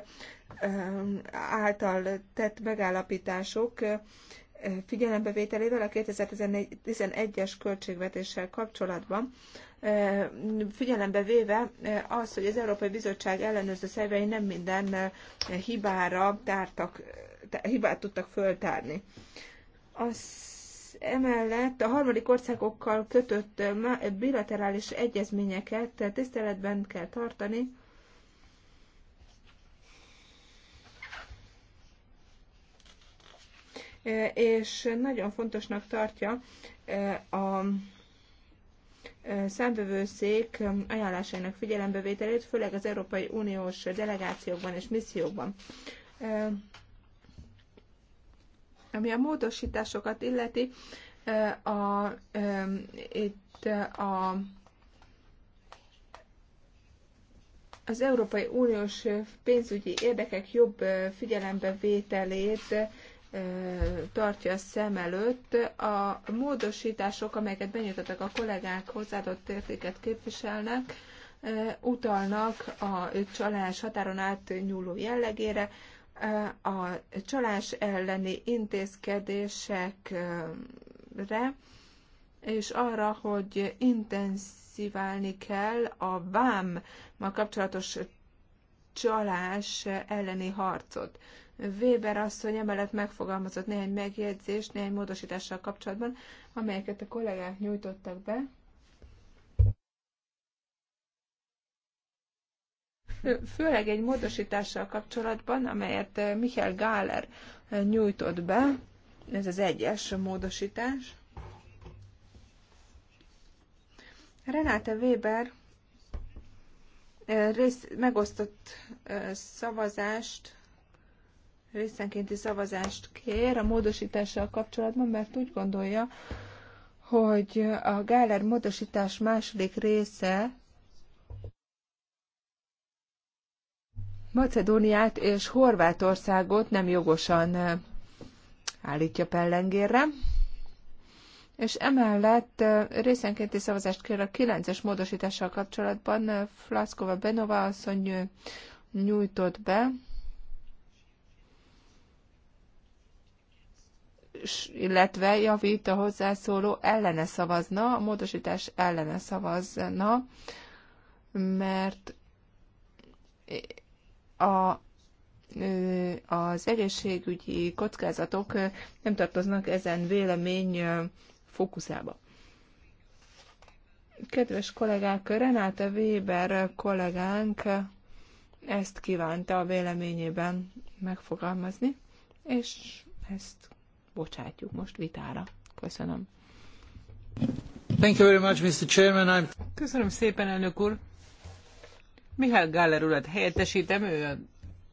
által tett megállapítások figyelembevételével a 2011-es költségvetéssel kapcsolatban, e, figyelembe véve e, az, hogy az Európai Bizottság ellenőrző szervei nem minden e, hibára tártak, hibát tudtak föltárni. Az emellett a harmadik országokkal kötött bilaterális egyezményeket tiszteletben kell tartani, és nagyon fontosnak tartja a számvevőszék ajánlásainak figyelembevételét, főleg az Európai Uniós delegációkban és missziókban. Ami a módosításokat illeti, a, a, itt a, az Európai Uniós pénzügyi érdekek jobb figyelembevételét tartja szem előtt. A módosítások, amelyeket benyújtottak a kollégák, hozzáadott értéket képviselnek, utalnak a csalás határon átnyúló jellegére, a csalás elleni intézkedésekre, és arra, hogy intenzíválni kell a vámmal kapcsolatos csalás elleni harcot. Weber asszony emellett megfogalmazott néhány megjegyzést, néhány módosítással kapcsolatban, amelyeket a kollégák nyújtottak be. Főleg egy módosítással kapcsolatban, amelyet eh, Michael Gáler eh, nyújtott be, ez az egyes módosítás. Renáta Weber eh, rész, megosztott szavazást részenkénti szavazást kér a módosítással kapcsolatban, mert úgy gondolja, hogy a Gáler módosítás második része Macedóniát és Horvátországot nem jogosan eh, állítja pellengérre, és emellett eh, részenkénti szavazást kér a 9-es módosítással kapcsolatban eh, Flaszkova Benova asszony nyújtott be, illetve javít a hozzászóló ellene szavazna, a módosítás ellene szavazna, mert a, az egészségügyi kockázatok nem tartoznak ezen vélemény fókuszába. Kedves kollégák, Renáta Weber kollégánk ezt kívánta a véleményében megfogalmazni, és ezt bocsátjuk most vitára. Köszönöm. Thank you very much, Mr. Chairman. I'm... Köszönöm szépen, elnök úr. Mihály Gáller urat helyettesítem, ő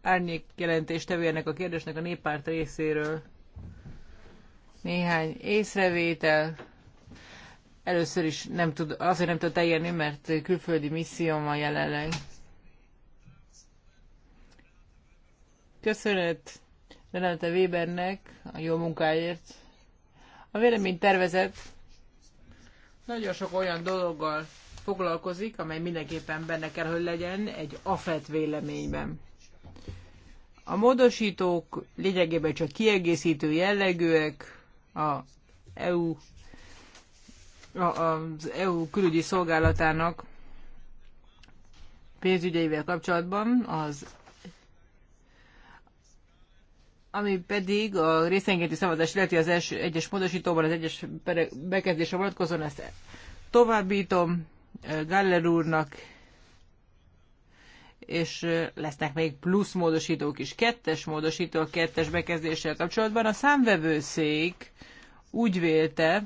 árnyék jelentéstevő ennek a kérdésnek a néppárt részéről. Néhány észrevétel. Először is nem tud, azért nem tud eljönni, mert külföldi misszióm van jelenleg. Köszönet Renate Webernek a jó munkáért. A véleménytervezet nagyon sok olyan dologgal foglalkozik, amely mindenképpen benne kell, hogy legyen egy AFET véleményben. A módosítók lényegében csak kiegészítő jellegűek a EU, a, az EU külügyi szolgálatának pénzügyeivel kapcsolatban az ami pedig a részenkénti szavazás illeti az első egyes módosítóban, az egyes bekezdésre vonatkozóan, ezt továbbítom Galler úrnak, és lesznek még plusz módosítók is. Kettes módosító a kettes bekezdéssel kapcsolatban a számvevőszék úgy vélte,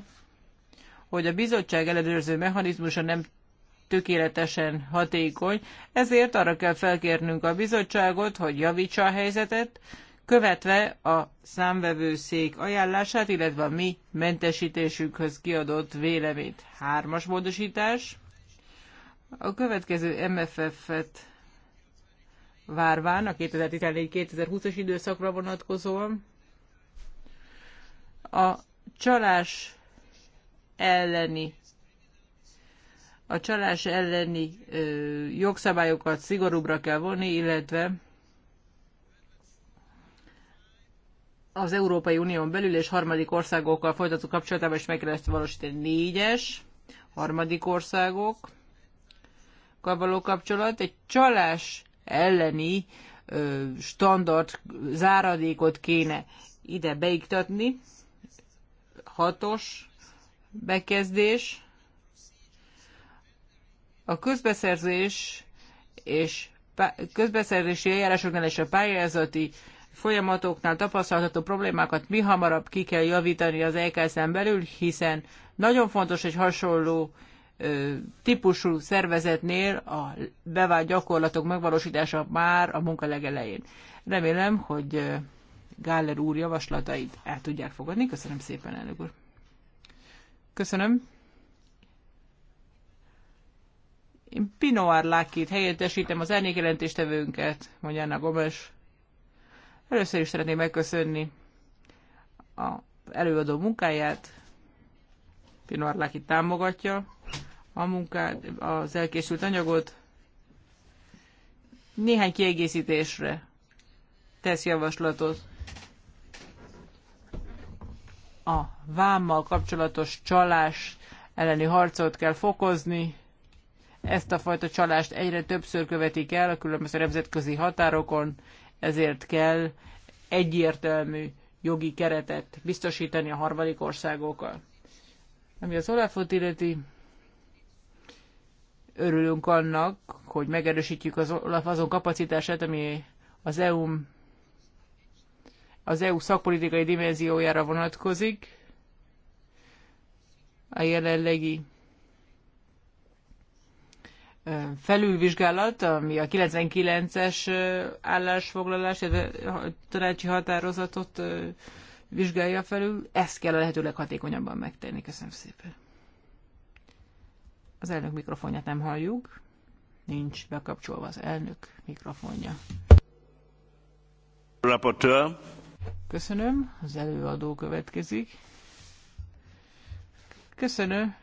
hogy a bizottság ellenőrző mechanizmusa nem tökéletesen hatékony, ezért arra kell felkérnünk a bizottságot, hogy javítsa a helyzetet, követve a számvevőszék ajánlását, illetve a mi mentesítésünkhöz kiadott véleményt. Hármas módosítás. A következő MFF-et várván a 2014-2020-as időszakra vonatkozóan a csalás elleni a csalás elleni ö, jogszabályokat szigorúbbra kell vonni, illetve az Európai Unión belül és harmadik országokkal folytató kapcsolatában is meg kell ezt valósítani. Négyes, harmadik országok való kapcsolat, egy csalás elleni ö, standard záradékot kéne ide beiktatni. Hatos bekezdés. A közbeszerzés és közbeszerzési eljárásoknál és a pályázati folyamatoknál tapasztalható problémákat mi hamarabb ki kell javítani az EKSZ-en belül, hiszen nagyon fontos egy hasonló ö, típusú szervezetnél a bevált gyakorlatok megvalósítása már a munka legelején. Remélem, hogy Gáller úr javaslatait el tudják fogadni. Köszönöm szépen, elnök úr. Köszönöm. Én Pinoár Lákit helyettesítem az árnyékjelentéstevőnket, mondja Anna Gomes. Először is szeretném megköszönni az előadó munkáját. Pinor Laki támogatja a munkát, az elkészült anyagot. Néhány kiegészítésre tesz javaslatot a vámmal kapcsolatos csalás elleni harcot kell fokozni. Ezt a fajta csalást egyre többször követik el a különböző nemzetközi határokon, ezért kell egyértelmű jogi keretet biztosítani a harmadik országokkal. Ami az Olafot illeti, örülünk annak, hogy megerősítjük az Olaf azon kapacitását, ami az EU az EU szakpolitikai dimenziójára vonatkozik. A jelenlegi felülvizsgálat, ami a 99-es állásfoglalás, illetve tanácsi határozatot vizsgálja felül, ezt kell a lehető leghatékonyabban megtenni. Köszönöm szépen. Az elnök mikrofonját nem halljuk. Nincs bekapcsolva az elnök mikrofonja. Rapporteur. Köszönöm. Az előadó következik. Köszönöm.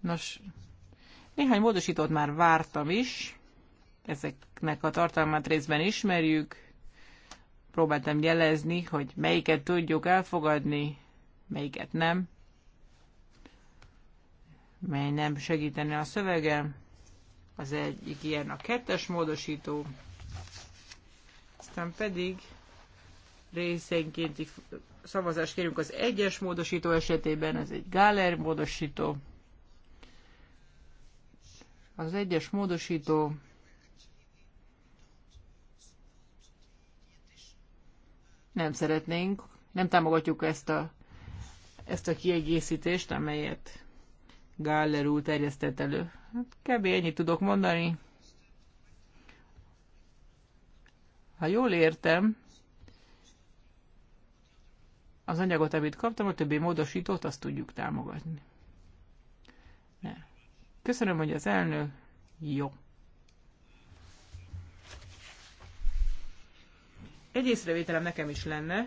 Nos, néhány módosítót már vártam is, ezeknek a tartalmát részben ismerjük. Próbáltam jelezni, hogy melyiket tudjuk elfogadni, melyiket nem, mely nem segíteni a szövegem. Az egyik ilyen a kettes módosító, aztán pedig részenkénti szavazást kérünk az egyes módosító esetében, ez egy Gáler módosító, az egyes módosító nem szeretnénk, nem támogatjuk ezt a, ezt a kiegészítést, amelyet Galler úr terjesztett elő. Hát kb. ennyit tudok mondani. Ha jól értem, az anyagot, amit kaptam, a többi módosítót, azt tudjuk támogatni. Köszönöm, hogy az elnök. Jó. Egy észrevételem nekem is lenne.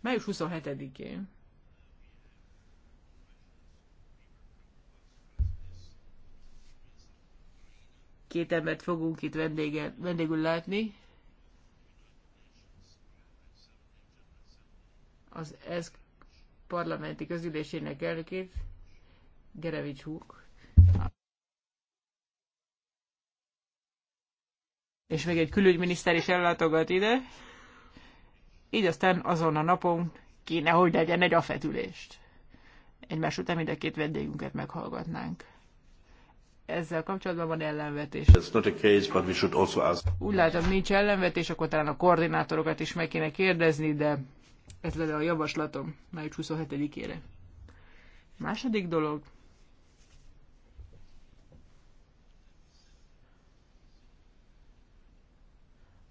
Május 27-én két embert fogunk itt vendége, vendégül látni. Az ESZK parlamenti közülésének elnökét, Gerevics Húk. és még egy külügyminiszter is ellátogat ide, így aztán azon a napon kéne, hogy legyen egy afetülést. Egymás után mind a két vendégünket meghallgatnánk. Ezzel kapcsolatban van ellenvetés. It's not a case, but we should also ask. Úgy látom, nincs ellenvetés, akkor talán a koordinátorokat is meg kéne kérdezni, de ez lenne a javaslatom május 27-ére. Második dolog,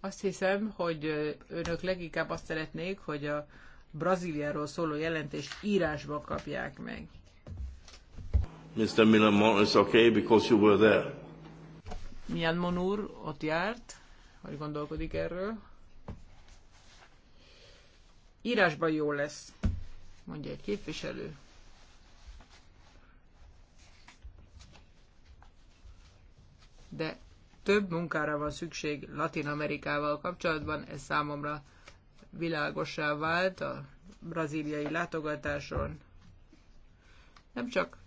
Azt hiszem, hogy önök leginkább azt szeretnék, hogy a Brazíliáról szóló jelentést írásban kapják meg. Mr. Milan it's okay because you were there. Milyen Monur ott járt, hogy gondolkodik erről. Írásban jó lesz, mondja egy képviselő. De több munkára van szükség Latin Amerikával kapcsolatban, ez számomra világosá vált a braziliai látogatáson. Nem csak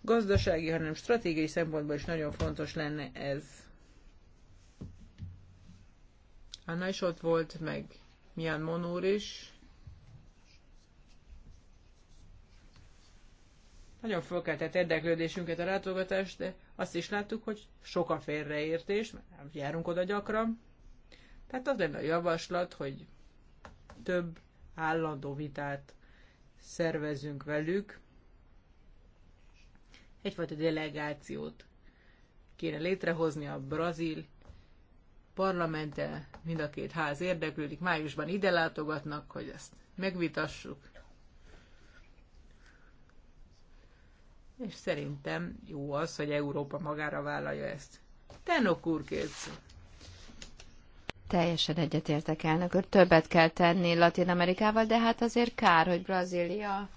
gazdasági, hanem stratégiai szempontból is nagyon fontos lenne ez. Anna is ott volt, meg Mian Monúr is. Nagyon fölkeltett érdeklődésünket a látogatás, de azt is láttuk, hogy sok a félreértés, mert nem járunk oda gyakran. Tehát az lenne a javaslat, hogy több állandó vitát szervezünk velük, egyfajta delegációt kéne létrehozni a brazil parlamente, mind a két ház érdeklődik, májusban ide látogatnak, hogy ezt megvitassuk. és szerintem jó az, hogy Európa magára vállalja ezt. Tenok úr kérdsz. Teljesen egyetértek elnök úr. Többet kell tenni Latin Amerikával, de hát azért kár, hogy Brazília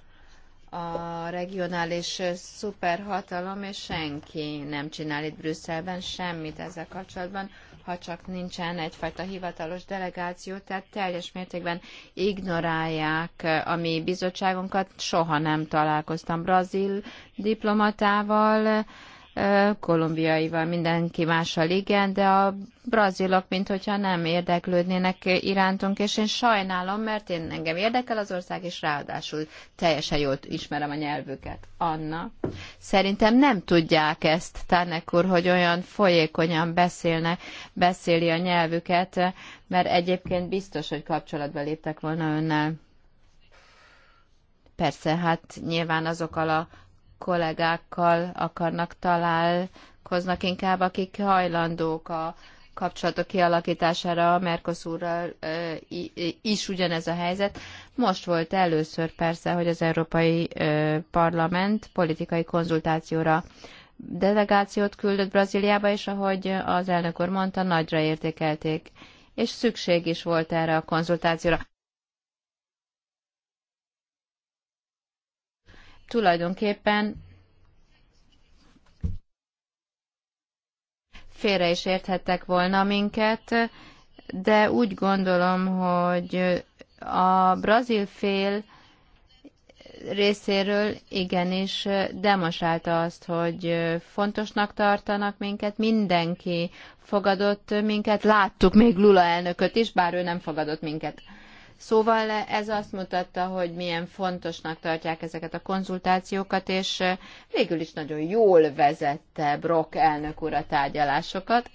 a regionális szuperhatalom, és senki nem csinál itt Brüsszelben semmit ezzel kapcsolatban ha csak nincsen egyfajta hivatalos delegáció, tehát teljes mértékben ignorálják eh, a mi bizottságunkat. Soha nem találkoztam brazil diplomatával, kolumbiaival, mindenki mással igen, de a brazilok, mint hogyha nem érdeklődnének irántunk, és én sajnálom, mert én engem érdekel az ország, és ráadásul teljesen jól ismerem a nyelvüket. Anna, szerintem nem tudják ezt, Tánek úr, hogy olyan folyékonyan beszélne, beszéli a nyelvüket, mert egyébként biztos, hogy kapcsolatba léptek volna önnel. Persze, hát nyilván azokkal a kollégákkal akarnak találkoznak inkább, akik hajlandók a kapcsolatok kialakítására a Mercosurral is ugyanez a helyzet. Most volt először persze, hogy az Európai Parlament politikai konzultációra delegációt küldött Brazíliába, és ahogy az elnök úr mondta, nagyra értékelték, és szükség is volt erre a konzultációra. tulajdonképpen félre is érthettek volna minket, de úgy gondolom, hogy a brazil fél részéről igenis demonstrálta azt, hogy fontosnak tartanak minket, mindenki fogadott minket, láttuk még Lula elnököt is, bár ő nem fogadott minket. Szóval ez azt mutatta, hogy milyen fontosnak tartják ezeket a konzultációkat, és végül is nagyon jól vezette Brock elnök úr a tárgyalásokat,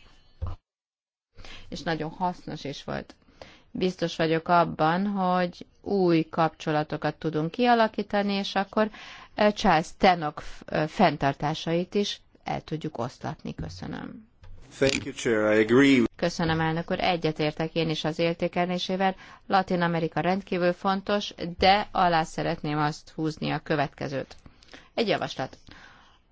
és nagyon hasznos is volt. Biztos vagyok abban, hogy új kapcsolatokat tudunk kialakítani, és akkor Charles Tenok fenntartásait is el tudjuk oszlatni. Köszönöm. Köszönöm, elnök úr. Egyetértek én is az értékelésével. Latin Amerika rendkívül fontos, de alá szeretném azt húzni a következőt. Egy javaslat.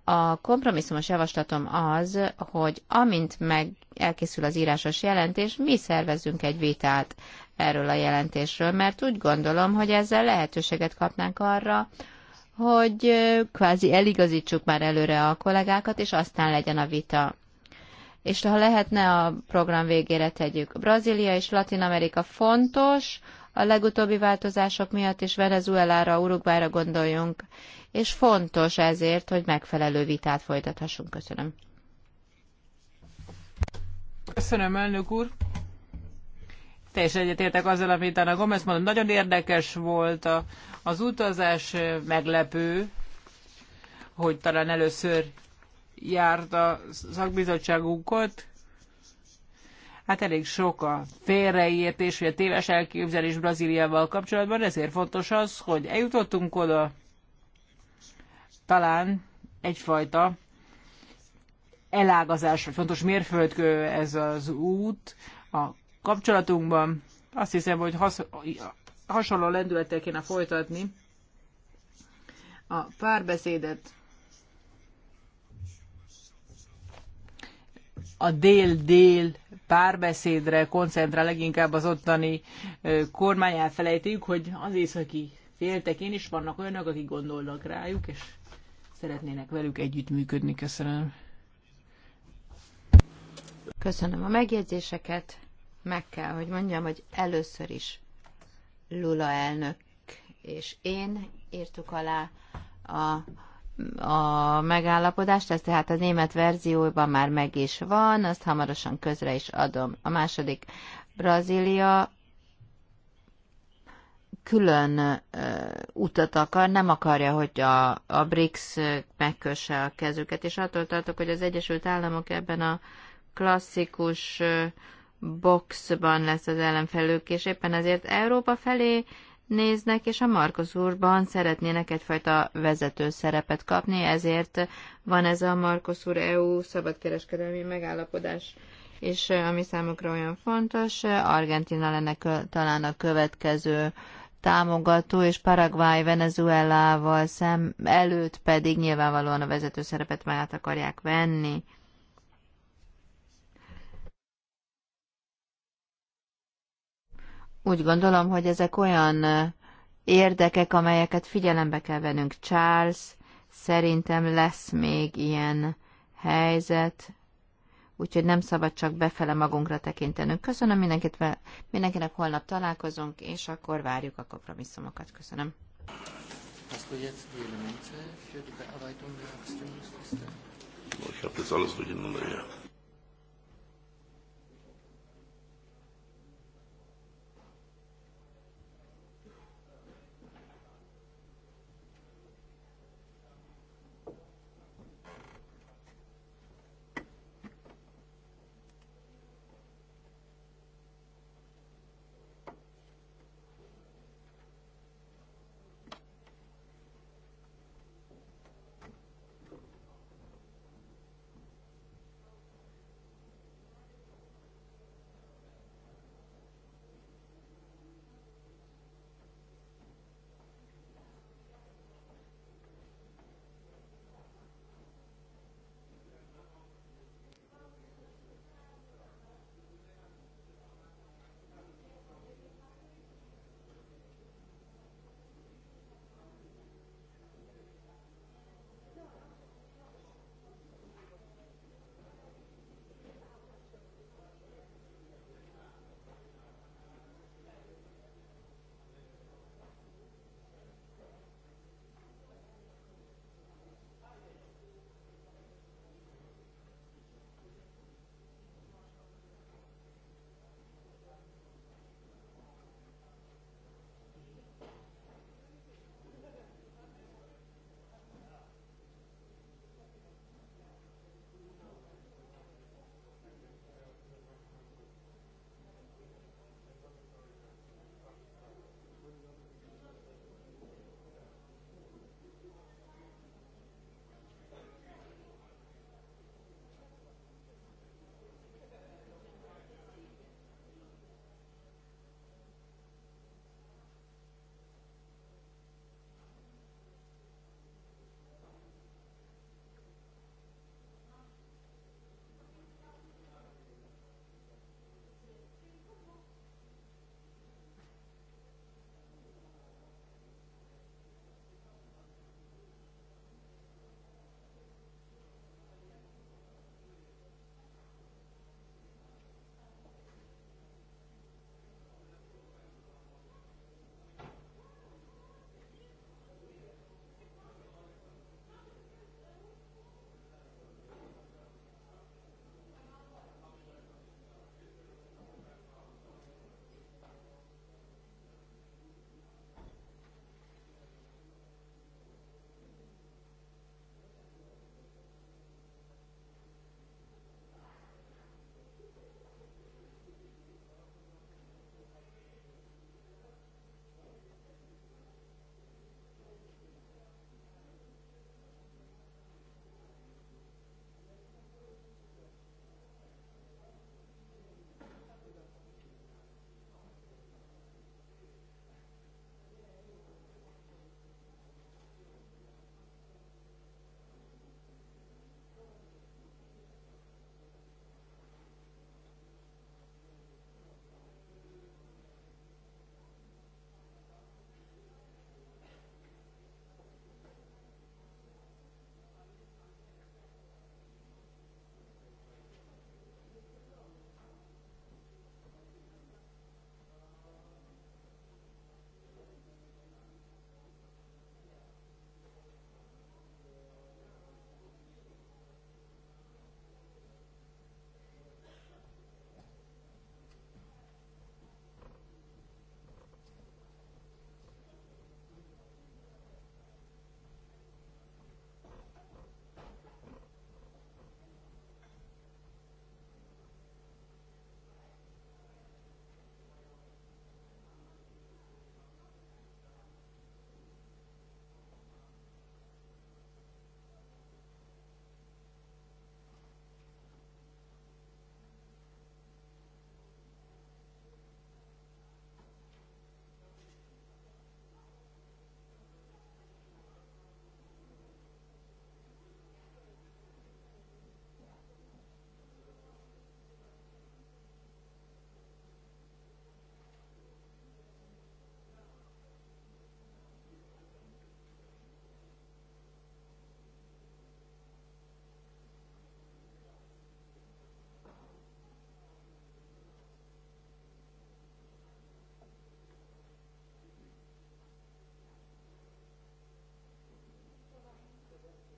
A kompromisszumos javaslatom az, hogy amint meg elkészül az írásos jelentés, mi szervezünk egy vitát erről a jelentésről, mert úgy gondolom, hogy ezzel lehetőséget kapnánk arra, hogy kvázi eligazítsuk már előre a kollégákat, és aztán legyen a vita és ha lehetne, a program végére tegyük. Brazília és Latin Amerika fontos, a legutóbbi változások miatt is Venezuelára, Uruguayra gondoljunk, és fontos ezért, hogy megfelelő vitát folytathassunk. Köszönöm. Köszönöm, elnök úr. Teljesen egyetértek azzal, amit Anna Gomez mondom Nagyon érdekes volt a, az utazás, meglepő, hogy talán először járt a szakbizottságunkat. Hát elég sok a félreértés, vagy a téves elképzelés Brazíliával kapcsolatban, ezért fontos az, hogy eljutottunk oda, talán egyfajta elágazás, vagy fontos mérföldkő ez az út a kapcsolatunkban. Azt hiszem, hogy hasonló lendülettel kéne folytatni a párbeszédet. a dél-dél párbeszédre koncentrál leginkább az ottani kormány. Elfelejtjük, hogy az északi féltekén is vannak olyanok, akik gondolnak rájuk, és szeretnének velük együttműködni. Köszönöm. Köszönöm a megjegyzéseket. Meg kell, hogy mondjam, hogy először is Lula elnök és én írtuk alá a a megállapodást, ez tehát a német verzióban már meg is van, azt hamarosan közre is adom. A második, Brazília külön uh, utat akar, nem akarja, hogy a, a BRICS megkösse a kezüket, és attól tartok, hogy az Egyesült Államok ebben a klasszikus uh, boxban lesz az ellenfelők, és éppen ezért Európa felé néznek, és a Markus úrban szeretnének egyfajta vezető szerepet kapni, ezért van ez a Markus úr EU szabadkereskedelmi megállapodás, és ami számukra olyan fontos, Argentina lenne talán a következő támogató, és Paraguay Venezuelával szem előtt pedig nyilvánvalóan a vezető szerepet már át akarják venni. Úgy gondolom, hogy ezek olyan érdekek, amelyeket figyelembe kell vennünk. Charles, szerintem lesz még ilyen helyzet, úgyhogy nem szabad csak befele magunkra tekintenünk. Köszönöm mindenkit, mindenkinek holnap találkozunk, és akkor várjuk a kompromisszumokat. Köszönöm. Most du hát ez die hogy für